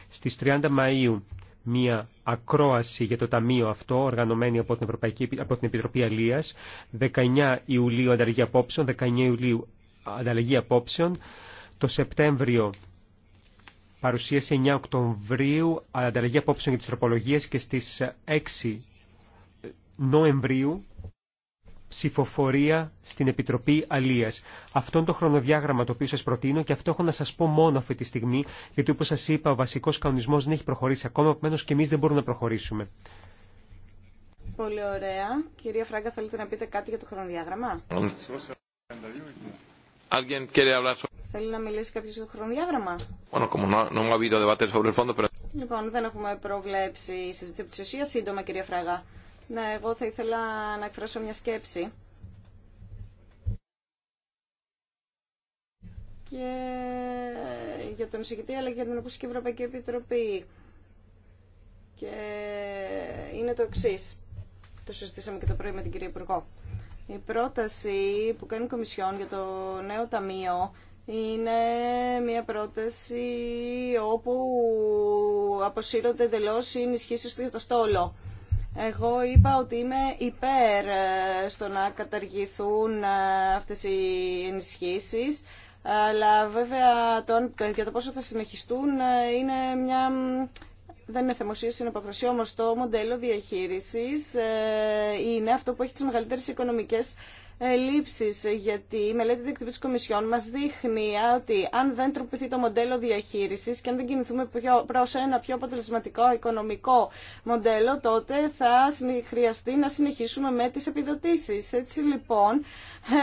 Στι 30 Μαου, μία ακρόαση για το Ταμείο αυτό, οργανωμένη από την, Ευρωπαϊκή, από την Επιτροπή Αλίας, 19 Ιουλίου ανταλλαγή απόψεων, 19 Ιουλίου ανταλλαγή απόψεων, το Σεπτέμβριο παρουσίαση 9 Οκτωβρίου ανταλλαγή απόψεων για τις τροπολογίες και στις 6 Νοεμβρίου ψηφοφορία στην Επιτροπή Αλίας. Αυτό είναι το χρονοδιάγραμμα το οποίο σας προτείνω και αυτό έχω να σας πω μόνο αυτή τη στιγμή, γιατί όπως σας είπα ο βασικός κανονισμός δεν έχει προχωρήσει ακόμα, επομένως και εμείς δεν μπορούμε να προχωρήσουμε. Πολύ ωραία. Κυρία Φράγκα, θέλετε να πείτε κάτι για το χρονοδιάγραμμα. Θέλει να μιλήσει κάποιο για το χρονοδιάγραμμα. Λοιπόν, δεν έχουμε προβλέψει συζήτηση τη ουσία. Σύντομα, κυρία Φράγα. Ναι, εγώ θα ήθελα να εκφράσω μια σκέψη. Και για τον συγκεκριμένο, αλλά και για την Ευρωπαϊκή Επιτροπή. Και είναι το εξή. Το συζητήσαμε και το πρωί με την κυρία Υπουργό. Η πρόταση που κάνει η Κομισιόν για το νέο ταμείο είναι μια πρόταση όπου αποσύρονται εντελώ οι ενισχύσει του για το στόλο. Εγώ είπα ότι είμαι υπέρ ε, στο να καταργηθούν ε, αυτές οι ενισχύσεις, αλλά βέβαια το, για το πόσο θα συνεχιστούν ε, είναι μια... Δεν είναι θεμοσίε, είναι υποκρασία. όμως το μοντέλο διαχείρισης είναι αυτό που έχει τις μεγαλύτερες οικονομικές λήψεις, γιατί η μελέτη διεκτυπή τη Κομισιόν μα δείχνει ότι αν δεν τροποποιηθεί το μοντέλο διαχείριση και αν δεν κινηθούμε προ ένα πιο αποτελεσματικό οικονομικό μοντέλο, τότε θα χρειαστεί να συνεχίσουμε με τι επιδοτήσει. Έτσι λοιπόν,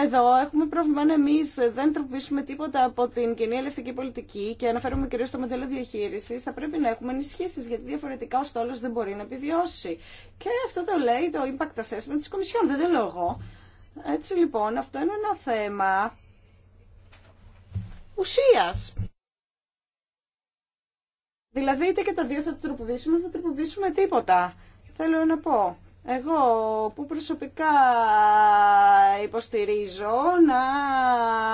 εδώ έχουμε πρόβλημα αν εμείς δεν τροποποιήσουμε τίποτα από την κοινή ελευθερική πολιτική και αναφέρομαι κυρίω στο μοντέλο διαχείριση, θα πρέπει να έχουμε ενισχύσει, γιατί διαφορετικά ο στόλο δεν μπορεί να επιβιώσει. Και αυτό το λέει το impact assessment τη Κομισιόν, δεν το λέω εγώ. Έτσι λοιπόν αυτό είναι ένα θέμα ουσίας. Δηλαδή είτε και τα δύο θα θα τροποποιήσουμε τίποτα. Θέλω να πω. Εγώ που προσωπικά υποστηρίζω να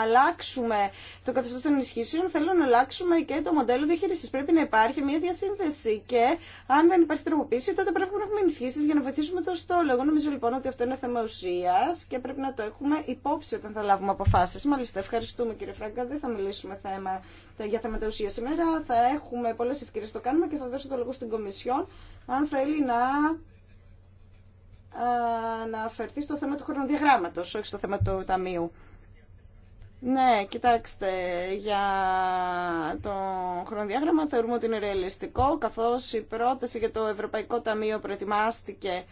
αλλάξουμε το καθεστώ των ενισχύσεων, θέλω να αλλάξουμε και το μοντέλο διαχείριση. Πρέπει να υπάρχει μια διασύνθεση και αν δεν υπάρχει τροποποίηση τότε πρέπει να έχουμε ενισχύσει για να βοηθήσουμε το στόλο. Εγώ νομίζω λοιπόν ότι αυτό είναι θέμα ουσία και πρέπει να το έχουμε υπόψη όταν θα λάβουμε αποφάσει. Μάλιστα ευχαριστούμε κύριε Φράγκα, δεν θα μιλήσουμε θέμα, για θέματα ουσία σήμερα. Θα έχουμε πολλέ ευκαιρίε το κάνουμε και θα δώσω το λόγο στην Κομισιόν αν θέλει να να αφαιρθεί στο θέμα του χρονοδιαγράμματος, όχι στο θέμα του ταμείου. Ναι, κοιτάξτε, για το χρονοδιάγραμμα θεωρούμε ότι είναι ρεαλιστικό, καθώς η πρόταση για το Ευρωπαϊκό Ταμείο προετοιμάστηκε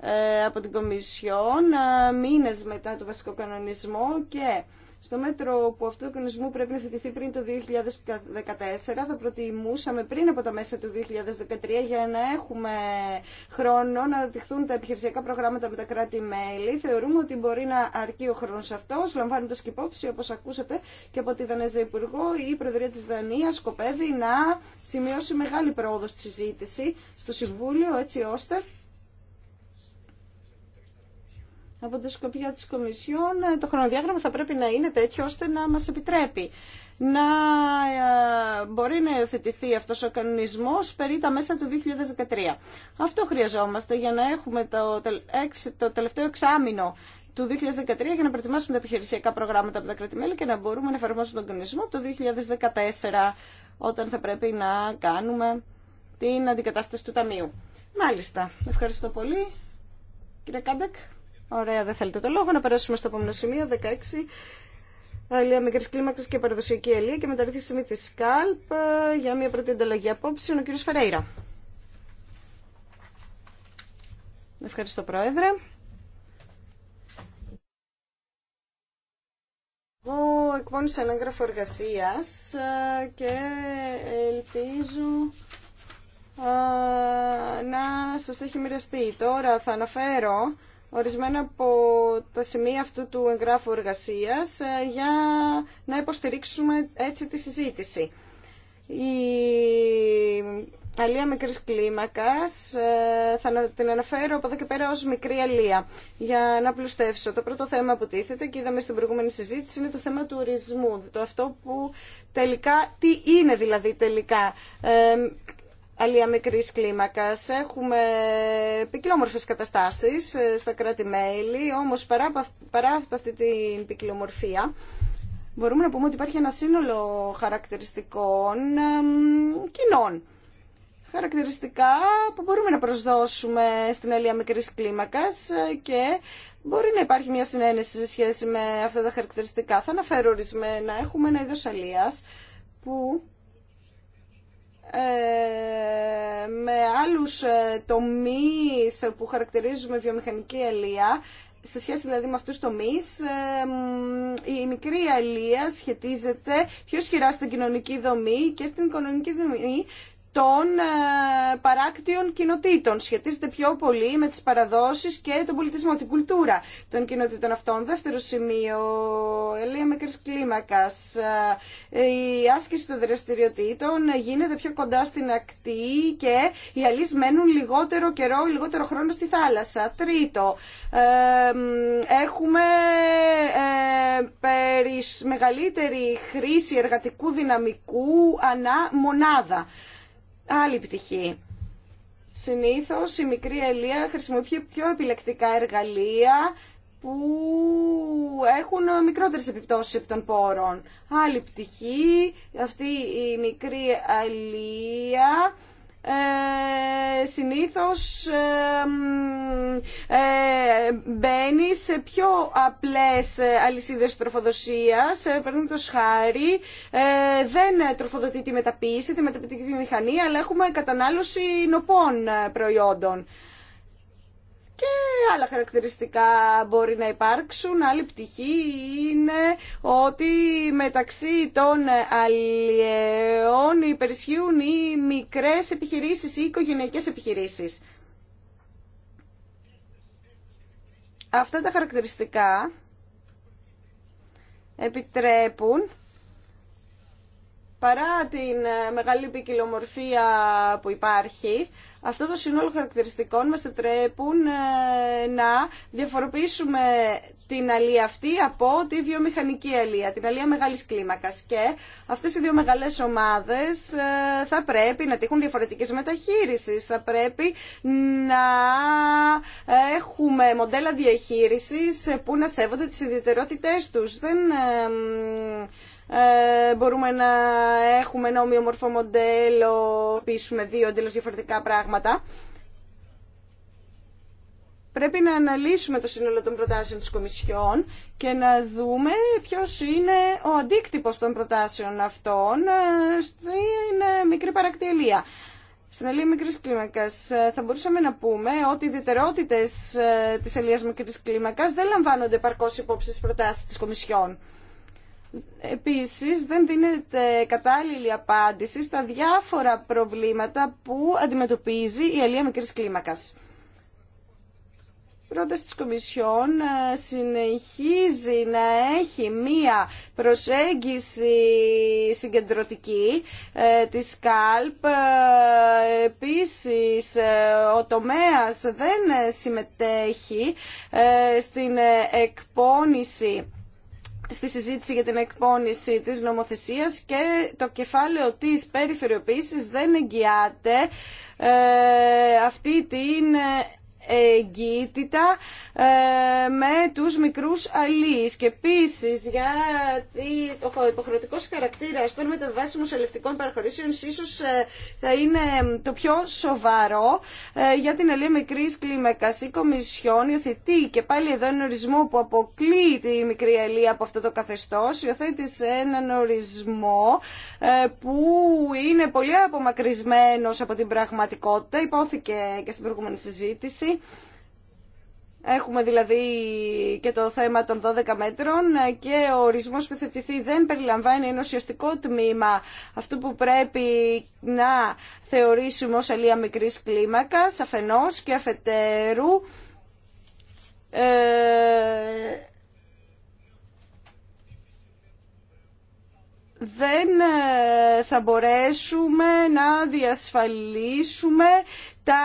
ε, από την Κομισιόν ε, μήνες μετά το βασικό κανονισμό και στο μέτρο που αυτού του κανονισμού πρέπει να θετηθεί πριν το 2014, θα προτιμούσαμε πριν από τα μέσα του 2013 για να έχουμε χρόνο να αναπτυχθούν τα επιχειρησιακά προγράμματα με τα κράτη-μέλη. Θεωρούμε ότι μπορεί να αρκεί ο χρόνο αυτό, λαμβάνοντα και υπόψη, όπω ακούσατε και από τη Δανέζα Υπουργό, η Προεδρία τη Δανία σκοπεύει να σημειώσει μεγάλη πρόοδο στη συζήτηση στο Συμβούλιο, έτσι ώστε από τα σκοπιά της Κομισιόν ε, το χρονοδιάγραμμα θα πρέπει να είναι τέτοιο ώστε να μας επιτρέπει να ε, μπορεί να υιοθετηθεί αυτός ο κανονισμός περί τα μέσα του 2013. Αυτό χρειαζόμαστε για να έχουμε το, το τελευταίο εξάμεινο του 2013 για να προετοιμάσουμε τα επιχειρησιακά προγράμματα από τα κρατημέλη και να μπορούμε να εφαρμόσουμε τον κανονισμό το 2014 όταν θα πρέπει να κάνουμε την αντικατάσταση του Ταμείου. Μάλιστα. Ευχαριστώ πολύ. Κύριε Κάντεκ. Ωραία, δεν θέλετε το λόγο. Να περάσουμε στο επόμενο σημείο, 16. Αλία μικρή κλίμακα και παραδοσιακή ελία. και μεταρρύθμιση με τη ΣΚΑΛΠ για μια πρώτη ανταλλαγή απόψεων. Ο κ. Φεραίρα. Ευχαριστώ, Πρόεδρε. Εγώ εκπώνησα ένα γράφο εργασία ε, και ελπίζω ε, να σας έχει μοιραστεί. Τώρα θα αναφέρω ορισμένα από τα σημεία αυτού του εγγράφου εργασίας ε, για να υποστηρίξουμε έτσι τη συζήτηση. Η αλία μικρής κλίμακας, ε, θα την αναφέρω από εδώ και πέρα ως μικρή αλία, για να πλουστεύσω. Το πρώτο θέμα που τίθεται και είδαμε στην προηγούμενη συζήτηση είναι το θέμα του ορισμού. Το αυτό που τελικά, τι είναι δηλαδή τελικά. Ε, αλία μικρής κλίμακας. Έχουμε ποικιλόμορφες καταστάσεις ε, στα κράτη-μέλη, όμως παρά, παρά από αυτή την ποικιλομορφία μπορούμε να πούμε ότι υπάρχει ένα σύνολο χαρακτηριστικών κοινών. Χαρακτηριστικά που μπορούμε να προσδώσουμε στην αλία μικρής κλίμακας ε, και μπορεί να υπάρχει μια συνένεση σε σχέση με αυτά τα χαρακτηριστικά. Θα αναφέρω ορισμένα. Έχουμε ένα είδος αλία. που ε, με άλλους ε, τομείς που χαρακτηρίζουμε βιομηχανική ελεία, σε σχέση δηλαδή με αυτούς τους τομείς, ε, η μικρή αλεια σχετίζεται πιο ισχυρά στην κοινωνική δομή και στην οικονομική δομή των ε, παράκτιων κοινοτήτων. Σχετίζεται πιο πολύ με τις παραδόσεις και τον πολιτισμό, την κουλτούρα των κοινοτήτων αυτών. Δεύτερο σημείο, Ελία Κλίμακας. Ε, η άσκηση των δραστηριοτήτων γίνεται πιο κοντά στην ακτή και οι αλείς μένουν λιγότερο καιρό, λιγότερο χρόνο στη θάλασσα. Τρίτο, ε, έχουμε μεγαλύτερη χρήση εργατικού δυναμικού ανά μονάδα άλλη πτυχή. Συνήθως η μικρή Ελία χρησιμοποιεί πιο επιλεκτικά εργαλεία που έχουν μικρότερες επιπτώσεις από των πόρων. Άλλη πτυχή, αυτή η μικρή αλία ε, συνήθως ε, μπαίνει σε πιο απλές αλυσίδες τροφοδοσίας, ε, παίρνει το σχάρι, ε, δεν τροφοδοτεί τη μεταποίηση, τη μεταπητική μηχανή, αλλά έχουμε κατανάλωση νοπών προϊόντων και άλλα χαρακτηριστικά μπορεί να υπάρξουν. Άλλη πτυχή είναι ότι μεταξύ των αλλιεών υπερισχύουν οι μικρές επιχειρήσεις ή οι οικογενειακές επιχειρήσεις. Αυτά τα χαρακτηριστικά επιτρέπουν παρά την μεγάλη ποικιλομορφία που υπάρχει, αυτό το σύνολο χαρακτηριστικών μας επιτρέπουν ε, να διαφοροποιήσουμε την αλία αυτή από τη βιομηχανική αλία, την αλία μεγάλης κλίμακας. Και αυτές οι δύο μεγάλες ομάδες ε, θα πρέπει να τύχουν διαφορετικές μεταχείρισης, θα πρέπει να ε, έχουμε μοντέλα διαχείρισης που να σέβονται τις ιδιαιτερότητές τους. Δεν ε, μπορούμε να έχουμε ένα ομοιομορφό μοντέλο, πείσουμε δύο εντελώ διαφορετικά πράγματα. Πρέπει να αναλύσουμε το σύνολο των προτάσεων της Κομισιόν και να δούμε ποιος είναι ο αντίκτυπος των προτάσεων αυτών ε, στην ε, μικρή παρακτηλία. Στην Ελία Μικρή Κλίμακα θα μπορούσαμε να πούμε ότι οι ιδιαιτερότητε τη Ελία Μικρή Κλίμακα δεν λαμβάνονται παρκώ υπόψη στι προτάσει τη Κομισιόν. Επίσης δεν δίνεται κατάλληλη απάντηση στα διάφορα προβλήματα που αντιμετωπίζει η αλία μικρής κλίμακας. Η πρόταση της Κομισιόν ε, συνεχίζει να έχει μία προσέγγιση συγκεντρωτική ε, της ΚΑΛΠ. Ε, επίσης, ο τομέας δεν συμμετέχει στην εκπόνηση στη συζήτηση για την εκπόνηση της νομοθεσίας και το κεφάλαιο της περιφερειοποίησης δεν εγγυάται ε, αυτή την ε, εγκύτητα ε, με τους μικρούς αλείς. Και επίση για το υποχρεωτικό χαρακτήρας των μεταβάσιμων ελευτικών παραχωρήσεων ίσως ε, θα είναι το πιο σοβαρό ε, για την αλία μικρή κλίμακα Η Κομισιόν υιοθετεί και πάλι εδώ ένα ορισμό που αποκλείει τη μικρή αλία από αυτό το καθεστώς. Υιοθέτησε έναν ορισμό που είναι πολύ απομακρυσμένος από την πραγματικότητα. Υπόθηκε και στην προηγούμενη συζήτηση. Έχουμε δηλαδή και το θέμα των 12 μέτρων και ο ορισμός που δεν περιλαμβάνει ένα ουσιαστικό τμήμα αυτού που πρέπει να θεωρήσουμε ως αλία μικρής κλίμακας αφενός και αφετέρου ε, δεν ε, θα μπορέσουμε να διασφαλίσουμε τα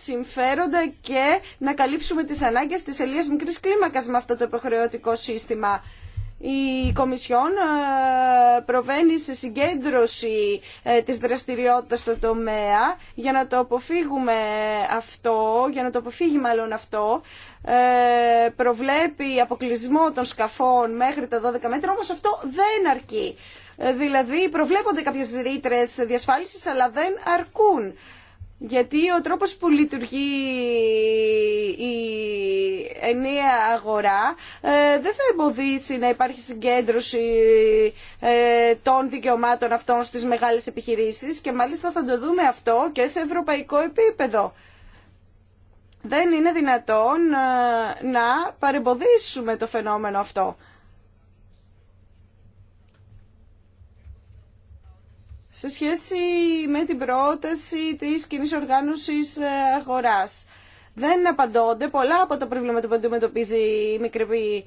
συμφέροντα και να καλύψουμε τις ανάγκες της ελίας μικρής κλίμακας με αυτό το υποχρεωτικό σύστημα. Η Κομισιόν ε, προβαίνει σε συγκέντρωση ε, της δραστηριότητας στο τομέα για να το αποφύγουμε αυτό, για να το αποφύγει μάλλον αυτό, ε, προβλέπει αποκλεισμό των σκαφών μέχρι τα 12 μέτρα, όμως αυτό δεν αρκεί. Δηλαδή προβλέπονται κάποιες ρήτρες διασφάλισης αλλά δεν αρκούν. Γιατί ο τρόπος που λειτουργεί η ενιαία αγορά ε, δεν θα εμποδίσει να υπάρχει συγκέντρωση ε, των δικαιωμάτων αυτών στις μεγάλες επιχειρήσεις και μάλιστα θα το δούμε αυτό και σε ευρωπαϊκό επίπεδο. Δεν είναι δυνατόν ε, να παρεμποδίσουμε το φαινόμενο αυτό. σε σχέση με την πρόταση της κοινή οργάνωσης ε, αγοράς. Δεν απαντώνται πολλά από τα προβλήματα που αντιμετωπίζει η, μικρή,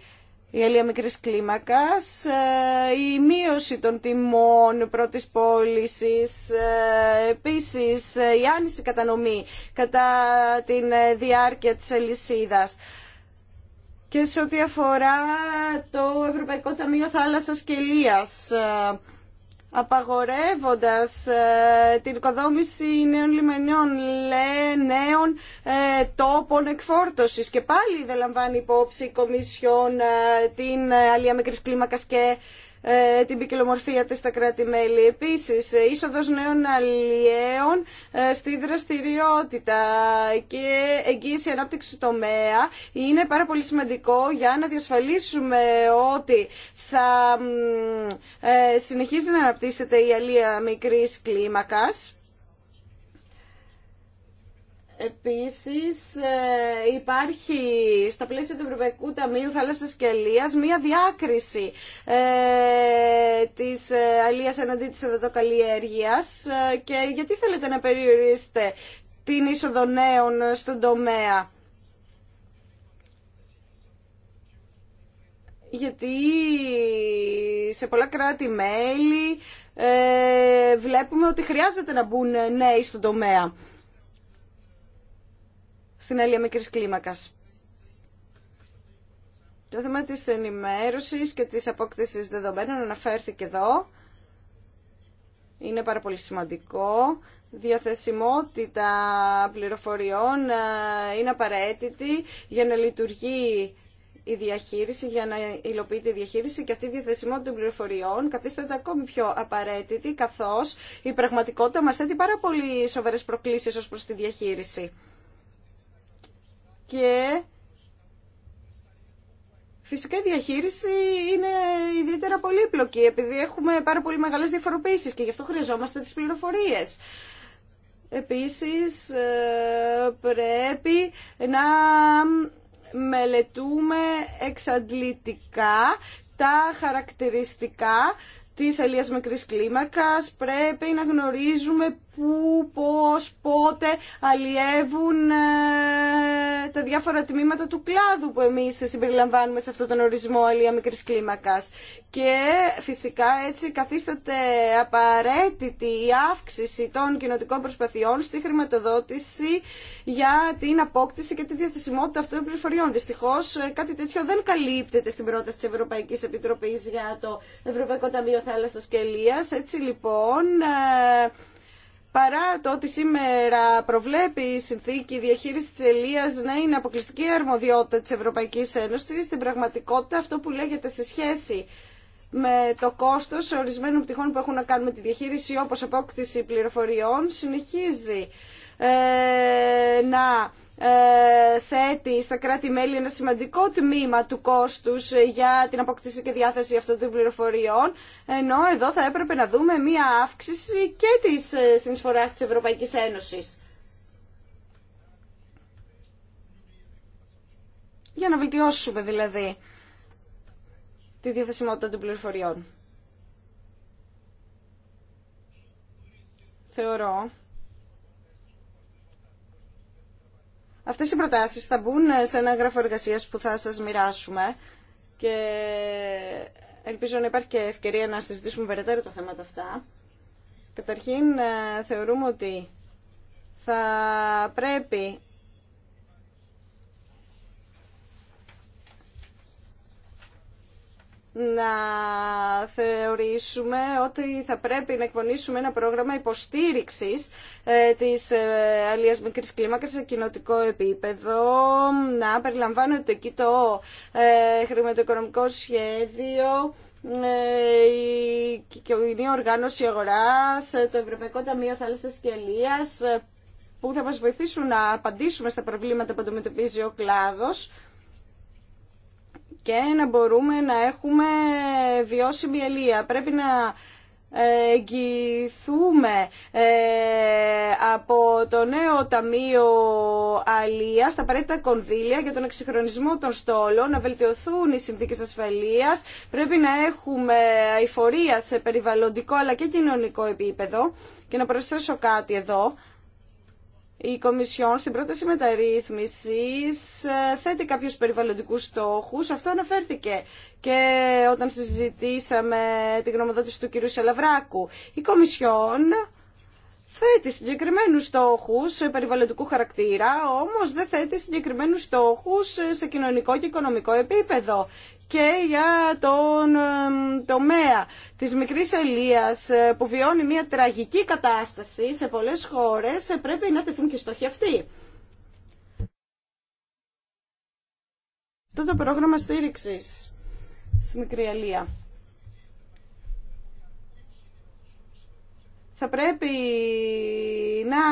η αλία μικρή κλίμακας, ε, η μείωση των τιμών πρώτη πώληση, ε, επίσης η άνηση κατανομή κατά τη διάρκεια της ελισίδας Και σε ό,τι αφορά το Ευρωπαϊκό Ταμείο Θάλασσας και απαγορεύοντας ε, την οικοδόμηση νέων λιμενιών, νέων ε, τόπων εκφόρτωσης και πάλι δεν λαμβάνει υπόψη η Κομισιόν ε, την αλία μικρής κλίμακας και ε, την ποικιλομορφία της στα κράτη-μέλη. Επίσης, ε, είσοδος νέων αλλιέων ε, στη δραστηριότητα και εγγύηση ανάπτυξη του τομέα είναι πάρα πολύ σημαντικό για να διασφαλίσουμε ότι θα συνεχίζει να αναπτύσσεται η αλλία μικρής κλίμακας Επίσης ε, υπάρχει στα πλαίσια του Ευρωπαϊκού Ταμείου Θάλασσας και Αλίας μία διάκριση ε, της ε, Αλίας εναντί της εδωτοκαλλιέργειας ε, και γιατί θέλετε να περιορίσετε την είσοδο νέων στον τομέα. Γιατί σε πολλά κράτη-μέλη βλέπουμε ότι χρειάζεται να μπουν νέοι στον τομέα στην αλία μικρής κλίμακας. Το θέμα της ενημέρωσης και της απόκτησης δεδομένων αναφέρθηκε εδώ. Είναι πάρα πολύ σημαντικό. Διαθεσιμότητα πληροφοριών ε, είναι απαραίτητη για να λειτουργεί η διαχείριση, για να υλοποιείται η διαχείριση και αυτή η διαθεσιμότητα των πληροφοριών καθίσταται ακόμη πιο απαραίτητη καθώς η πραγματικότητα μας θέτει πάρα πολύ σοβαρές προκλήσεις ως προς τη διαχείριση και Φυσικά η διαχείριση είναι ιδιαίτερα πολύπλοκη, επειδή έχουμε πάρα πολύ μεγάλες διαφοροποίησεις και γι' αυτό χρειαζόμαστε τις πληροφορίες. Επίσης, ε, πρέπει να μελετούμε εξαντλητικά τα χαρακτηριστικά της αλίας μικρής κλίμακας. Πρέπει να γνωρίζουμε πού, πώς, πότε αλλιεύουν ε, τα διάφορα τμήματα του κλάδου που εμείς συμπεριλαμβάνουμε σε αυτόν τον ορισμό αλλία μικρής κλίμακας. Και φυσικά έτσι καθίσταται απαραίτητη η αύξηση των κοινοτικών προσπαθειών στη χρηματοδότηση για την απόκτηση και τη διαθεσιμότητα αυτών των πληροφοριών. Δυστυχώ ε, κάτι τέτοιο δεν καλύπτεται στην πρόταση τη Ευρωπαϊκή Επιτροπή για το Ευρωπαϊκό Ταμείο Θάλασσας και Ελίας. Έτσι λοιπόν. Ε, παρά το ότι σήμερα προβλέπει η συνθήκη διαχείριση τη ελία να είναι αποκλειστική αρμοδιότητα της Ευρωπαϊκής Ένωσης, στην πραγματικότητα αυτό που λέγεται σε σχέση με το κόστος ορισμένων πτυχών που έχουν να κάνουν με τη διαχείριση όπως απόκτηση πληροφοριών συνεχίζει ε, να ε, θέτει στα κράτη-μέλη ένα σημαντικό τμήμα του κόστους για την αποκτήση και διάθεση αυτών των πληροφοριών, ενώ εδώ θα έπρεπε να δούμε μία αύξηση και της ε, συνεισφοράς της Ευρωπαϊκής Ένωσης. Για να βελτιώσουμε δηλαδή τη διαθεσιμότητα των πληροφοριών. Θεωρώ Αυτές οι προτάσεις θα μπουν σε ένα γράφο εργασίας που θα σας μοιράσουμε και ελπίζω να υπάρχει και ευκαιρία να συζητήσουμε περαιτέρω τα θέματα αυτά. Καταρχήν ε, θεωρούμε ότι θα πρέπει να θεωρήσουμε ότι θα πρέπει να εκπονήσουμε ένα πρόγραμμα υποστήριξης ε, της ε, αλίας μικρής κλίμακας σε κοινοτικό επίπεδο, να περιλαμβάνεται εκεί το ε, χρηματοοικονομικό σχέδιο, η κοινή οργάνωση αγοράς, το Ευρωπαϊκό Ταμείο Θάλασσας και Αλίας, που θα μας βοηθήσουν να απαντήσουμε στα προβλήματα που αντιμετωπίζει ο κλάδος και να μπορούμε να έχουμε βιώσιμη ελεία. Πρέπει να ε, εγγυηθούμε ε, από το νέο Ταμείο Αλίας τα απαραίτητα κονδύλια για τον εξυγχρονισμό των στόλων, να βελτιωθούν οι συνθήκες ασφαλείας, πρέπει να έχουμε αηφορία σε περιβαλλοντικό αλλά και κοινωνικό επίπεδο και να προσθέσω κάτι εδώ, η Κομισιόν στην πρόταση μεταρρύθμισης ε, θέτει κάποιους περιβαλλοντικού στόχου. Αυτό αναφέρθηκε και όταν συζητήσαμε την γνωμοδότηση του κ. Σαλαβράκου. Η Κομισιόν θέτει συγκεκριμένους στόχους περιβαλλοντικού χαρακτήρα, όμως δεν θέτει συγκεκριμένους στόχους σε κοινωνικό και οικονομικό επίπεδο και για τον ε, τομέα της μικρής ελίας ε, που βιώνει μια τραγική κατάσταση σε πολλές χώρες ε, πρέπει να τεθούν και στόχοι αυτοί. Αυτό το πρόγραμμα στήριξης στη μικρή ελία. θα πρέπει να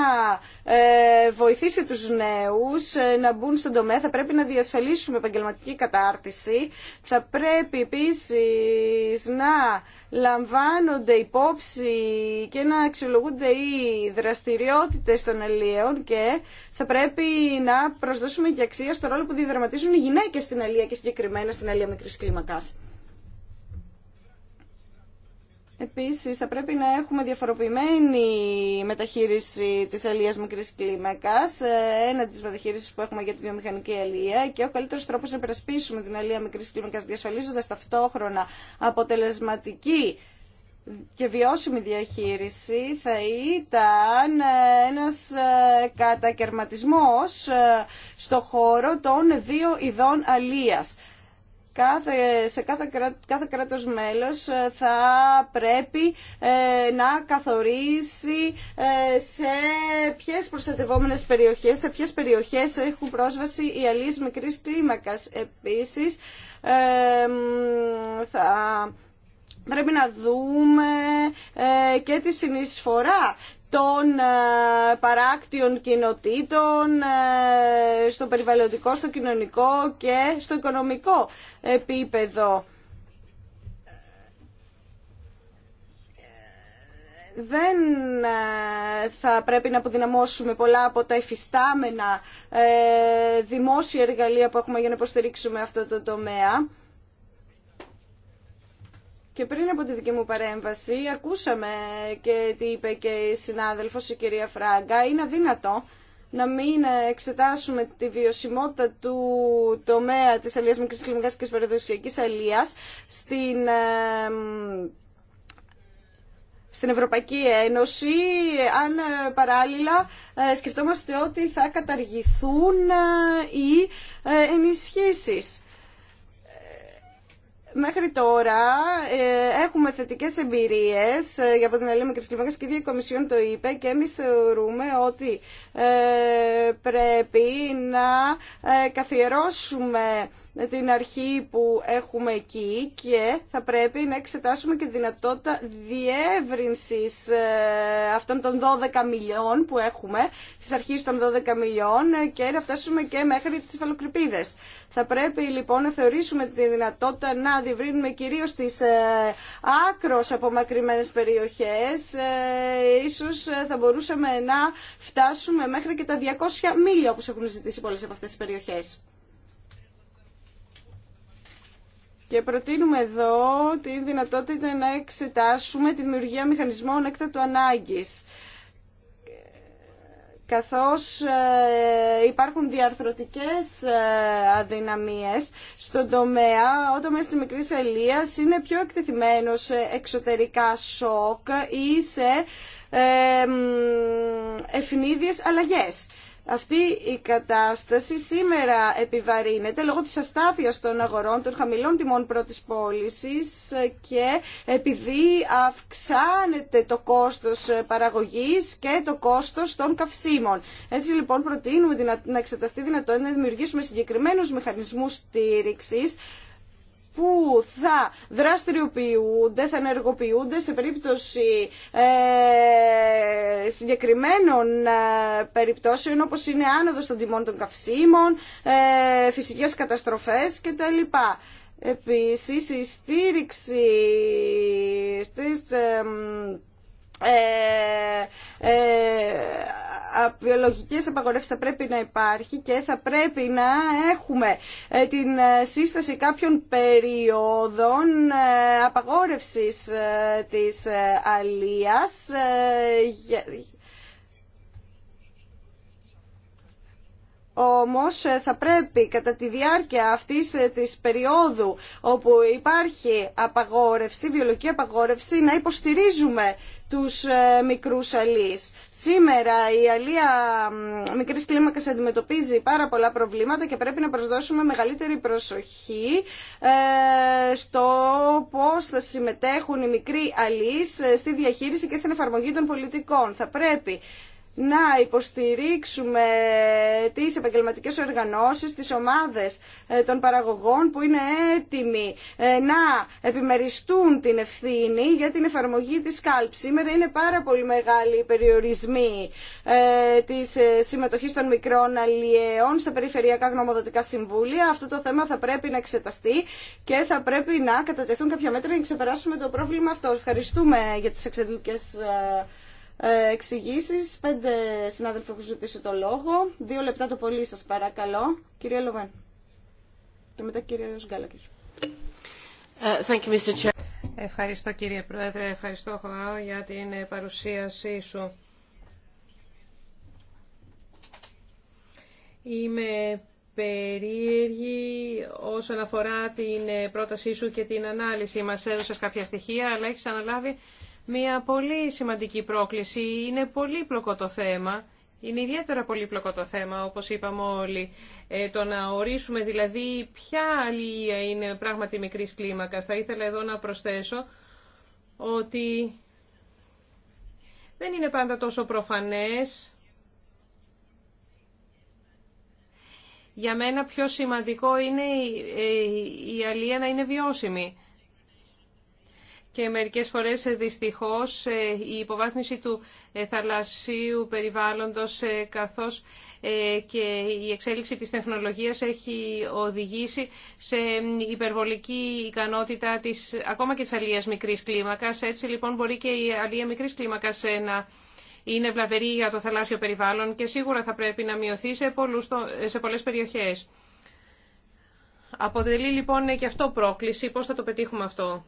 ε, βοηθήσει τους νέους ε, να μπουν στον τομέα, θα πρέπει να διασφαλίσουμε επαγγελματική κατάρτιση, θα πρέπει επίσης να λαμβάνονται υπόψη και να αξιολογούνται οι δραστηριότητες των αλλιέων και θα πρέπει να προσδώσουμε και αξία στο ρόλο που διδραματίζουν οι γυναίκες στην αλλία και συγκεκριμένα στην αλλία μικρής κλίμακας. Επίσης, θα πρέπει να έχουμε διαφοροποιημένη μεταχείριση της αλίας μικρής κλίμακας, ε, ένα της μεταχείρισης που έχουμε για τη βιομηχανική αλία και ο καλύτερος τρόπος να υπερασπίσουμε την αλία μικρής κλίμακας, διασφαλίζοντας ταυτόχρονα αποτελεσματική και βιώσιμη διαχείριση θα ήταν ένας ε, κατακαιρματισμός ε, στο χώρο των δύο ειδών αλίας κάθε, σε κάθε, κάθε κράτος μέλος ε, θα πρέπει ε, να καθορίσει ε, σε ποιες προστατευόμενες περιοχές, σε ποιες περιοχές έχουν πρόσβαση οι αλίες μικρής κλίμακας. Επίσης, θα Πρέπει να δούμε και τη συνεισφορά των ε, παράκτιων κοινοτήτων ε, στο περιβαλλοντικό, στο κοινωνικό και στο οικονομικό επίπεδο. δεν ε, θα πρέπει να αποδυναμώσουμε πολλά από τα εφιστάμενα δημόσια εργαλεία που έχουμε για να υποστηρίξουμε αυτό το τομέα. Και πριν από τη δική μου παρέμβαση ακούσαμε και τι είπε και η συνάδελφος η κυρία Φράγκα. Είναι αδύνατο να μην εξετάσουμε τη βιωσιμότητα του τομέα της αλίας μικρής κλιμικάς και της Περιδοσιακής αλίας στην, στην Ευρωπαϊκή Ένωση, αν ε, παράλληλα ε, σκεφτόμαστε ότι θα καταργηθούν ε, οι ενισχύσεις. Μέχρι τώρα ε, έχουμε θετικέ εμπειρίε ε, για από την Ελλήνη και και η ίδια η Κομισιόν το είπε και εμεί θεωρούμε ότι ε, πρέπει να ε, καθιερώσουμε την αρχή που έχουμε εκεί και θα πρέπει να εξετάσουμε και τη δυνατότητα διεύρυνσης ε, αυτών των 12 μιλιών που έχουμε, της αρχής των 12 μιλιών ε, και να φτάσουμε και μέχρι τις υφαλοκρηπίδες. Θα πρέπει λοιπόν να θεωρήσουμε τη δυνατότητα να διευρύνουμε κυρίως τις ε, άκρως απομακρυμένες περιοχές. Ίσως θα μπορούσαμε να φτάσουμε μέχρι και τα 200 μίλια όπως έχουν ζητήσει πολλές από αυτές τις περιοχές. Και προτείνουμε εδώ τη δυνατότητα να εξετάσουμε τη δημιουργία μηχανισμών έκτατου ανάγκης καθώς ε, υπάρχουν διαρθρωτικές ε, αδυναμίες στον τομέα. Ο τομέας της μικρής ελίας είναι πιο εκτεθειμένος σε εξωτερικά σοκ ή σε ε, ευνίδιες αλλαγές. Αυτή η κατάσταση σήμερα επιβαρύνεται λόγω της αστάθειας των αγορών, των χαμηλών τιμών πρώτης πώλησης και επειδή αυξάνεται το κόστος παραγωγής και το κόστος των καυσίμων. Έτσι λοιπόν προτείνουμε να εξεταστεί δυνατότητα να δημιουργήσουμε συγκεκριμένους μηχανισμούς στήριξης που θα δραστηριοποιούνται, θα ενεργοποιούνται σε περίπτωση ε, συγκεκριμένων ε, περιπτώσεων όπως είναι άνοδος των τιμών των καυσίμων, ε, φυσικές καταστροφές κτλ. Επίσης η στήριξη στις, ε, ε, βιολογικές απαγορεύσεις θα πρέπει να υπάρχει και θα πρέπει να έχουμε ε, την ε, σύσταση κάποιων περιόδων ε, απαγορεύσεις της αλίας Όμως ε, θα πρέπει κατά τη διάρκεια αυτής ε, της περίοδου όπου υπάρχει απαγόρευση, βιολογική απαγόρευση, να υποστηρίζουμε τους ε, μικρούς αλείς. Σήμερα η αλία μικρής κλίμακας αντιμετωπίζει πάρα πολλά προβλήματα και πρέπει να προσδώσουμε μεγαλύτερη προσοχή στο πώς θα συμμετέχουν οι μικροί αλείς στη διαχείριση και στην εφαρμογή των πολιτικών. Θα πρέπει να υποστηρίξουμε τις επαγγελματικές οργανώσεις, τις ομάδες ε, των παραγωγών που είναι έτοιμοι ε, να επιμεριστούν την ευθύνη για την εφαρμογή της κάλψης. Σήμερα είναι πάρα πολύ μεγάλοι η περιορισμοί ε, της συμμετοχής των μικρών αλλιέων στα περιφερειακά γνωμοδοτικά συμβούλια. Αυτό το θέμα θα πρέπει να εξεταστεί και θα πρέπει να κατατεθούν κάποια μέτρα για να ξεπεράσουμε το πρόβλημα αυτό. Ευχαριστούμε για τις εξαιρετικές ε, εξηγήσει. Πέντε συνάδελφοι έχουν ζητήσει το λόγο. Δύο λεπτά το πολύ σας παρακαλώ. Κυρία Λοβέν. Και μετά κυρία ε, Uh, Ευχαριστώ κύριε Πρόεδρε, ευχαριστώ Χωάο για την ε, παρουσίασή σου. Είμαι περίεργη όσον αφορά την πρότασή σου και την ανάλυση. Μας έδωσες κάποια στοιχεία, αλλά έχει αναλάβει μια πολύ σημαντική πρόκληση. Είναι πολύπλοκο το θέμα. Είναι ιδιαίτερα πολύπλοκο το θέμα, όπως είπαμε όλοι. Ε, το να ορίσουμε δηλαδή ποια αλληλεία είναι πράγματι μικρής κλίμακας. Θα ήθελα εδώ να προσθέσω ότι δεν είναι πάντα τόσο προφανές. Για μένα πιο σημαντικό είναι ε, η αλληλεία να είναι βιώσιμη και μερικές φορές ε, δυστυχώς ε, η υποβάθμιση του ε, θαλασσίου περιβάλλοντος καθώς και η εξέλιξη της τεχνολογίας έχει οδηγήσει σε υπερβολική ικανότητα της, ακόμα και της αλίας μικρής κλίμακας. Έτσι λοιπόν μπορεί και η αλία μικρής κλίμακας να είναι βλαβερή για το θαλάσσιο περιβάλλον και σίγουρα θα πρέπει να μειωθεί σε, σε πολλές περιοχές. Αποτελεί λοιπόν και αυτό πρόκληση. Πώς θα το πετύχουμε αυτό.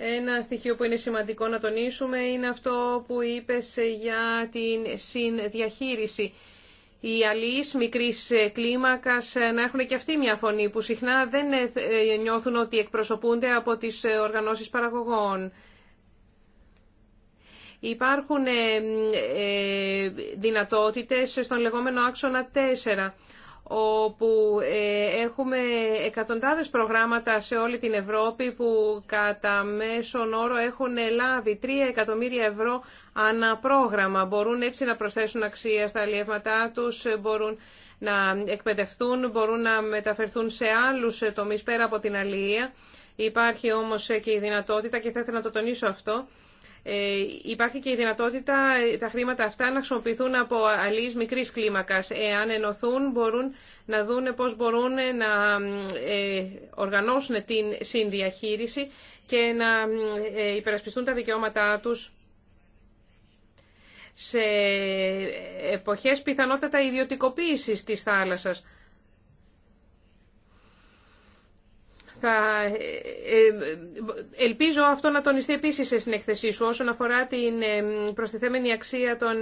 Ένα στοιχείο που είναι σημαντικό να τονίσουμε είναι αυτό που είπες για την συνδιαχείριση. Οι αλλοίς μικρής κλίμακας ε, να έχουν και αυτοί μια φωνή που συχνά δεν ε, ε, νιώθουν ότι εκπροσωπούνται από τις οργανώσεις παραγωγών. Υπάρχουν δυνατότητες στον λεγόμενο άξονα 4 όπου ε, έχουμε εκατοντάδες προγράμματα σε όλη την Ευρώπη που κατά μέσον όρο έχουν λάβει 3 εκατομμύρια ευρώ ανά πρόγραμμα. Μπορούν έτσι να προσθέσουν αξία στα αλλιεύματά τους, μπορούν να εκπαιδευτούν, μπορούν να μεταφερθούν σε άλλους τομείς πέρα από την αλληλεία. Υπάρχει όμως και η δυνατότητα, και θα ήθελα να το τονίσω αυτό, ε, υπάρχει και η δυνατότητα ε, τα χρήματα αυτά να χρησιμοποιηθούν από αλληλείς μικρής κλίμακας. Εάν ενωθούν μπορούν να δουν πώς μπορούν να ε, οργανώσουν την συνδιαχείριση και να υπερασπιστούν τα δικαιώματά τους σε εποχές πιθανότατα ιδιωτικοποίησης της θάλασσας. Θα, ε, ε, ελπίζω αυτό να τονιστεί επίση στην εκθεσή σου όσον αφορά την ε, προστιθέμενη αξία των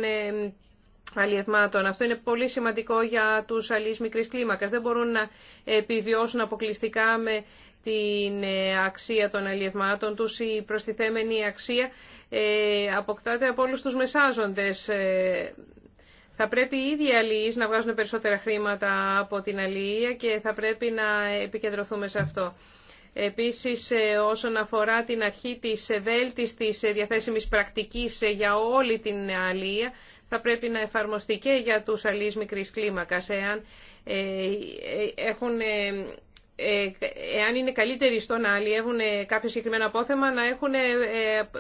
αλλιευμάτων. Αυτό είναι πολύ σημαντικό για τους αλλιεί μικρής κλίμακα. Δεν μπορούν να επιβιώσουν αποκλειστικά με την αξία των αλλιευμάτων τους. Η προστιθέμενη αξία αποκτάται από όλους τους μεσάζοντες θα πρέπει οι ίδιοι να βγάζουν περισσότερα χρήματα από την αλληλεία και θα πρέπει να επικεντρωθούμε σε αυτό. Επίσης, ε, όσον αφορά την αρχή της ευέλτιστης διαθέσιμης πρακτικής ε, για όλη την αλληλεία, θα πρέπει να εφαρμοστεί και για τους αλληλείς μικρής κλίμακας. Εάν, ε, έχουν, εάν είναι καλύτεροι στον άλλη, έχουν κάποιο συγκεκριμένο απόθεμα, να έχουν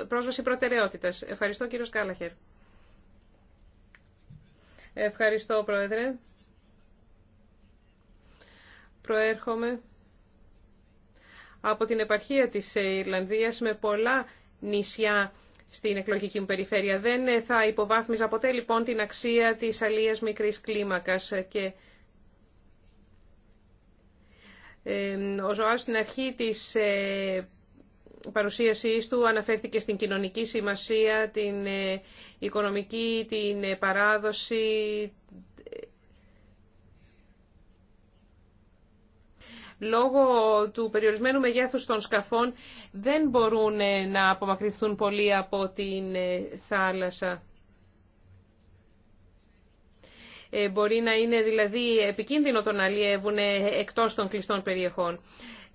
πρόσβαση προτεραιότητας. Ευχαριστώ κύριο Κάλαχερ. Ευχαριστώ, Πρόεδρε. Προέρχομαι από την επαρχία της Ιρλανδίας με πολλά νησιά στην εκλογική μου περιφέρεια. Δεν θα υποβάθμιζα ποτέ λοιπόν την αξία της αλίας μικρής κλίμακας και ε, ο Ζωάς στην αρχή της ε, παρουσίασή του αναφέρθηκε στην κοινωνική σημασία, την ε, οικονομική, την ε, παράδοση. Ε, λόγω του περιορισμένου μεγέθους των σκαφών δεν μπορούν να απομακρυνθούν πολύ από την θάλασσα. Μπορεί να είναι δηλαδή επικίνδυνο το να αλλιεύουν εκτός των κλειστών περιεχών.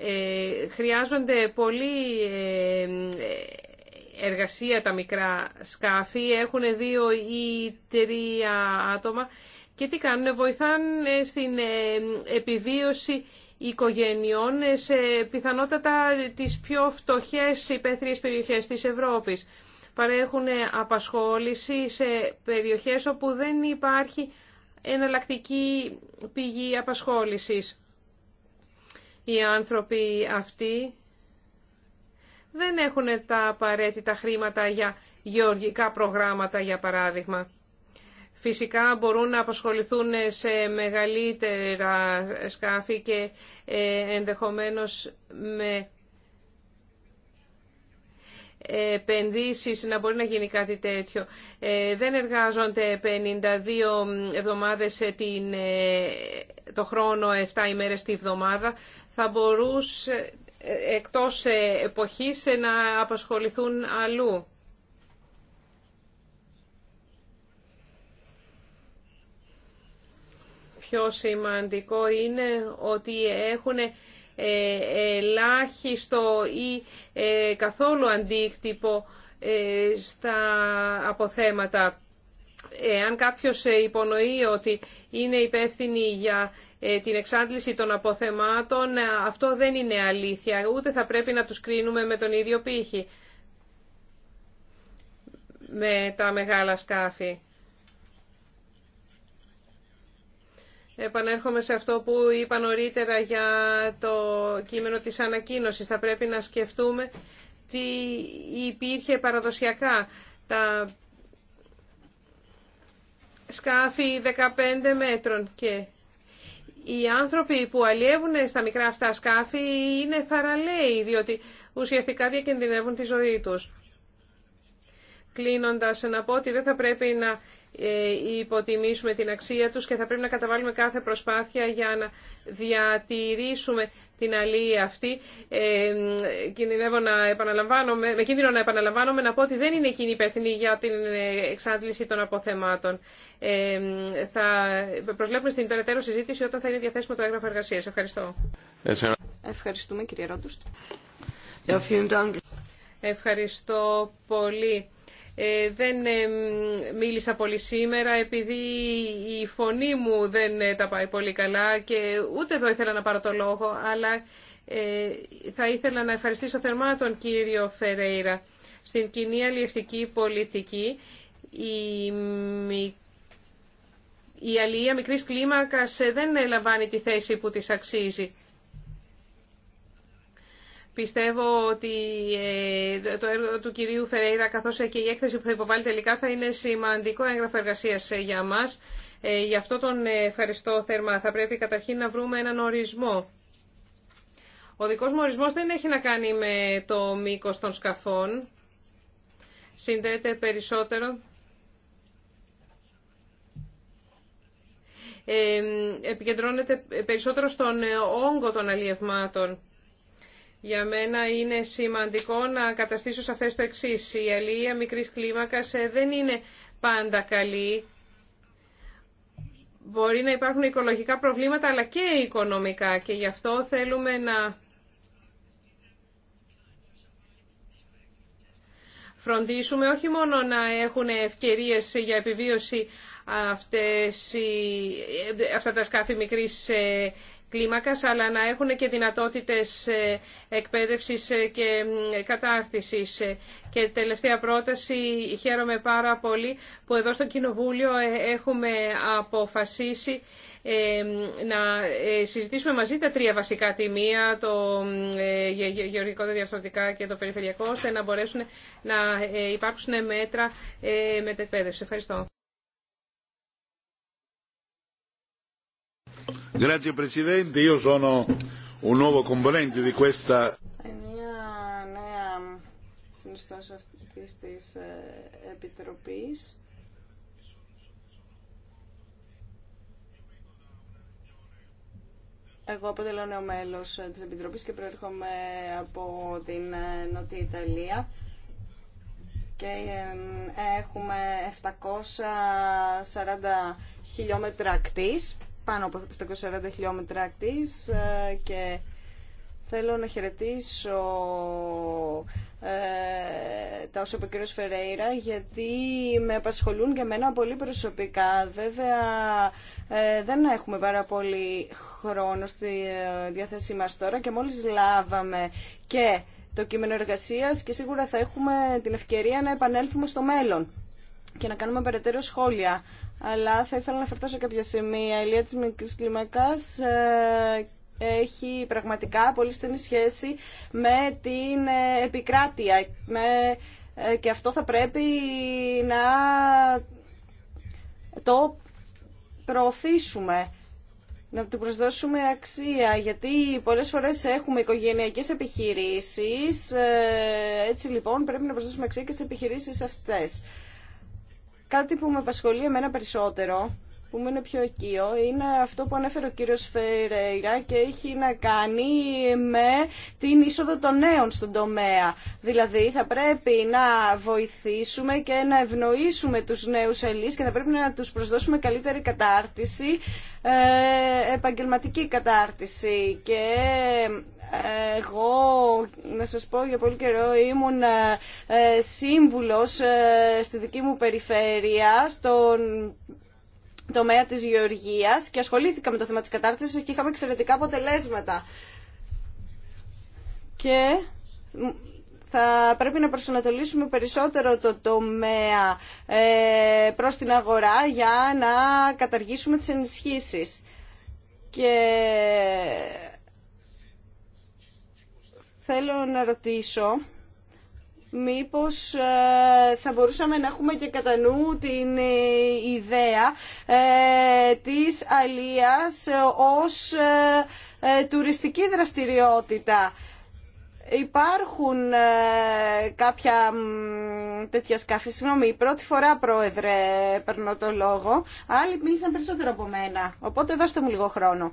Ε, χρειάζονται πολύ ε, εργασία τα μικρά σκάφη, έχουν δύο ή τρία άτομα και τι κάνουν, βοηθάνε στην ε, επιβίωση οικογενειών σε πιθανότατα τις πιο φτωχές υπαίθριες περιοχές της Ευρώπης. Παρέχουν απασχόληση σε περιοχές όπου δεν υπάρχει εναλλακτική πηγή απασχόλησης. Οι άνθρωποι αυτοί δεν έχουν τα απαραίτητα χρήματα για γεωργικά προγράμματα, για παράδειγμα. Φυσικά μπορούν να απασχοληθούν σε μεγαλύτερα σκάφη και ε, ενδεχομένως με επενδύσεις να μπορεί να γίνει κάτι τέτοιο. Ε, δεν εργάζονται 52 εβδομάδες ε, την, ε, το χρόνο, 7 ημέρες τη εβδομάδα; Θα μπορούσε εκτός εποχής να απασχοληθούν αλλού. Πιο σημαντικό είναι ότι έχουν ε, ελάχιστο ή ε, καθόλου αντίκτυπο ε, στα αποθέματα. Αν κάποιος υπονοεί ότι είναι υπεύθυνοι για την εξάντληση των αποθεμάτων, αυτό δεν είναι αλήθεια. Ούτε θα πρέπει να τους κρίνουμε με τον ίδιο πύχη με τα μεγάλα σκάφη. Επανέρχομαι σε αυτό που είπα νωρίτερα για το κείμενο της ανακοίνωσης. Θα πρέπει να σκεφτούμε τι υπήρχε παραδοσιακά. Τα σκάφη 15 μέτρων και οι άνθρωποι που αλλιεύουν στα μικρά αυτά σκάφη είναι θαραλέοι, διότι ουσιαστικά διακινδυνεύουν τη ζωή τους. Κλείνοντας, να πω ότι δεν θα πρέπει να ε, υποτιμήσουμε την αξία τους και θα πρέπει να καταβάλουμε κάθε προσπάθεια για να διατηρήσουμε την αλήθεια αυτή. Ε, κινδυνεύω να επαναλαμβάνομαι, με κίνδυνο να επαναλαμβάνομαι να πω ότι δεν είναι εκείνη υπεύθυνη για την εξάντληση των αποθεμάτων. Ε, θα προσλέπουμε στην περαιτέρω συζήτηση όταν θα είναι διαθέσιμο το έγγραφο εργασίας. Ευχαριστώ. Ευχαριστούμε κύριε Ρόντουστ. Ε, Ευχαριστώ πολύ. Ε, δεν ε, μίλησα πολύ σήμερα επειδή η φωνή μου δεν ε, τα πάει πολύ καλά και ούτε εδώ ήθελα να πάρω το λόγο, αλλά θα ήθελα να ευχαριστήσω θερμά τον κύριο Φερέιρα. Στην κοινή αλλιευτική πολιτική η, η αλληλεία μικρής κλίμακας δεν λαμβάνει τη θέση που της αξίζει. Πιστεύω ότι ε, το έργο του κυρίου Φερέιρα καθώς και η έκθεση που θα υποβάλει τελικά θα είναι σημαντικό έγγραφο εργασίας ε, για μας. Ε, γι' αυτό τον ευχαριστώ θερμά. Θα πρέπει καταρχήν να βρούμε έναν ορισμό. Ο δικός μου ορισμός δεν έχει να κάνει με το μήκος των σκαφών. Συνδέεται περισσότερο επικεντρώνεται περισσότερο στον όγκο των αλλιευμάτων. Για μένα είναι σημαντικό να καταστήσω σαφές το εξή. Η αλληλεία μικρής κλίμακας ε, δεν είναι πάντα καλή. Μπορεί να υπάρχουν οικολογικά προβλήματα αλλά και οικονομικά και γι' αυτό θέλουμε να φροντίσουμε όχι μόνο να έχουν ευκαιρίες για επιβίωση αυτές ε, αυτά τα σκάφη μικρής ε, κλίμακας, αλλά να έχουν και δυνατότητες ε, εκπαίδευσης ε, και κατάρτισης. Ε, και τελευταία πρόταση, χαίρομαι πάρα πολύ που εδώ στο Κοινοβούλιο έχουμε αποφασίσει να συζητήσουμε μαζί τα τρία βασικά τιμία, το γεωργικό, τα και το περιφερειακό, ώστε να μπορέσουν να υπάρξουν μέτρα μετεκπαίδευση. Ευχαριστώ. Grazie Presidente, io sono un nuovo componente di questa ε, Εγώ αποτελώ νέο μέλο ε, τη Επιτροπή και προέρχομαι από την ε, Νότια Ιταλία και έχουμε 740 χιλιόμετρα ακτής πάνω από 740 χιλιόμετρα ακτής ε, και θέλω να χαιρετήσω ε, τα όσα είπε ο κύριος Φερέιρα γιατί με απασχολούν και μένα πολύ προσωπικά. Βέβαια ε, δεν έχουμε πάρα πολύ χρόνο στη ε, διάθεσή μας τώρα και μόλις λάβαμε και το κείμενο εργασίας και σίγουρα θα έχουμε την ευκαιρία να επανέλθουμε στο μέλλον και να κάνουμε περαιτέρω σχόλια. Αλλά θα ήθελα να φερθώ σε κάποια σημεία. Η Ηλία της μικρή κλιμακα ε, έχει πραγματικά πολύ στενή σχέση με την ε, επικράτεια. Με, ε, και αυτό θα πρέπει να το προωθήσουμε να του προσδώσουμε αξία, γιατί πολλές φορές έχουμε οικογενειακές επιχειρήσεις, έτσι λοιπόν πρέπει να προσδώσουμε αξία και στις επιχειρήσεις αυτές. Κάτι που με απασχολεί εμένα περισσότερο, που μου είναι πιο οικείο, είναι αυτό που ανέφερε ο κύριος Φερέιρα και έχει να κάνει με την είσοδο των νέων στον τομέα. Δηλαδή θα πρέπει να βοηθήσουμε και να ευνοήσουμε τους νέους ελλείς και θα πρέπει να τους προσδώσουμε καλύτερη κατάρτιση, ε, επαγγελματική κατάρτιση και εγώ, να σας πω, για πολύ καιρό ήμουν ε, ε, σύμβουλος ε, στη δική μου περιφέρεια, στον τομέα της γεωργίας και ασχολήθηκα με το θέμα της κατάρτισης και είχαμε εξαιρετικά αποτελέσματα. Και θα πρέπει να προσανατολίσουμε περισσότερο το τομέα προς την αγορά για να καταργήσουμε τις ενισχύσεις. Και Θέλω να ρωτήσω μήπως ε, θα μπορούσαμε να έχουμε και κατά νου την ε, ιδέα ε, της αλίας ως τουριστική δραστηριότητα. Υπάρχουν κάποια τέτοια σκάφη. Συγγνώμη, η πρώτη φορά, Πρόεδρε, παίρνω το λόγο. Άλλοι μίλησαν περισσότερο από μένα, οπότε δώστε μου λίγο χρόνο.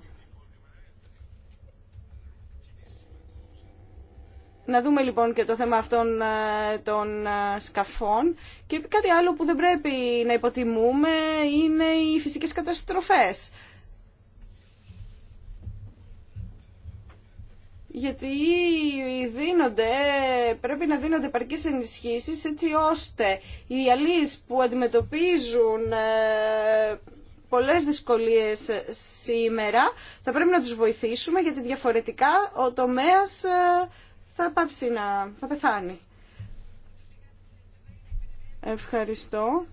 Να δούμε λοιπόν και το θέμα αυτών ε, των ε, σκαφών. Και κάτι άλλο που δεν πρέπει να υποτιμούμε είναι οι φυσικές καταστροφές. γιατί δίνονται, πρέπει να δίνονται επαρκείς ενισχύσεις έτσι ώστε οι αλείς που αντιμετωπίζουν ε, πολλές δυσκολίες σήμερα θα πρέπει να τους βοηθήσουμε γιατί διαφορετικά ο τομέας θα πάψει να θα πεθάνει. Ευχαριστώ.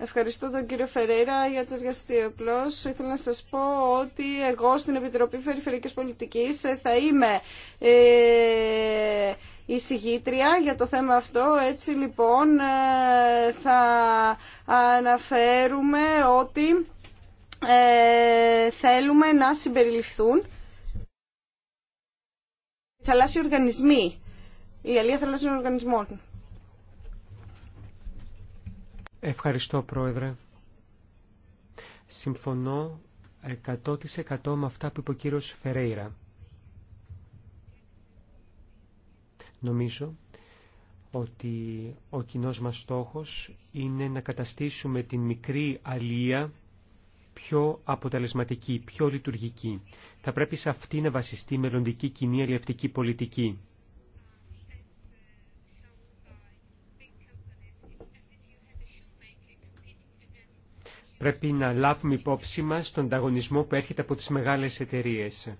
Ευχαριστώ τον κύριο Φερέιρα για το εργαστήριο. Απλώ ήθελα να σα πω ότι εγώ στην Επιτροπή Περιφερειακής Πολιτική θα είμαι ε, η συγγήτρια για το θέμα αυτό. Έτσι λοιπόν ε, θα αναφέρουμε ότι ε, θέλουμε να συμπεριληφθούν θαλάσσιοι οργανισμοί. Η αλία θαλάσσιων οργανισμών. Ευχαριστώ, Πρόεδρε. Συμφωνώ 100% με αυτά που είπε ο κύριος Φερέιρα. Νομίζω ότι ο κοινός μας στόχος είναι να καταστήσουμε την μικρή αλία πιο αποτελεσματική, πιο λειτουργική. Θα πρέπει σε αυτή να βασιστεί η μελλοντική κοινή αλληλευτική πολιτική. Πρέπει να λάβουμε υπόψη μας τον ανταγωνισμό που έρχεται από τις μεγάλες εταιρείες.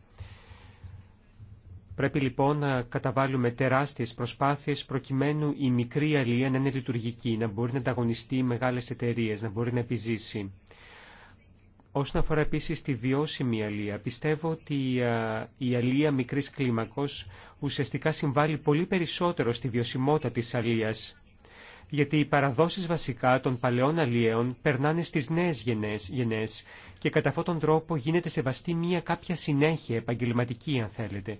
Πρέπει λοιπόν να καταβάλουμε τεράστιες προσπάθειες προκειμένου η μικρή αλληλεία να είναι λειτουργική, να μπορεί να ανταγωνιστεί οι μεγάλες εταιρείες, να μπορεί να επιζήσει. Όσον αφορά επίσης τη βιώσιμη αλεία, πιστεύω ότι η αλία μικρής κλίμακος ουσιαστικά συμβάλλει πολύ περισσότερο στη βιωσιμότητα της αλίας, γιατί οι παραδόσεις βασικά των παλαιών αλίεων περνάνε στις νέες γενές και κατά αυτόν τον τρόπο γίνεται σεβαστή μία κάποια συνέχεια επαγγελματική αν θέλετε.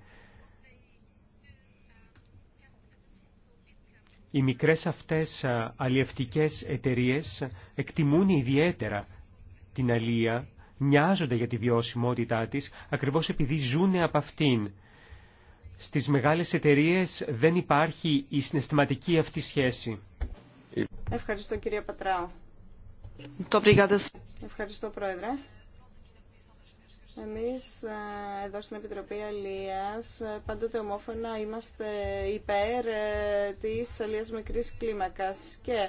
Οι μικρές αυτές αλιευτικές εταιρείες εκτιμούν ιδιαίτερα την αλία, νοιάζονται για τη βιώσιμότητά της, ακριβώς επειδή ζούνε από αυτήν. Στις μεγάλες εταιρείες δεν υπάρχει η συναισθηματική αυτή σχέση. Ευχαριστώ κυρία Πατράου. Ευχαριστώ πρόεδρε. Εμείς ε, εδώ στην Επιτροπή Αλίας ε, πάντοτε ομόφωνα είμαστε υπέρ ε, της αλίας μικρής κλίμακας και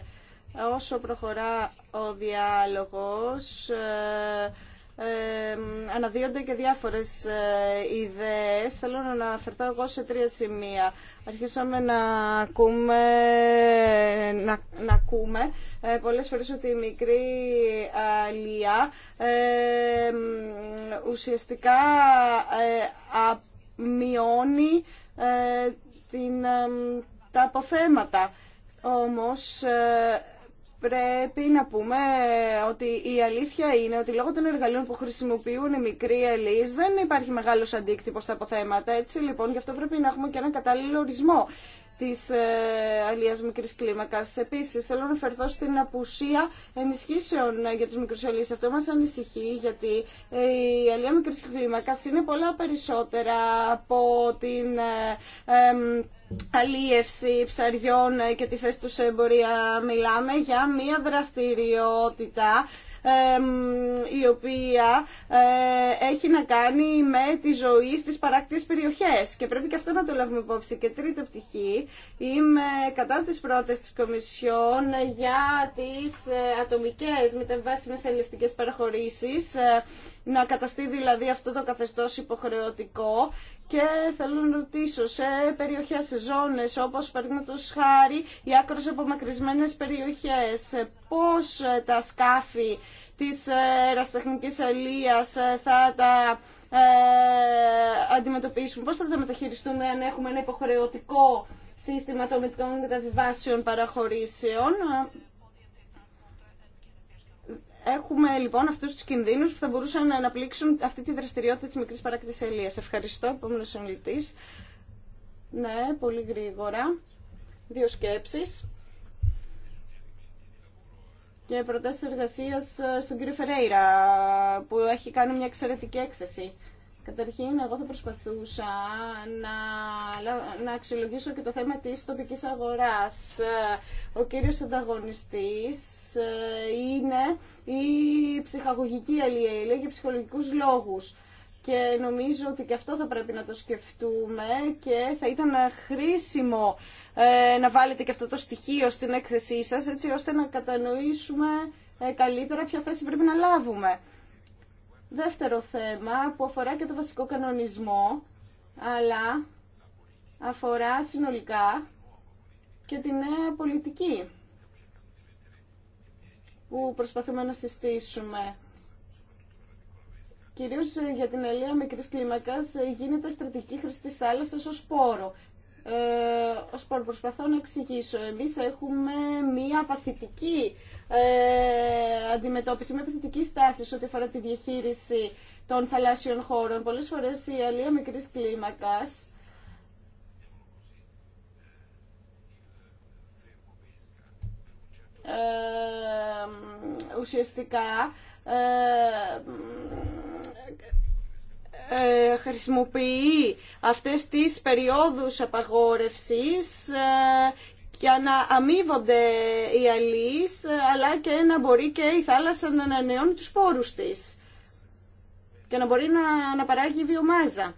όσο προχωρά ο διάλογος ε, ε, αναδύονται και διάφορες ε, ιδέες. Θέλω να αναφερθώ εγώ σε τρία σημεία. Αρχίσαμε να ακούμε, να, να ε, πολλές φορές ότι η μικρή αλία ε, ουσιαστικά ε, α, μειώνει την, τα αποθέματα. Όμως πρέπει να πούμε ότι η αλήθεια είναι ότι λόγω των εργαλείων που χρησιμοποιούν οι μικροί Ελλεί δεν υπάρχει μεγάλος αντίκτυπος στα αποθέματα. Έτσι λοιπόν γι' αυτό πρέπει να έχουμε και έναν κατάλληλο ορισμό της ε, αλίας μικρή κλίμακα. Επίσης, θέλω να φερθώ στην απουσία ενισχύσεων για τους μικρούς Αυτό μα ανησυχεί, γιατί ε, η αλία μικρή κλίμακα είναι πολλά περισσότερα από την ε, αλίευση ψαριών και τη θέση του σε εμπορία. Μιλάμε για μια δραστηριότητα η οποία ε, έχει να κάνει με τη ζωή στις παράκτιες περιοχές και πρέπει και αυτό να το λάβουμε υπόψη. Και τρίτη πτυχή, είμαι κατά τις πρώτες της Κομισιόν για τις ε, ατομικές μεταβάσιμες ελευτικές παραχωρήσεις, ε, να καταστεί δηλαδή αυτό το καθεστώς υποχρεωτικό και θέλω να ρωτήσω, σε περιοχές, σε ζώνες όπως παραδείγματος χάρη οι άκρως απομακρυσμένες περιοχές, πώς ε, τα σκάφη της ε, αεραστεχνικής αλίας ε, θα τα ε, αντιμετωπίσουν, πώς θα τα μεταχειριστούν αν έχουμε ένα υποχρεωτικό σύστημα των μεταβιβάσεων παραχωρήσεων. Έχουμε λοιπόν αυτού του κινδύνου που θα μπορούσαν να αναπλήξουν αυτή τη δραστηριότητα της μικρής Ελία. Ευχαριστώ, επόμενο ομιλητή. Ναι, πολύ γρήγορα. Δύο σκέψει. Και προτάσεις εργασία ε, στον κύριο Φερέιρα, που έχει κάνει μια εξαιρετική έκθεση. Καταρχήν, εγώ θα προσπαθούσα να, να αξιολογήσω και το θέμα της τοπικής αγοράς. Ο κύριος ανταγωνιστής ε, είναι η ψυχαγωγική αλληλεία για ψυχολογικούς λόγους. Και νομίζω ότι και αυτό θα πρέπει να το σκεφτούμε και θα ήταν χρήσιμο ε, να βάλετε και αυτό το στοιχείο στην έκθεσή σας, έτσι ώστε να κατανοήσουμε ε, καλύτερα ποια θέση πρέπει να λάβουμε. Δεύτερο θέμα που αφορά και το βασικό κανονισμό, αλλά αφορά συνολικά και τη νέα πολιτική που προσπαθούμε να συστήσουμε. Κυρίως για την αλία μικρής κλίμακας ε, γίνεται στρατική της θάλασσας ως πόρο. Ε, ως ε, Προσπαθώ να εξηγήσω. Εμείς έχουμε μία παθητική ε, αντιμετώπιση, μία παθητική στάση ό,τι αφορά τη διαχείριση των θαλάσσιων χώρων. Πολλές φορές η αλία μικρής κλίμακας ε, ουσιαστικά ε, χρησιμοποιεί αυτές τις περιόδους απαγόρευσης ε, για να αμείβονται οι αλείς, αλλά και να μπορεί και η θάλασσα να ανανεώνει τους πόρους της και να μπορεί να, να παράγει βιομάζα.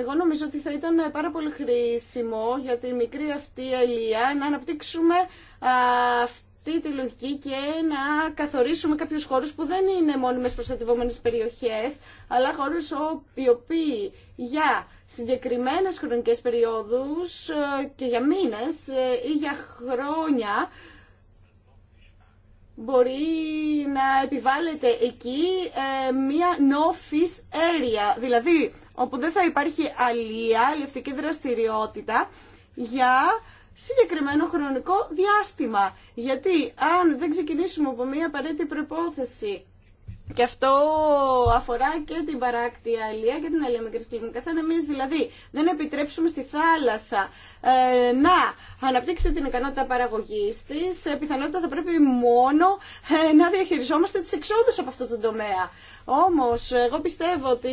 Εγώ νομίζω ότι θα ήταν πάρα πολύ χρήσιμο για τη μικρή αυτή αλία να αναπτύξουμε αυτή αυτή τη λογική και να καθορίσουμε κάποιους χώρους που δεν είναι μόνιμες προστατευόμενες περιοχές, αλλά χώρους οι οποίοι για συγκεκριμένες χρονικές περιόδους ε, και για μήνες ε, ή για χρόνια μπορεί να επιβάλλεται εκεί ε, μία no-fish area, δηλαδή όπου δεν θα υπάρχει αλία, λευτική δραστηριότητα, για συγκεκριμένο χρονικό διάστημα. Γιατί αν δεν ξεκινήσουμε από μια απαραίτητη προπόθεση και αυτό αφορά και την παράκτια αλία και την αλία μικρής κλίμακας. Αν εμείς δηλαδή δεν επιτρέψουμε στη θάλασσα ε, να αναπτύξει την ικανότητα παραγωγής της, πιθανότητα θα πρέπει μόνο ε, να διαχειριζόμαστε τις εξόδους από αυτό το τομέα. Όμως, εγώ πιστεύω ότι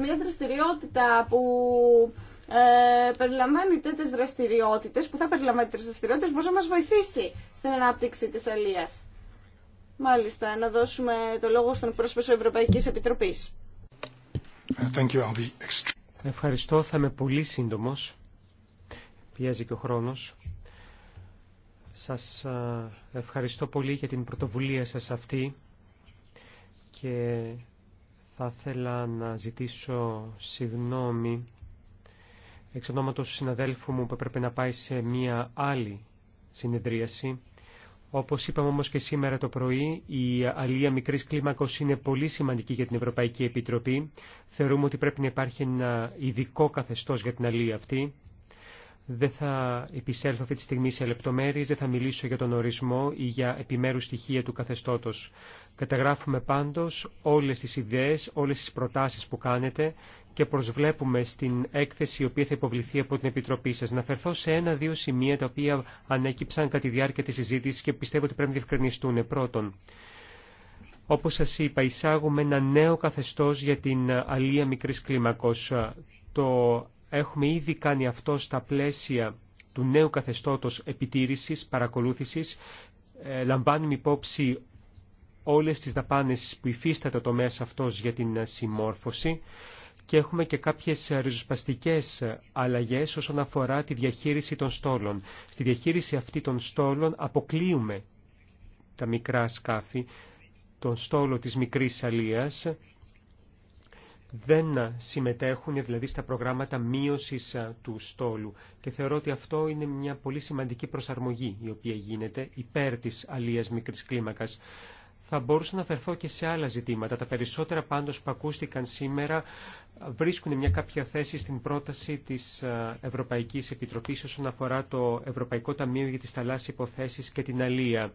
μια δραστηριότητα που ε, περιλαμβάνει τέτοιε δραστηριότητε, που θα περιλαμβάνει τέτοιε δραστηριότητε, μπορεί να μα βοηθήσει στην ανάπτυξη τη Αλία. Μάλιστα, να δώσουμε το λόγο στον πρόσωπο Ευρωπαϊκή Επιτροπή. Ευχαριστώ, θα είμαι πολύ σύντομο. Πιέζει και ο χρόνο. Σα ευχαριστώ πολύ για την πρωτοβουλία σα αυτή και θα ήθελα να ζητήσω συγγνώμη εξ ονόματος συναδέλφου μου που έπρεπε να πάει σε μία άλλη συνεδρίαση. Όπως είπαμε όμως και σήμερα το πρωί, η αλία μικρής κλίμακος είναι πολύ σημαντική για την Ευρωπαϊκή Επιτροπή. Θεωρούμε ότι πρέπει να υπάρχει ένα ειδικό καθεστώς για την αλία αυτή. Δεν θα επισέλθω αυτή τη στιγμή σε λεπτομέρειες, δεν θα μιλήσω για τον ορισμό ή για επιμέρους στοιχεία του καθεστώτος. Καταγράφουμε πάντως όλες τις ιδέες, όλες τις προτάσεις που κάνετε και προσβλέπουμε στην έκθεση η οποία θα υποβληθεί από την Επιτροπή σας. Να φερθώ σε ένα-δύο σημεία τα οποία ανέκυψαν κατά τη διάρκεια της συζήτησης και πιστεύω ότι πρέπει να διευκρινιστούν. Πρώτον, όπως σας είπα, εισάγουμε ένα νέο καθεστώς για την αλία μικρής κλίμακος. Το έχουμε ήδη κάνει αυτό στα πλαίσια του νέου καθεστώτος επιτήρησης, παρακολούθησης. Ε, λαμβάνουμε υπόψη όλες τις δαπάνες που υφίσταται το τομέας αυτός για την συμμόρφωση και έχουμε και κάποιες ριζοσπαστικές αλλαγές όσον αφορά τη διαχείριση των στόλων. Στη διαχείριση αυτή των στόλων αποκλείουμε τα μικρά σκάφη, τον στόλο της μικρής αλίας, δεν συμμετέχουν δηλαδή στα προγράμματα μείωσης του στόλου και θεωρώ ότι αυτό είναι μια πολύ σημαντική προσαρμογή η οποία γίνεται υπέρ της αλίας μικρής κλίμακας. Θα μπορούσα να αφαιρθώ και σε άλλα ζητήματα. Τα περισσότερα πάντως που ακούστηκαν σήμερα βρίσκουν μια κάποια θέση στην πρόταση της ε, Ευρωπαϊκής Επιτροπής όσον αφορά το Ευρωπαϊκό Ταμείο για τις θαλάσσιες υποθέσεις και την αλία.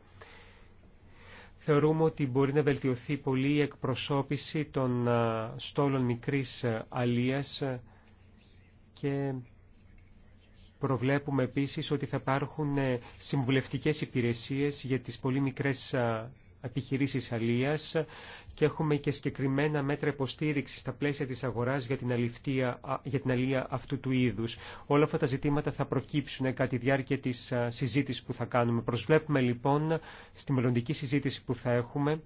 Θεωρούμε ότι μπορεί να βελτιωθεί πολύ η εκπροσώπηση των ε, στόλων μικρής ε, αλίας και προβλέπουμε επίσης ότι θα υπάρχουν συμβουλευτικές υπηρεσίες για τις πολύ μικρές επιχειρήσεις αλίας και έχουμε και συγκεκριμένα μέτρα υποστήριξη στα πλαίσια της αγοράς για την, αληφτία, για την αλία αυτού του είδους. Όλα αυτά τα ζητήματα θα προκύψουν κατά τη διάρκεια της συζήτησης που θα κάνουμε. Προσβλέπουμε λοιπόν στη μελλοντική συζήτηση που θα έχουμε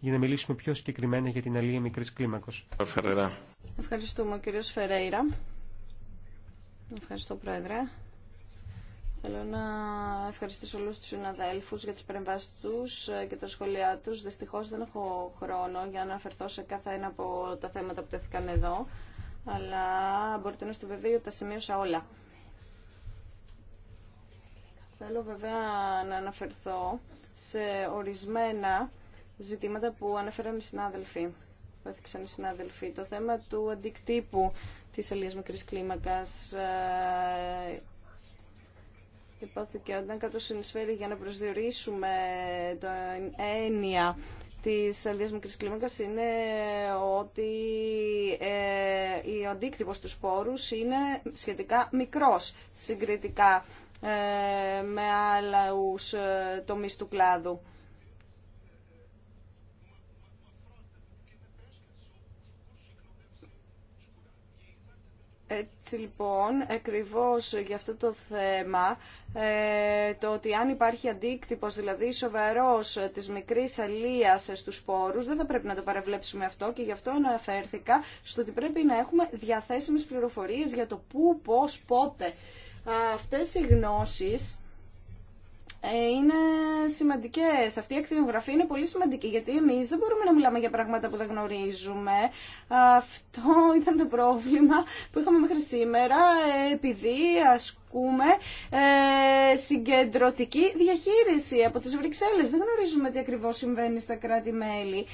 για να μιλήσουμε πιο συγκεκριμένα για την αλία μικρής κλίμακος. Ευχαριστούμε κύριο Φερέιρα. Ευχαριστώ Πρόεδρε. Θέλω να ευχαριστήσω όλους τους συναδέλφους για τις παρεμβάσεις τους και τα σχόλιά τους. Δυστυχώς δεν έχω χρόνο για να αφερθώ σε κάθε ένα από τα θέματα που τέθηκαν εδώ, αλλά μπορείτε να είστε βέβαιοι ότι τα σημείωσα όλα. Θέλω βέβαια να αναφερθώ σε ορισμένα ζητήματα που αναφέραν οι συνάδελφοι, που έθιξαν οι συνάδελφοι. Το θέμα του αντικτύπου της αλληλίας μικρής κλίμακας ε, υπόθηκε όταν κάτω συνεισφέρει για να προσδιορίσουμε την έννοια της αλληλεία μικρή κλίμακα είναι ότι ε, ο αντίκτυπο του σπόρου είναι σχετικά μικρός συγκριτικά ε, με άλλου ε, τομεί του κλάδου. Έτσι λοιπόν, ακριβώς για αυτό το θέμα, ε, το ότι αν υπάρχει αντίκτυπος, δηλαδή σοβαρός ε, της μικρής αλίας στους σπόρους, δεν θα πρέπει να το παραβλέψουμε αυτό και γι' αυτό αναφέρθηκα στο ότι πρέπει να έχουμε διαθέσιμες πληροφορίες για το πού, πώς, πότε. Αυτές οι γνώσεις ε, είναι σημαντικέ. Αυτή η ακτινογραφή είναι πολύ σημαντική γιατί εμεί δεν μπορούμε να μιλάμε για πράγματα που δεν γνωρίζουμε. Αυτό ήταν το πρόβλημα που είχαμε μέχρι σήμερα επειδή ασκούμε ε, συγκεντρωτική διαχείριση από τι Βρυξέλλε. Δεν γνωρίζουμε τι ακριβώ συμβαίνει στα κράτη-μέλη.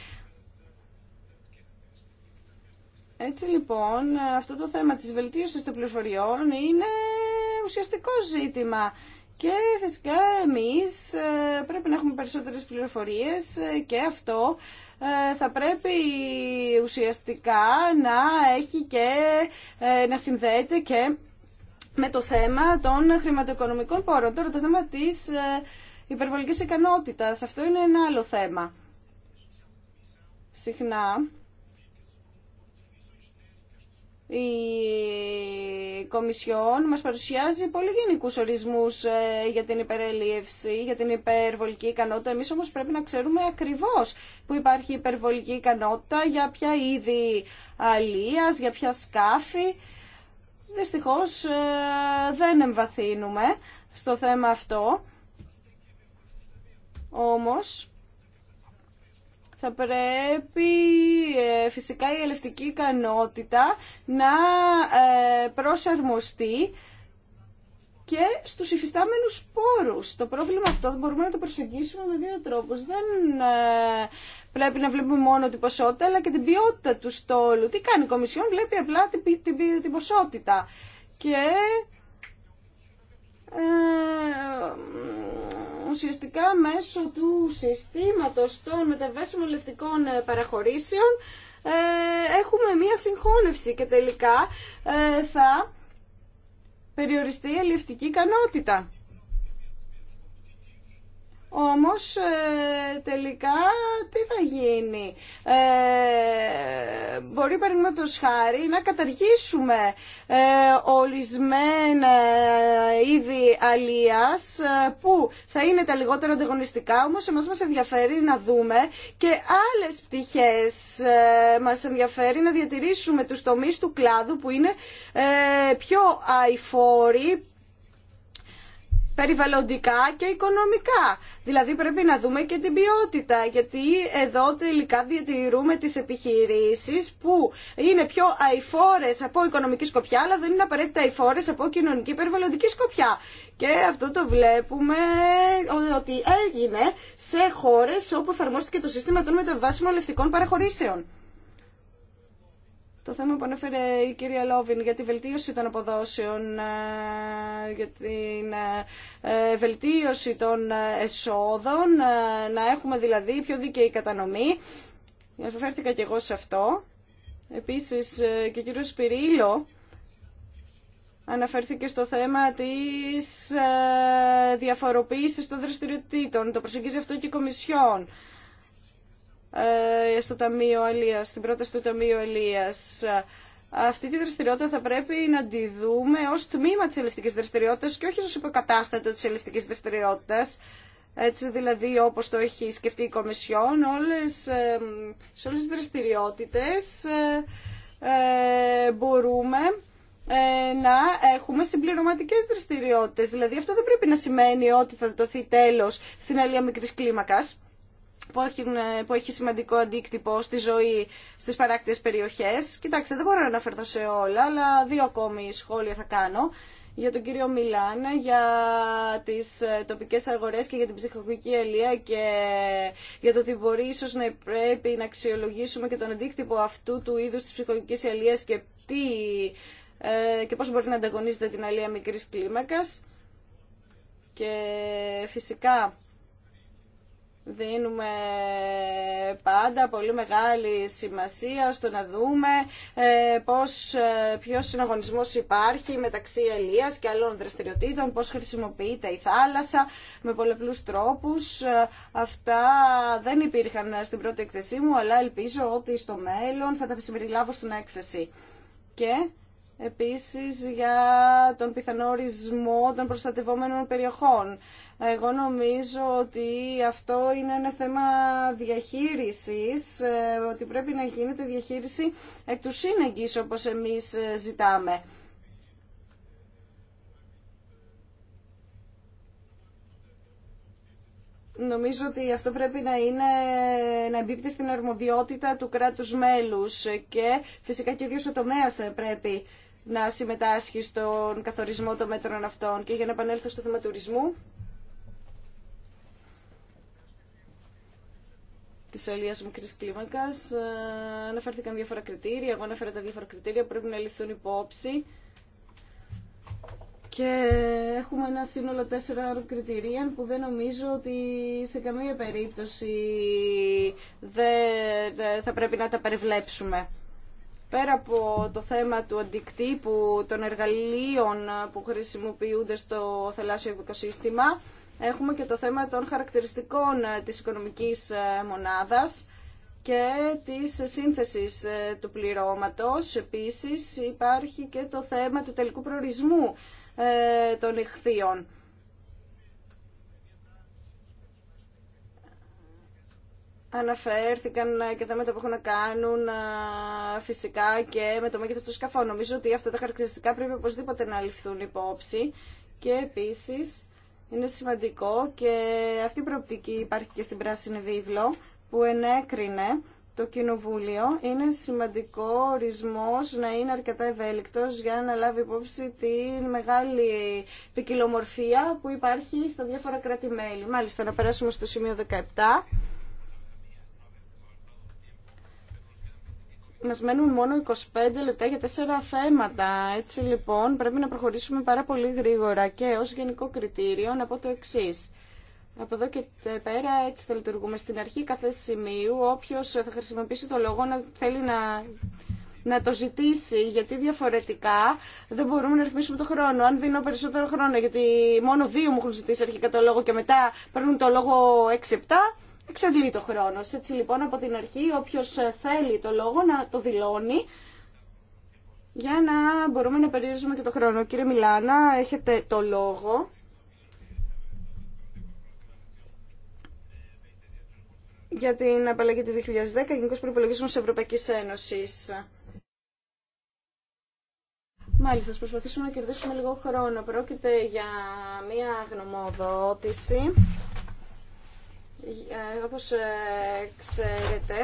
Έτσι λοιπόν, αυτό το θέμα της βελτίωσης των πληροφοριών είναι ουσιαστικό ζήτημα. Και φυσικά εμείς ε, πρέπει να έχουμε περισσότερες πληροφορίες ε, και αυτό ε, θα πρέπει ουσιαστικά να έχει και να συνδέεται και με το θέμα των χρηματοοικονομικών πόρων. Τώρα το θέμα της υπερβολικής ικανότητας, αυτό είναι ένα άλλο θέμα. Συχνά η Κομισιόν μας παρουσιάζει πολύ γενικούς ορισμούς ε, για την υπερελίευση, για την υπερβολική ικανότητα. Εμείς όμως πρέπει να ξέρουμε ακριβώς που υπάρχει υπερβολική ικανότητα, για ποια είδη αλίας, για ποια σκάφη. Δυστυχώς ε, δεν εμβαθύνουμε στο θέμα αυτό. Όμως θα πρέπει ε, φυσικά η ελευτική ικανότητα να ε, προσαρμοστεί και στους υφιστάμενους σπόρους. Το πρόβλημα αυτό μπορούμε να το προσεγγίσουμε με δύο τρόπους. Δεν ε, πρέπει να βλέπουμε μόνο την ποσότητα, αλλά και την ποιότητα του στόλου. Τι κάνει η Κομισιόν, βλέπει απλά την, την, ποσότητα. Και ουσιαστικά μέσω του συστήματος των μεταβέσιμων λευτικών ε, παραχωρήσεων ε, έχουμε μία συγχώνευση και τελικά ε, θα περιοριστεί η ελευτική ικανότητα. Όμως ε, τελικά τι θα γίνει. Ε, μπορεί παραδείγματο χάρη να καταργήσουμε ε, είδη αλίας ε, που θα είναι τα λιγότερα ανταγωνιστικά όμως εμάς μας ενδιαφέρει να δούμε και άλλες πτυχές ε, μας ενδιαφέρει να διατηρήσουμε τους τομείς του κλάδου που είναι ε, πιο αηφόροι περιβαλλοντικά και οικονομικά. Δηλαδή πρέπει να δούμε και την ποιότητα, γιατί εδώ τελικά διατηρούμε τις επιχειρήσεις που είναι πιο αηφόρες από οικονομική σκοπιά, αλλά δεν είναι απαραίτητα αηφόρες από κοινωνική περιβαλλοντική σκοπιά. Και αυτό το βλέπουμε ότι έγινε σε χώρες όπου εφαρμόστηκε το σύστημα των μεταβάσιμων λευτικών παραχωρήσεων το θέμα που ανέφερε η κυρία Λόβιν για τη βελτίωση των αποδόσεων, ε, για την ε, βελτίωση των εσόδων, ε, να έχουμε δηλαδή πιο δίκαιη κατανομή. Αναφέρθηκα και εγώ σε αυτό. Επίσης και ο κύριος Σπυρίλο αναφέρθηκε στο θέμα της διαφοροποίησης των δραστηριοτήτων. Το προσεγγίζει αυτό και η Κομισιόν. Ε, στο Ταμείο ελία, στην πρόταση του Ταμείου Ελία. Αυτή τη δραστηριότητα θα πρέπει να τη δούμε ω τμήμα τη ελευτικής δραστηριότητα και όχι ω υποκατάστατο τη ελευτικής δραστηριότητα, Έτσι δηλαδή όπως το έχει σκεφτεί η Κομισιόν, όλες, σε όλες τις δραστηριότητες ε, ε, μπορούμε ε, να έχουμε συμπληρωματικές δραστηριότητες. Δηλαδή αυτό δεν πρέπει να σημαίνει ότι θα δοθεί τέλος στην αλία μικρής κλίμακας που, έχει σημαντικό αντίκτυπο στη ζωή στις παράκτητες περιοχές. Κοιτάξτε, δεν μπορώ να αναφερθώ σε όλα, αλλά δύο ακόμη σχόλια θα κάνω για τον κύριο Μιλάν, για τις ε, τοπικές αγορές και για την ψυχολογική αλία και για το ότι μπορεί ίσως να πρέπει να αξιολογήσουμε και τον αντίκτυπο αυτού του είδους της ψυχολογικής ελείας και, τι, ε, και πώς μπορεί να ανταγωνίζεται την αιλία μικρής κλίμακας. Και φυσικά δίνουμε πάντα πολύ μεγάλη σημασία στο να δούμε ε, πώς, ε, ποιος συναγωνισμός υπάρχει μεταξύ ελίας και άλλων δραστηριοτήτων, πώς χρησιμοποιείται η θάλασσα με πολλαπλούς τρόπους. Ε, αυτά δεν υπήρχαν στην πρώτη εκθεσή μου, αλλά ελπίζω ότι στο μέλλον θα τα συμπεριλάβω στην έκθεση. Και επίσης για τον πιθανό ορισμό των προστατευόμενων περιοχών. Εγώ νομίζω ότι αυτό είναι ένα θέμα διαχείρισης, ε, ότι πρέπει να γίνεται διαχείριση εκ του σύνεγγυς όπως εμείς ε, ζητάμε. Νομίζω ότι αυτό πρέπει να, είναι, να εμπίπτει στην αρμοδιότητα του κράτους μέλους και φυσικά και ο ίδιος ο τομέας πρέπει να συμμετάσχει στον καθορισμό των μέτρων αυτών. Και για να επανέλθω στο θέμα τουρισμού, Τη ολίας μικρή κλίμακα. Ε, αναφέρθηκαν διάφορα κριτήρια, εγώ αναφέρα τα διάφορα κριτήρια που πρέπει να ληφθούν υπόψη. Και έχουμε ένα σύνολο τέσσερα κριτήρια που δεν νομίζω ότι σε καμία περίπτωση δεν ε, θα πρέπει να τα περιβλέψουμε. Πέρα από το θέμα του αντικτύπου των εργαλείων που χρησιμοποιούνται στο θαλάσσιο οικοσύστημα, Έχουμε και το θέμα των χαρακτηριστικών ε, της οικονομικής ε, μονάδας και της σύνθεσης ε, του πληρώματος. Επίσης υπάρχει και το θέμα του τελικού προορισμού των ηχθείων. Αναφέρθηκαν και θέματα που έχουν να κάνουν φυσικά και με το μέγεθος του σκαφών. Νομίζω ότι αυτά τα χαρακτηριστικά πρέπει οπωσδήποτε να ληφθούν υπόψη. Και επίσης είναι σημαντικό και αυτή η προοπτική υπάρχει και στην Πράσινη Βίβλο που ενέκρινε το Κοινοβούλιο. Είναι σημαντικό ορισμό να είναι αρκετά ευέλικτο για να λάβει υπόψη τη μεγάλη ποικιλομορφία που υπάρχει στα διάφορα κράτη-μέλη. Μάλιστα, να περάσουμε στο σημείο 17. μας μένουν μόνο 25 λεπτά για τέσσερα θέματα. Έτσι λοιπόν πρέπει να προχωρήσουμε πάρα πολύ γρήγορα και ως γενικό κριτήριο να πω το εξή. Από εδώ και πέρα έτσι θα λειτουργούμε. Στην αρχή κάθε σημείου Όποιο θα χρησιμοποιήσει το λόγο να θέλει να να το ζητήσει, γιατί διαφορετικά δεν μπορούμε να ρυθμίσουμε το χρόνο. Αν δίνω περισσότερο χρόνο, γιατί μόνο δύο μου έχουν ζητήσει αρχικά το λόγο και μετά παίρνουν το λόγο 6-7, εξαντλεί το χρόνο. Έτσι λοιπόν από την αρχή όποιο ε, θέλει το λόγο να το δηλώνει για να μπορούμε να περιορίζουμε και το χρόνο. Κύριε Μιλάνα, έχετε το λόγο. για την απαλλαγή του 2010 γενικώ προπολογισμό τη Ευρωπαϊκή Ένωση. Μάλιστα, θα προσπαθήσουμε να κερδίσουμε λίγο χρόνο. Πρόκειται για μία γνωμοδότηση ε, όπως ε, ξέρετε,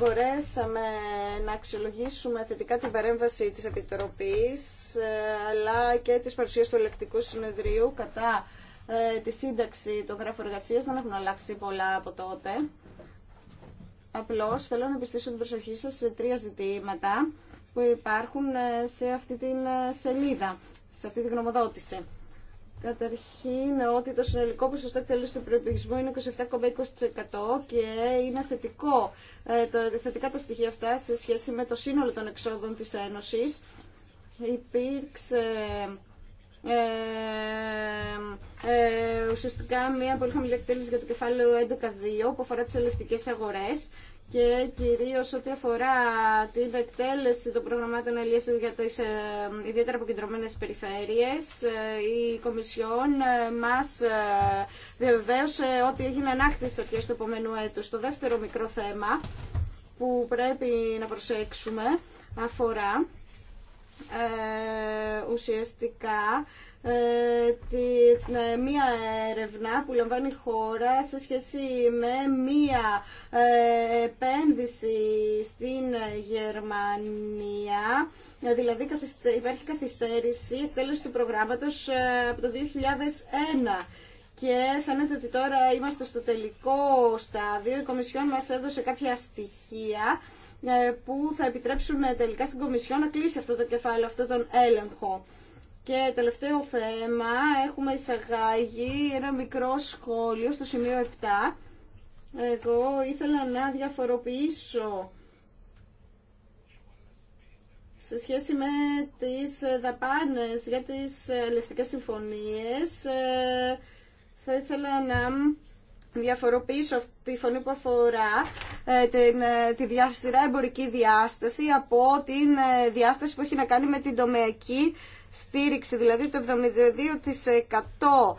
μπορέσαμε να αξιολογήσουμε θετικά την παρέμβαση της Επιτροπής ε, αλλά και της παρουσίας του Ελεκτικού Συνεδρίου κατά τη σύνταξη των γράφων εργασία δεν έχουν αλλάξει πολλά από τότε. Απλώς θέλω να επιστήσω την προσοχή σας σε τρία ζητήματα που υπάρχουν σε αυτή την σελίδα, σε αυτή τη γνωμοδότηση. Καταρχήν ότι το συνολικό ποσοστό εκτέλεση του προϋπηγισμού είναι 27,20% και είναι θετικό, ε, το, θετικά τα στοιχεία αυτά σε σχέση με το σύνολο των εξόδων της Ένωσης. Υπήρξε ε, ε, ουσιαστικά μια πολύ χαμηλή εκτέλεση για το κεφάλαιο 11.2 που αφορά τις ελευτικές αγορές και κυρίως ό,τι αφορά την εκτέλεση των προγραμμάτων ελίσεων για τις ε, ιδιαίτερα αποκεντρωμένες περιφέρειες, ε, η Κομισιόν ε, μας διαβεβαίωσε ότι έγινε ανάκτηση αρχές του επόμενου έτους. Το δεύτερο μικρό θέμα που πρέπει να προσέξουμε αφορά ουσιαστικά ε, μία έρευνα που λαμβάνει η χώρα σε σχέση με μία ε, επένδυση στην Γερμανία. Δηλαδή υπάρχει καθυστέρηση τέλος του προγράμματος ε, από το 2001. Και φαίνεται ότι τώρα είμαστε στο τελικό στάδιο. Η Κομισιόν μας έδωσε κάποια στοιχεία που θα επιτρέψουν τελικά στην Κομισιόν να κλείσει αυτό το κεφάλαιο, αυτό τον έλεγχο. Και τελευταίο θέμα, έχουμε εισαγάγει ένα μικρό σχόλιο στο σημείο 7. Εγώ ήθελα να διαφοροποιήσω σε σχέση με τις δαπάνες για τις ελευτικές συμφωνίες, ε, θα ήθελα να διαφοροποιήσω τη φωνή που αφορά ε, ε, τη διαστηρά εμπορική διάσταση από την ε, διάσταση που έχει να κάνει με την τομεακή στήριξη, δηλαδή το 72%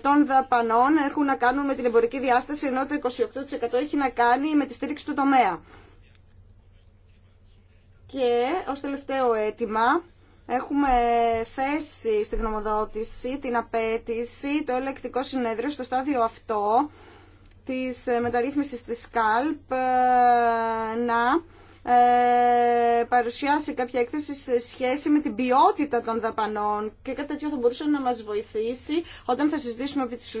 των δαπανών έχουν να κάνουν με την εμπορική διάσταση, ενώ το 28% έχει να κάνει με τη στήριξη του τομέα. Και ως τελευταίο αίτημα, Έχουμε θέσει στη γνωμοδότηση την απέτηση το ελεκτικό συνέδριο στο στάδιο αυτό της μεταρρύθμισης της ΣΚΑΛΠ ε, να ε, παρουσιάσει κάποια έκθεση σε σχέση με την ποιότητα των δαπανών και κάτι τέτοιο θα μπορούσε να μας βοηθήσει όταν θα συζητήσουμε επί της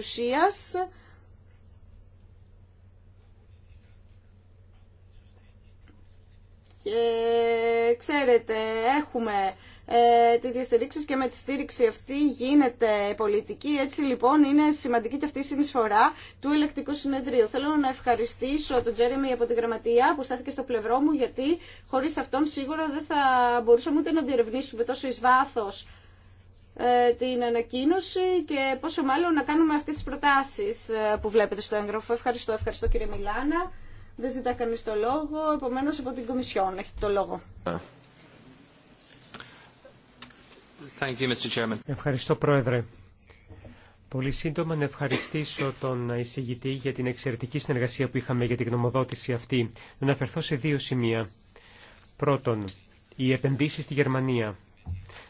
και ξέρετε έχουμε ε, τη διαστηρίξει και με τη στήριξη αυτή γίνεται πολιτική. Έτσι λοιπόν είναι σημαντική και αυτή η συνεισφορά του ελεκτικού συνεδρίου. Θέλω να ευχαριστήσω τον Τζέρεμι από την Γραμματεία που στάθηκε στο πλευρό μου γιατί χωρί αυτόν σίγουρα δεν θα μπορούσαμε ούτε να διερευνήσουμε τόσο ει βάθο ε, την ανακοίνωση και πόσο μάλλον να κάνουμε αυτές τις προτάσεις ε, που βλέπετε στο έγγραφο. Ευχαριστώ, ευχαριστώ κύριε Μιλάνα. Δεν ζητά κανείς το λόγο, Επομένω από την Κομισιόν έχετε το λόγο. Ε, Ευχαριστώ, Πρόεδρε. Πολύ σύντομα να ευχαριστήσω τον εισηγητή για την εξαιρετική συνεργασία που είχαμε για την γνωμοδότηση αυτή. Να αναφερθώ σε δύο σημεία. Πρώτον, οι επενδύσει στη Γερμανία.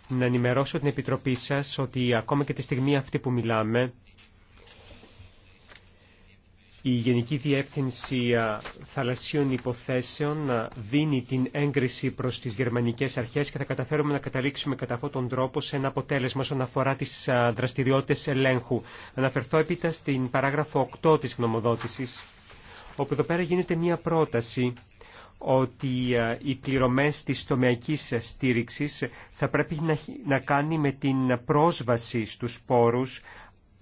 Να ενημερώσω την Επιτροπή σας ότι ακόμα και τη στιγμή αυτή που μιλάμε, η Γενική Διεύθυνση Θαλασσίων Υποθέσεων δίνει την έγκριση προς τις γερμανικές αρχές και θα καταφέρουμε να καταλήξουμε κατά αυτόν τον τρόπο σε ένα αποτέλεσμα όσον αφορά τις δραστηριότητες ελέγχου. Αναφερθώ έπειτα στην παράγραφο 8 της γνωμοδότησης, όπου εδώ πέρα γίνεται μία πρόταση ότι οι πληρωμές της τομεακής στήριξης θα πρέπει να κάνει με την πρόσβαση στους πόρους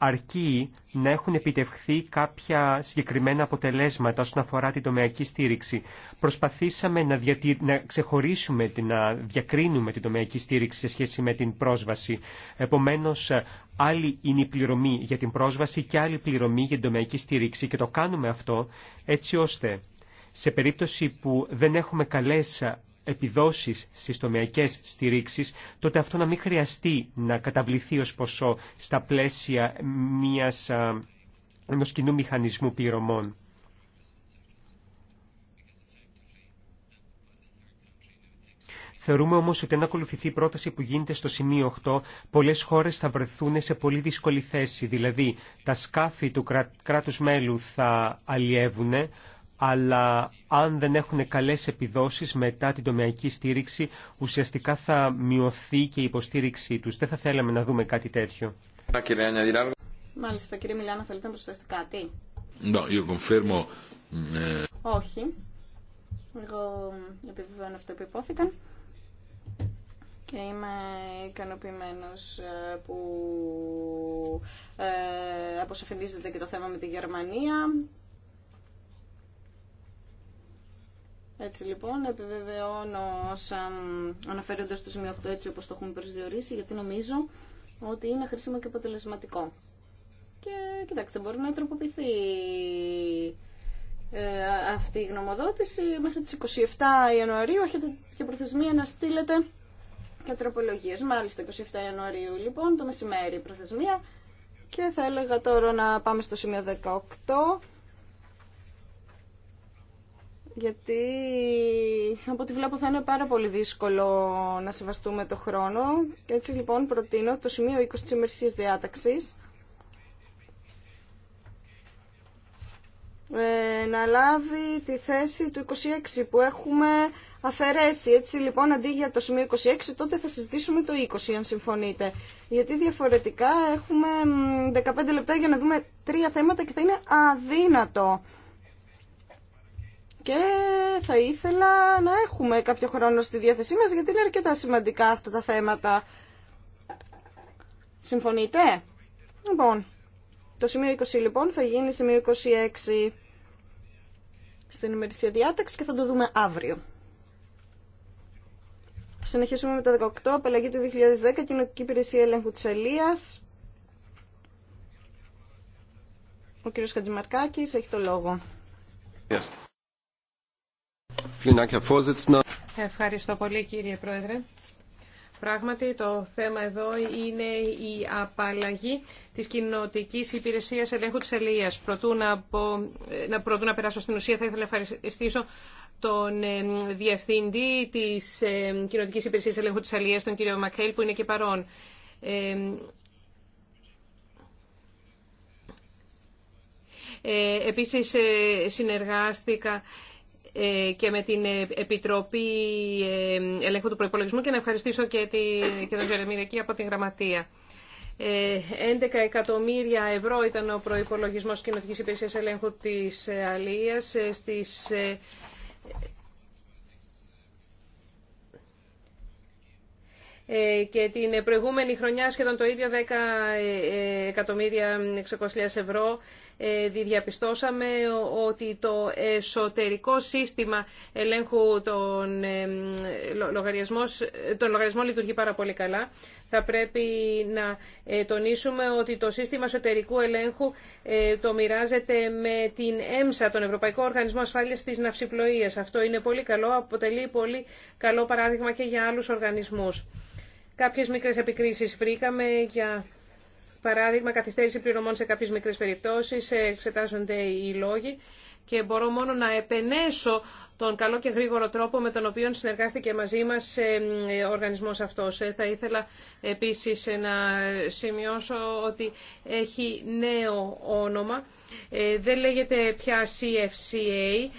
αρκεί να έχουν επιτευχθεί κάποια συγκεκριμένα αποτελέσματα όσον αφορά την τομεακή στήριξη. Προσπαθήσαμε να, διατη... να ξεχωρίσουμε, να διακρίνουμε την τομεακή στήριξη σε σχέση με την πρόσβαση. Επομένως, άλλη είναι η πληρωμή για την πρόσβαση και άλλη πληρωμή για την τομεακή στήριξη και το κάνουμε αυτό έτσι ώστε σε περίπτωση που δεν έχουμε καλές επιδόσεις στις τομεακές στηρίξεις, τότε αυτό να μην χρειαστεί να καταβληθεί ως ποσό στα πλαίσια μιας, ενός κοινού μηχανισμού πληρωμών. Θεωρούμε όμως ότι αν ακολουθηθεί η πρόταση που γίνεται στο σημείο 8, πολλές χώρες θα βρεθούν σε πολύ δύσκολη θέση. Δηλαδή, τα σκάφη του κράτους μέλου θα αλλιεύουν, αλλά αν δεν έχουν καλές επιδόσεις μετά την τομεακή στήριξη, ουσιαστικά θα μειωθεί και η υποστήριξή τους. Δεν θα θέλαμε να δούμε κάτι τέτοιο. Μάλιστα, κύριε Μιλάνα, θέλετε να προσθέσετε κάτι. Ναι, Όχι. Εγώ επιβεβαιώνω αυτό που υπόθηκαν και είμαι ικανοποιημένο ε, που ε, αποσαφηνίζεται και το θέμα με τη Γερμανία. Έτσι λοιπόν επιβεβαιώνω όσα αναφέρονται στο σημείο 8 έτσι όπως το έχουμε προσδιορίσει γιατί νομίζω ότι είναι χρήσιμο και αποτελεσματικό. Και κοιτάξτε μπορεί να τροποποιηθεί ε, αυτή η γνωμοδότηση μέχρι τις 27 Ιανουαρίου έχετε και προθεσμία να στείλετε και τροπολογίες. Μάλιστα 27 Ιανουαρίου λοιπόν το μεσημέρι προθεσμία και θα έλεγα τώρα να πάμε στο σημείο 18 γιατί από ό,τι βλέπω θα είναι πάρα πολύ δύσκολο να σεβαστούμε το χρόνο και έτσι λοιπόν προτείνω το σημείο 20 της ημερησίας διάταξης ε, να λάβει τη θέση του 26 που έχουμε αφαιρέσει. Έτσι λοιπόν αντί για το σημείο 26 τότε θα συζητήσουμε το 20 αν συμφωνείτε. Γιατί διαφορετικά έχουμε 15 λεπτά για να δούμε τρία θέματα και θα είναι αδύνατο και θα ήθελα να έχουμε κάποιο χρόνο στη διάθεσή μας γιατί είναι αρκετά σημαντικά αυτά τα θέματα. Συμφωνείτε? Λοιπόν, το σημείο 20 λοιπόν θα γίνει σημείο 26 στην ημερησία διάταξη και θα το δούμε αύριο. Συνεχίσουμε με τα 18, απελαγή του 2010, κοινωνική υπηρεσία έλεγχου της Ελίας. Ο κύριος Χατζημαρκάκης έχει το λόγο. Yes. Ευχαριστώ πολύ κύριε Πρόεδρε. Πράγματι το θέμα εδώ είναι η απαλλαγή της κοινοτικής υπηρεσίας ελέγχου της Ελίας. Προτού να, πω, να, προτού να περάσω στην ουσία θα ήθελα να ευχαριστήσω τον ε, Διευθύντη της ε, Κοινοτικής Υπηρεσίας Ελέγχου της ελίας τον κύριο Μακέλ, που είναι και παρόν. Ε, ε επίσης ε, συνεργάστηκα ε, και με την ε, Επιτροπή ε, Ελέγχου του προπολογισμού και να ευχαριστήσω και, τη, και τον εκεί από την Γραμματεία. 11 εκατομμύρια ευρώ ήταν ο προϋπολογισμός Κοινοτικής Υπηρεσίας Ελέγχου της Αλίας στις... και την προηγούμενη χρονιά σχεδόν το ίδιο 10 εκατομμύρια 600.000 ευρώ ε, διαπιστώσαμε ότι το εσωτερικό σύστημα ελέγχου των λογαριασμών, τον λογαριασμών λειτουργεί πάρα πολύ καλά. Θα πρέπει να ε, τονίσουμε ότι το σύστημα εσωτερικού ελέγχου ε, το μοιράζεται με την ΕΜΣΑ, τον Ευρωπαϊκό Οργανισμό Ασφάλειας της Ναυσιπλοείας. Αυτό είναι πολύ καλό, αποτελεί πολύ καλό παράδειγμα και για άλλους οργανισμούς. Κάποιες μικρές επικρίσεις βρήκαμε για Παράδειγμα, καθυστέρηση πληρωμών σε κάποιες μικρές περιπτώσεις, εξετάζονται οι λόγοι και μπορώ μόνο να επενέσω τον καλό και γρήγορο τρόπο με τον οποίο συνεργάστηκε μαζί μας ε, ε, ο οργανισμός αυτός. Ε, θα ήθελα επίσης να σημειώσω ότι έχει νέο όνομα. Δεν λέγεται πια CFCA,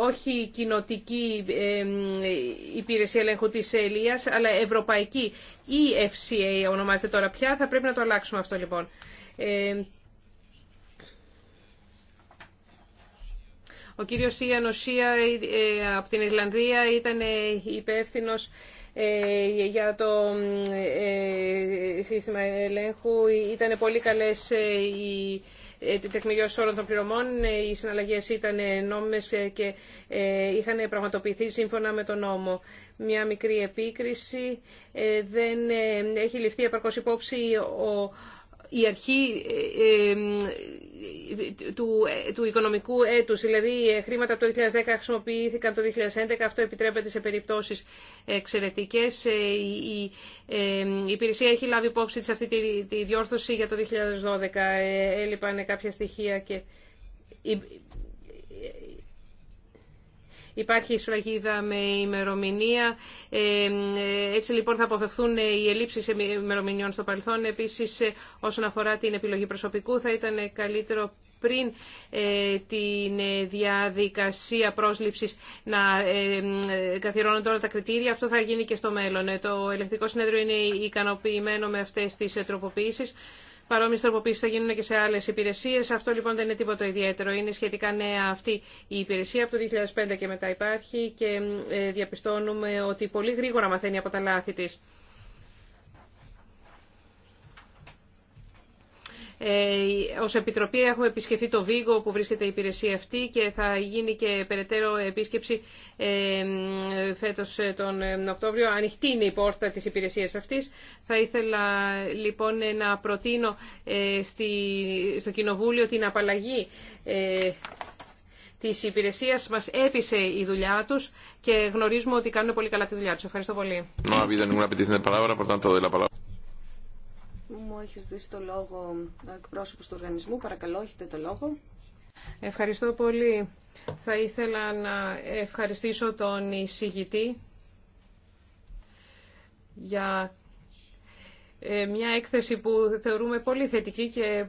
όχι κοινοτική υπηρεσία ελέγχου της Ελίας, αλλά ευρωπαϊκή EFCA ονομάζεται τώρα πια. Θα πρέπει να το αλλάξουμε αυτό λοιπόν. Ο κύριος Ιαν Οσία ε, ε, από την Ιρλανδία ήταν ε, υπεύθυνο για το σύστημα ελέγχου. Ήταν πολύ καλές οι τεκμηριώσεις όλων των πληρωμών. Οι συναλλαγές ήταν νόμιμες και είχαν πραγματοποιηθεί σύμφωνα με τον νόμο. Μια μικρή επίκριση. Δεν έχει ληφθεί επαρκώς υπόψη ο η αρχή ε, ε, του, του οικονομικού έτους, δηλαδή ε, χρήματα το 2010 χρησιμοποιήθηκαν το 2011, αυτό επιτρέπεται σε περιπτώσεις εξαιρετικές. Η, υπηρεσία έχει λάβει υπόψη σε αυτή τη, τη διόρθωση για το 2012. Έλειπαν κάποια στοιχεία και υπάρχει η σφραγίδα με ημερομηνία. Ε, ε, έτσι λοιπόν θα αποφευθούν ε, οι ελλείψεις ημερομηνιών στο παρελθόν. Επίσης όσον αφορά την επιλογή προσωπικού θα ήταν καλύτερο πριν την διαδικασία πρόσληψης να καθιερώνονται όλα τα κριτήρια. Αυτό θα γίνει και στο μέλλον. Το ελεκτικό συνέδριο είναι ικανοποιημένο με αυτές τις τροποποιήσεις. Παρόμοιε τροποποίησει θα γίνουν και σε άλλε υπηρεσίε. Αυτό λοιπόν δεν είναι τίποτα ιδιαίτερο. Είναι σχετικά νέα αυτή η υπηρεσία. Από το 2005 και μετά υπάρχει και ε, διαπιστώνουμε ότι πολύ γρήγορα μαθαίνει από τα λάθη τη. Ε, Ω Επιτροπή έχουμε επισκεφθεί το Βίγκο που βρίσκεται η υπηρεσία αυτή και θα γίνει και περαιτέρω επίσκεψη ε, φέτος ε, τον Οκτώβριο. Ανοιχτή είναι η πόρτα της υπηρεσίας αυτής. Θα ήθελα λοιπόν να προτείνω στο Κοινοβούλιο την απαλλαγή της υπηρεσίας μας έπεισε η δουλειά τους και γνωρίζουμε ότι κάνουν πολύ καλά τη δουλειά τους. Ευχαριστώ πολύ. Μου έχεις δει το λόγο εκπρόσωπος του οργανισμού. Παρακαλώ, έχετε το λόγο. Ευχαριστώ πολύ. Θα ήθελα να ευχαριστήσω τον εισηγητή για ε, μια έκθεση που θεωρούμε πολύ θετική και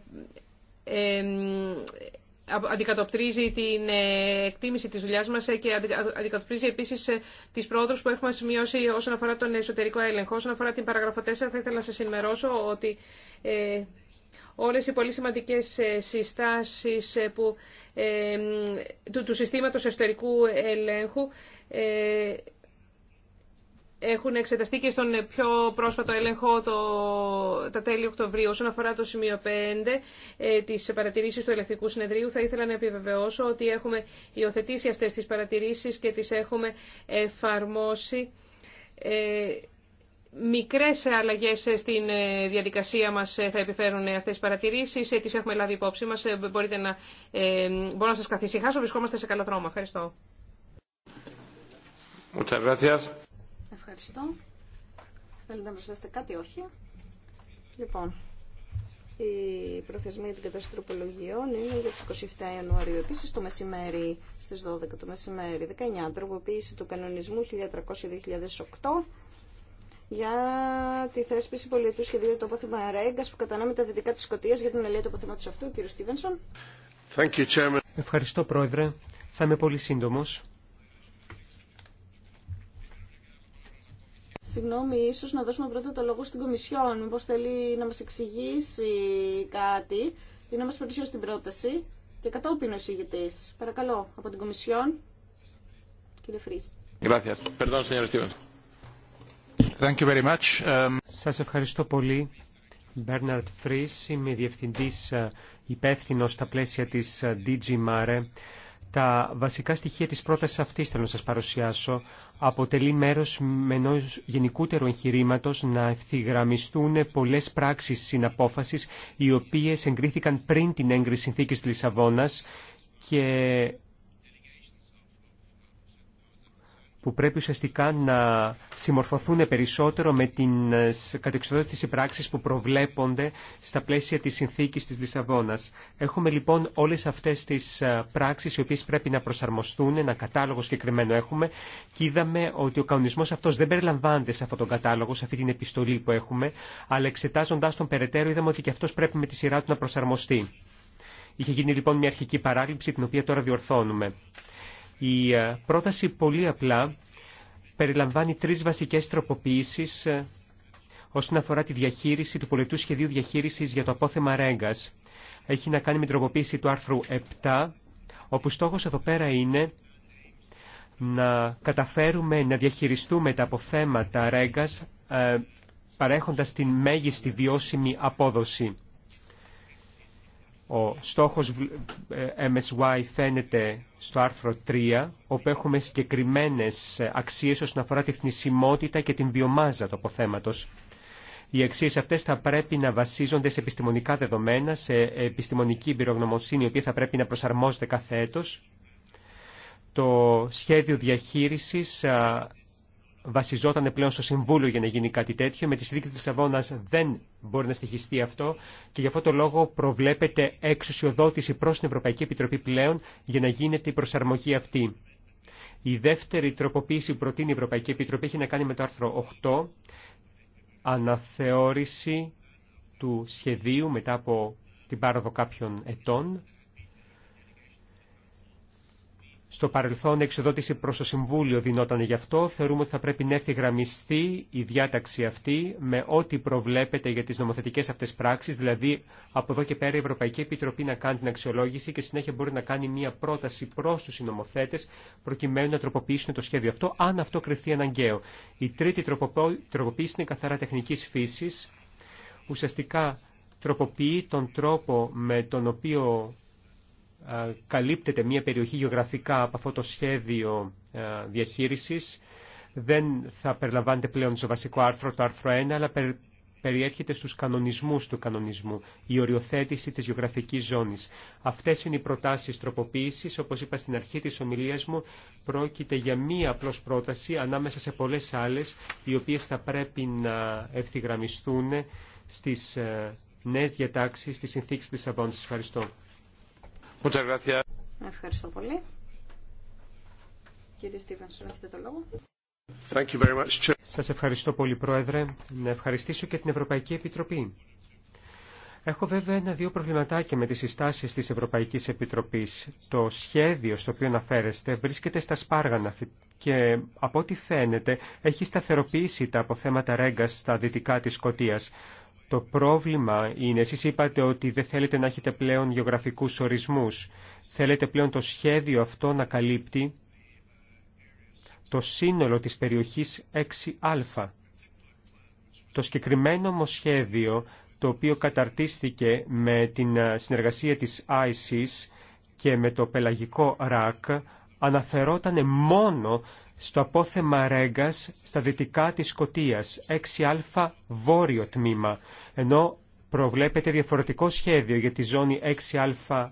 ε, αντικατοπτρίζει την ε, εκτίμηση της δουλειάς μας ε, και αντικατοπτρίζει επίσης ε, τις πρόοδους που έχουμε σημειώσει όσον αφορά τον εσωτερικό έλεγχο. Όσον αφορά την παραγραφό 4 θα ήθελα να σας ενημερώσω ότι όλες οι πολύ σημαντικές συστάσεις που, του, του συστήματος εσωτερικού ελέγχου έχουν εξεταστεί και στον πιο πρόσφατο έλεγχο το, τα τέλη Οκτωβρίου. Όσον αφορά το σημείο 5 ε, τις παρατηρήσεις του ελεκτικού συνεδρίου, θα ήθελα να επιβεβαιώσω ότι έχουμε υιοθετήσει αυτές τις παρατηρήσεις και τις έχουμε εφαρμόσει ε, Μικρές αλλαγές στην ε, διαδικασία μας ε, θα επιφέρουν αυτές τις παρατηρήσεις. Ε, τις έχουμε λάβει υπόψη μας. Μπορείτε να, ε, μπορώ να σας καθησυχάσω. Βρισκόμαστε σε καλό δρόμο. Ευχαριστώ. Muchas gracias. Ευχαριστώ. Θέλετε να προσθέσετε κάτι, όχι. Λοιπόν, η προθεσμία την κατάσταση τροπολογιών είναι για τις 27 Ιανουαρίου. Επίσης το μεσημέρι, στις 12 το μεσημέρι, 19, τροποποίηση του κανονισμού 1300-2008 για τη θέσπιση πολιτού σχεδίου του απόθυμα Ρέγκα που κατανάμε τα δυτικά τη Σκωτία για την ελεία του αυτού, κύριο Στίβενσον. Ευχαριστώ, Πρόεδρε. Θα είμαι πολύ σύντομο. Συγγνώμη, ίσως να δώσουμε πρώτα το λόγο στην Κομισιόν. Μήπω θέλει να μας εξηγήσει κάτι ή να μας παρουσιάσει την πρόταση. Και κατόπιν ο εισηγητή. Παρακαλώ, από την Κομισιόν. Κύριε Φρίς. Thank you very um, Σας ευχαριστώ πολύ. Μπέρναρτ Φρύ, είμαι διευθυντής ε, υπεύθυνο στα πλαίσια της ε, DG Mare τα βασικά στοιχεία της πρότασης αυτής θέλω να σας παρουσιάσω αποτελεί μέρος με ενό γενικότερου εγχειρήματο να ευθυγραμμιστούν πολλές πράξεις συναπόφασης οι οποίες εγκρίθηκαν πριν την έγκριση συνθήκης της Λισαβόνας και που πρέπει ουσιαστικά να συμμορφωθούν περισσότερο με την ε, κατεξοδότηση πράξη που προβλέπονται στα πλαίσια της συνθήκης της Λισαβόνας. Έχουμε λοιπόν όλες αυτές τις ε, πράξεις οι οποίες πρέπει να προσαρμοστούν, ένα κατάλογο συγκεκριμένο έχουμε και είδαμε ότι ο κανονισμός αυτός δεν περιλαμβάνεται σε αυτόν τον κατάλογο, σε αυτή την επιστολή που έχουμε, αλλά εξετάζοντάς τον περαιτέρω είδαμε ότι και αυτός πρέπει με τη σειρά του να προσαρμοστεί. Είχε γίνει λοιπόν μια αρχική παράληψη την οποία τώρα διορθώνουμε. Η ε, πρόταση πολύ απλά περιλαμβάνει τρεις βασικές τροποποιήσεις ε, όσον αφορά τη διαχείριση του πολιτού σχεδίου διαχείρισης για το απόθεμα Ρέγκας. Έχει να κάνει με τροποποίηση του άρθρου 7, όπου στόχος εδώ πέρα είναι να καταφέρουμε να διαχειριστούμε τα αποθέματα Ρέγκας ε, παρέχοντας την μέγιστη βιώσιμη απόδοση. Ο στόχος ε, MSY φαίνεται στο άρθρο 3, όπου έχουμε συγκεκριμένε ε, αξίες όσον αφορά τη θνησιμότητα και την βιομάζα του αποθέματος. Οι αξίες αυτές θα πρέπει να βασίζονται σε επιστημονικά δεδομένα, σε επιστημονική εμπειρογνωμοσύνη, η οποία θα πρέπει να προσαρμόζεται κάθε έτος. Το σχέδιο διαχείρισης βασιζόταν πλέον στο Συμβούλιο για να γίνει κάτι τέτοιο. Με τη συνθήκη τη Λισαβόνα δεν μπορεί να στοιχιστεί αυτό και γι' αυτό το λόγο προβλέπεται εξουσιοδότηση προ την Ευρωπαϊκή Επιτροπή πλέον για να γίνεται η προσαρμογή αυτή. Η δεύτερη τροποποίηση που προτείνει η Ευρωπαϊκή Επιτροπή έχει να κάνει με το άρθρο 8, αναθεώρηση του σχεδίου μετά από την πάροδο κάποιων ετών. Στο παρελθόν εξοδότηση προς το Συμβούλιο δινόταν γι' αυτό. Θεωρούμε ότι θα πρέπει να ευθυγραμμιστεί η διάταξη αυτή με ό,τι προβλέπεται για τις νομοθετικές αυτές πράξεις, δηλαδή από εδώ και πέρα η Ευρωπαϊκή Επιτροπή να κάνει την αξιολόγηση και συνέχεια μπορεί να κάνει μια πρόταση προς τους συνομοθέτες προκειμένου να τροποποιήσουν το σχέδιο αυτό, αν αυτό κρυθεί αναγκαίο. Η τρίτη τροποποίηση είναι καθαρά τεχνικής φύσης. Ουσιαστικά τροποποιεί τον τρόπο με τον οποίο ε, καλύπτεται μια περιοχή γεωγραφικά από αυτό το σχέδιο ε, διαχείρισης. Δεν θα περιλαμβάνεται πλέον στο βασικό άρθρο, το άρθρο 1, αλλά περιέρχεται στους κανονισμούς του κανονισμού, η οριοθέτηση της γεωγραφικής ζώνης. Αυτές είναι οι προτάσεις τροποποίησης, όπως είπα στην αρχή της ομιλίας μου, πρόκειται για μία απλώς πρόταση ανάμεσα σε πολλές άλλες, οι οποίες θα πρέπει να ευθυγραμμιστούν στις ε, νέες διατάξεις, στις συνθήκη της Σαμπάνης. Ευχαριστώ. Ευχαριστώ πολύ. Κύριε έχετε λόγο. Σας ευχαριστώ πολύ, Πρόεδρε. Να ευχαριστήσω και την Ευρωπαϊκή Επιτροπή. Έχω βέβαια ένα-δύο προβληματάκια με τις συστάσεις της Ευρωπαϊκής Επιτροπής. Το σχέδιο στο οποίο αναφέρεστε βρίσκεται στα σπάργανα και από ό,τι φαίνεται έχει σταθεροποιήσει τα αποθέματα ρέγγας στα δυτικά της Σκοτίας. Το πρόβλημα είναι, εσείς είπατε ότι δεν θέλετε να έχετε πλέον γεωγραφικούς ορισμούς. Θέλετε πλέον το σχέδιο αυτό να καλύπτει το σύνολο της περιοχής 6α. Το συγκεκριμένο όμως σχέδιο, το οποίο καταρτίστηκε με την συνεργασία της ISIS και με το πελαγικό ΡΑΚ, αναφερόταν μόνο στο απόθεμα Ρέγκας στα δυτικά της Σκοτίας, 6α βόρειο τμήμα, ενώ προβλέπεται διαφορετικό σχέδιο για τη ζώνη 6α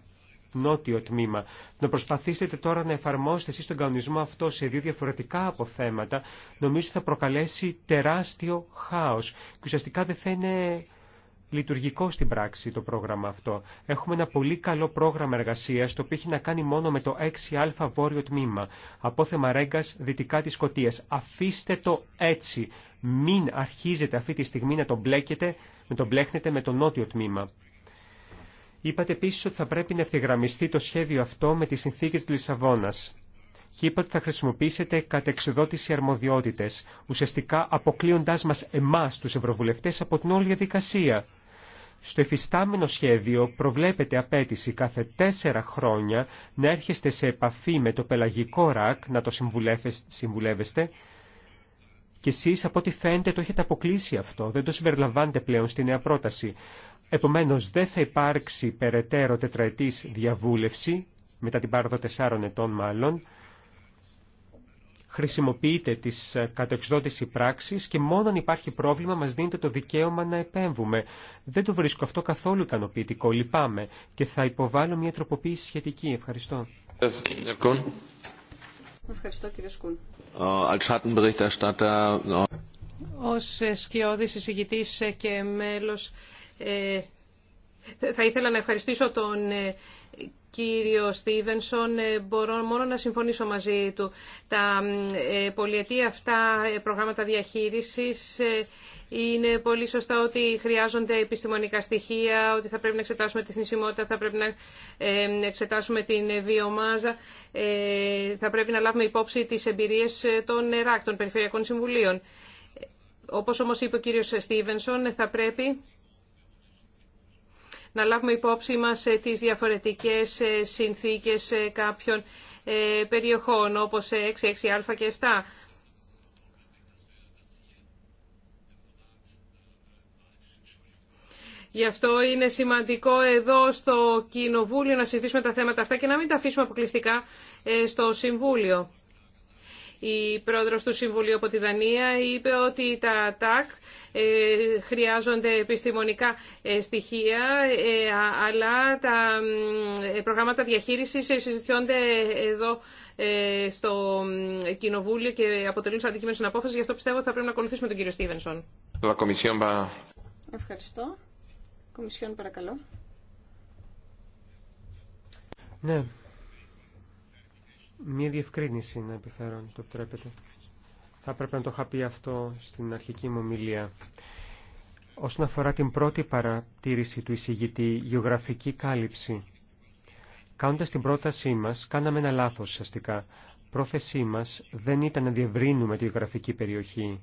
νότιο τμήμα. Να προσπαθήσετε τώρα να εφαρμόσετε εσείς τον κανονισμό αυτό σε δύο διαφορετικά αποθέματα, νομίζω θα προκαλέσει τεράστιο χάος και ουσιαστικά δεν θα είναι λειτουργικό στην πράξη το πρόγραμμα αυτό. Έχουμε ένα πολύ καλό πρόγραμμα εργασία, το οποίο έχει να κάνει μόνο με το 6α βόρειο τμήμα, απόθεμα Ρέγκα δυτικά τη Σκωτία. Αφήστε το έτσι. Μην αρχίζετε αυτή τη στιγμή να τον μπλέκετε, να τον μπλέχνετε με το νότιο τμήμα. Είπατε επίση ότι θα πρέπει να ευθυγραμμιστεί το σχέδιο αυτό με τι συνθήκε τη Λισαβόνα. Και είπα ότι θα χρησιμοποιήσετε κατεξοδότηση αρμοδιότητε, ουσιαστικά αποκλείοντά μα εμά, του Ευρωβουλευτέ, από την όλη διαδικασία. Στο εφιστάμενο σχέδιο προβλέπεται απέτηση κάθε τέσσερα χρόνια να έρχεστε σε επαφή με το πελαγικό ρακ, να το συμβουλεύεστε, και εσείς από ό,τι φαίνεται το έχετε αποκλείσει αυτό, δεν το συμπεριλαμβάνετε πλέον στη νέα πρόταση. Επομένως δεν θα υπάρξει περαιτέρω τετραετής διαβούλευση, μετά την πάροδο τεσσάρων ετών μάλλον, χρησιμοποιείτε τις ε, κατεξοδότηση πράξεις και μόνο αν υπάρχει πρόβλημα μας δίνετε το δικαίωμα να επέμβουμε. Δεν το βρίσκω αυτό καθόλου ικανοποιητικό, λυπάμαι και θα υποβάλω μια τροποποίηση σχετική. Ευχαριστώ. Ευχαριστώ κύριε Σκούν. Ως ε, σκιώδης εισηγητής ε, και μέλος θα ήθελα να ευχαριστήσω τον κύριο Στίβενσον, ε, μπορώ μόνο να συμφωνήσω μαζί του. Τα ε, πολιετή αυτά ε, προγράμματα διαχείρισης είναι πολύ σωστά ότι χρειάζονται επιστημονικά στοιχεία, ότι θα πρέπει να εξετάσουμε τη θνησιμότητα, θα πρέπει να εξετάσουμε την βιομάζα, θα πρέπει να λάβουμε υπόψη τις εμπειρίες των ΕΡΑΚ, των Περιφερειακών Συμβουλίων. Όπως όμως είπε ο κύριος Στίβενσον, θα πρέπει να λάβουμε υπόψη μας ε, τις διαφορετικές ε, συνθήκες ε, κάποιων περιοχών, όπως 6, 6α και 7. Γι' αυτό είναι σημαντικό εδώ στο Κοινοβούλιο να συζητήσουμε τα θέματα αυτά και να μην τα αφήσουμε αποκλειστικά στο Συμβούλιο. Η πρόεδρος του Συμβουλίου από τη Δανία είπε ότι τα ΤΑΚ ε, χρειάζονται επιστημονικά ε, στοιχεία, ε, αλλά τα προγράμματα διαχείρισης συζητιώνται εδώ στο Κοινοβούλιο και αποτελούν σαν αντικείμενο στην απόφαση. Γι' αυτό πιστεύω ότι θα πρέπει να ακολουθήσουμε τον κύριο Στίβενσον. Ευχαριστώ. Κομισιόν, παρακαλώ. Ναι. Μία διευκρίνηση να επιφέρω, αν το επιτρέπετε. Θα έπρεπε να το είχα πει αυτό στην αρχική μου ομιλία. Όσον αφορά την πρώτη παρατήρηση του εισηγητή, γεωγραφική κάλυψη. Κάνοντα την πρότασή μας, κάναμε ένα λάθο ουσιαστικά. Πρόθεσή μας δεν ήταν να διευρύνουμε τη γεωγραφική περιοχή.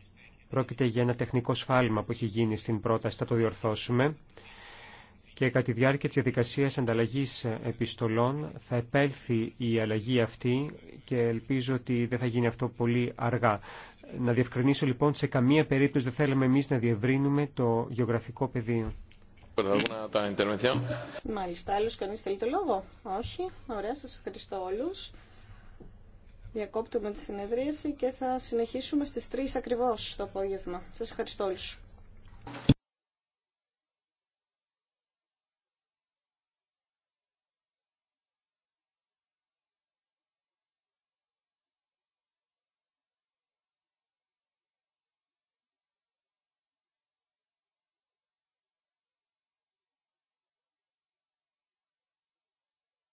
Πρόκειται για ένα τεχνικό σφάλμα που έχει γίνει στην πρόταση, θα το διορθώσουμε και κατά τη διάρκεια της διαδικασίας ανταλλαγής επιστολών θα επέλθει η αλλαγή αυτή και ελπίζω ότι δεν θα γίνει αυτό πολύ αργά. Να διευκρινίσω λοιπόν σε καμία περίπτωση δεν θέλαμε εμείς να διευρύνουμε το γεωγραφικό πεδίο. Μάλιστα, άλλο κανεί θέλει το λόγο. Όχι, ωραία, σα ευχαριστώ όλου. Διακόπτουμε τη συνεδρίαση και θα συνεχίσουμε στι 3 ακριβώ το απόγευμα. Σα ευχαριστώ όλου.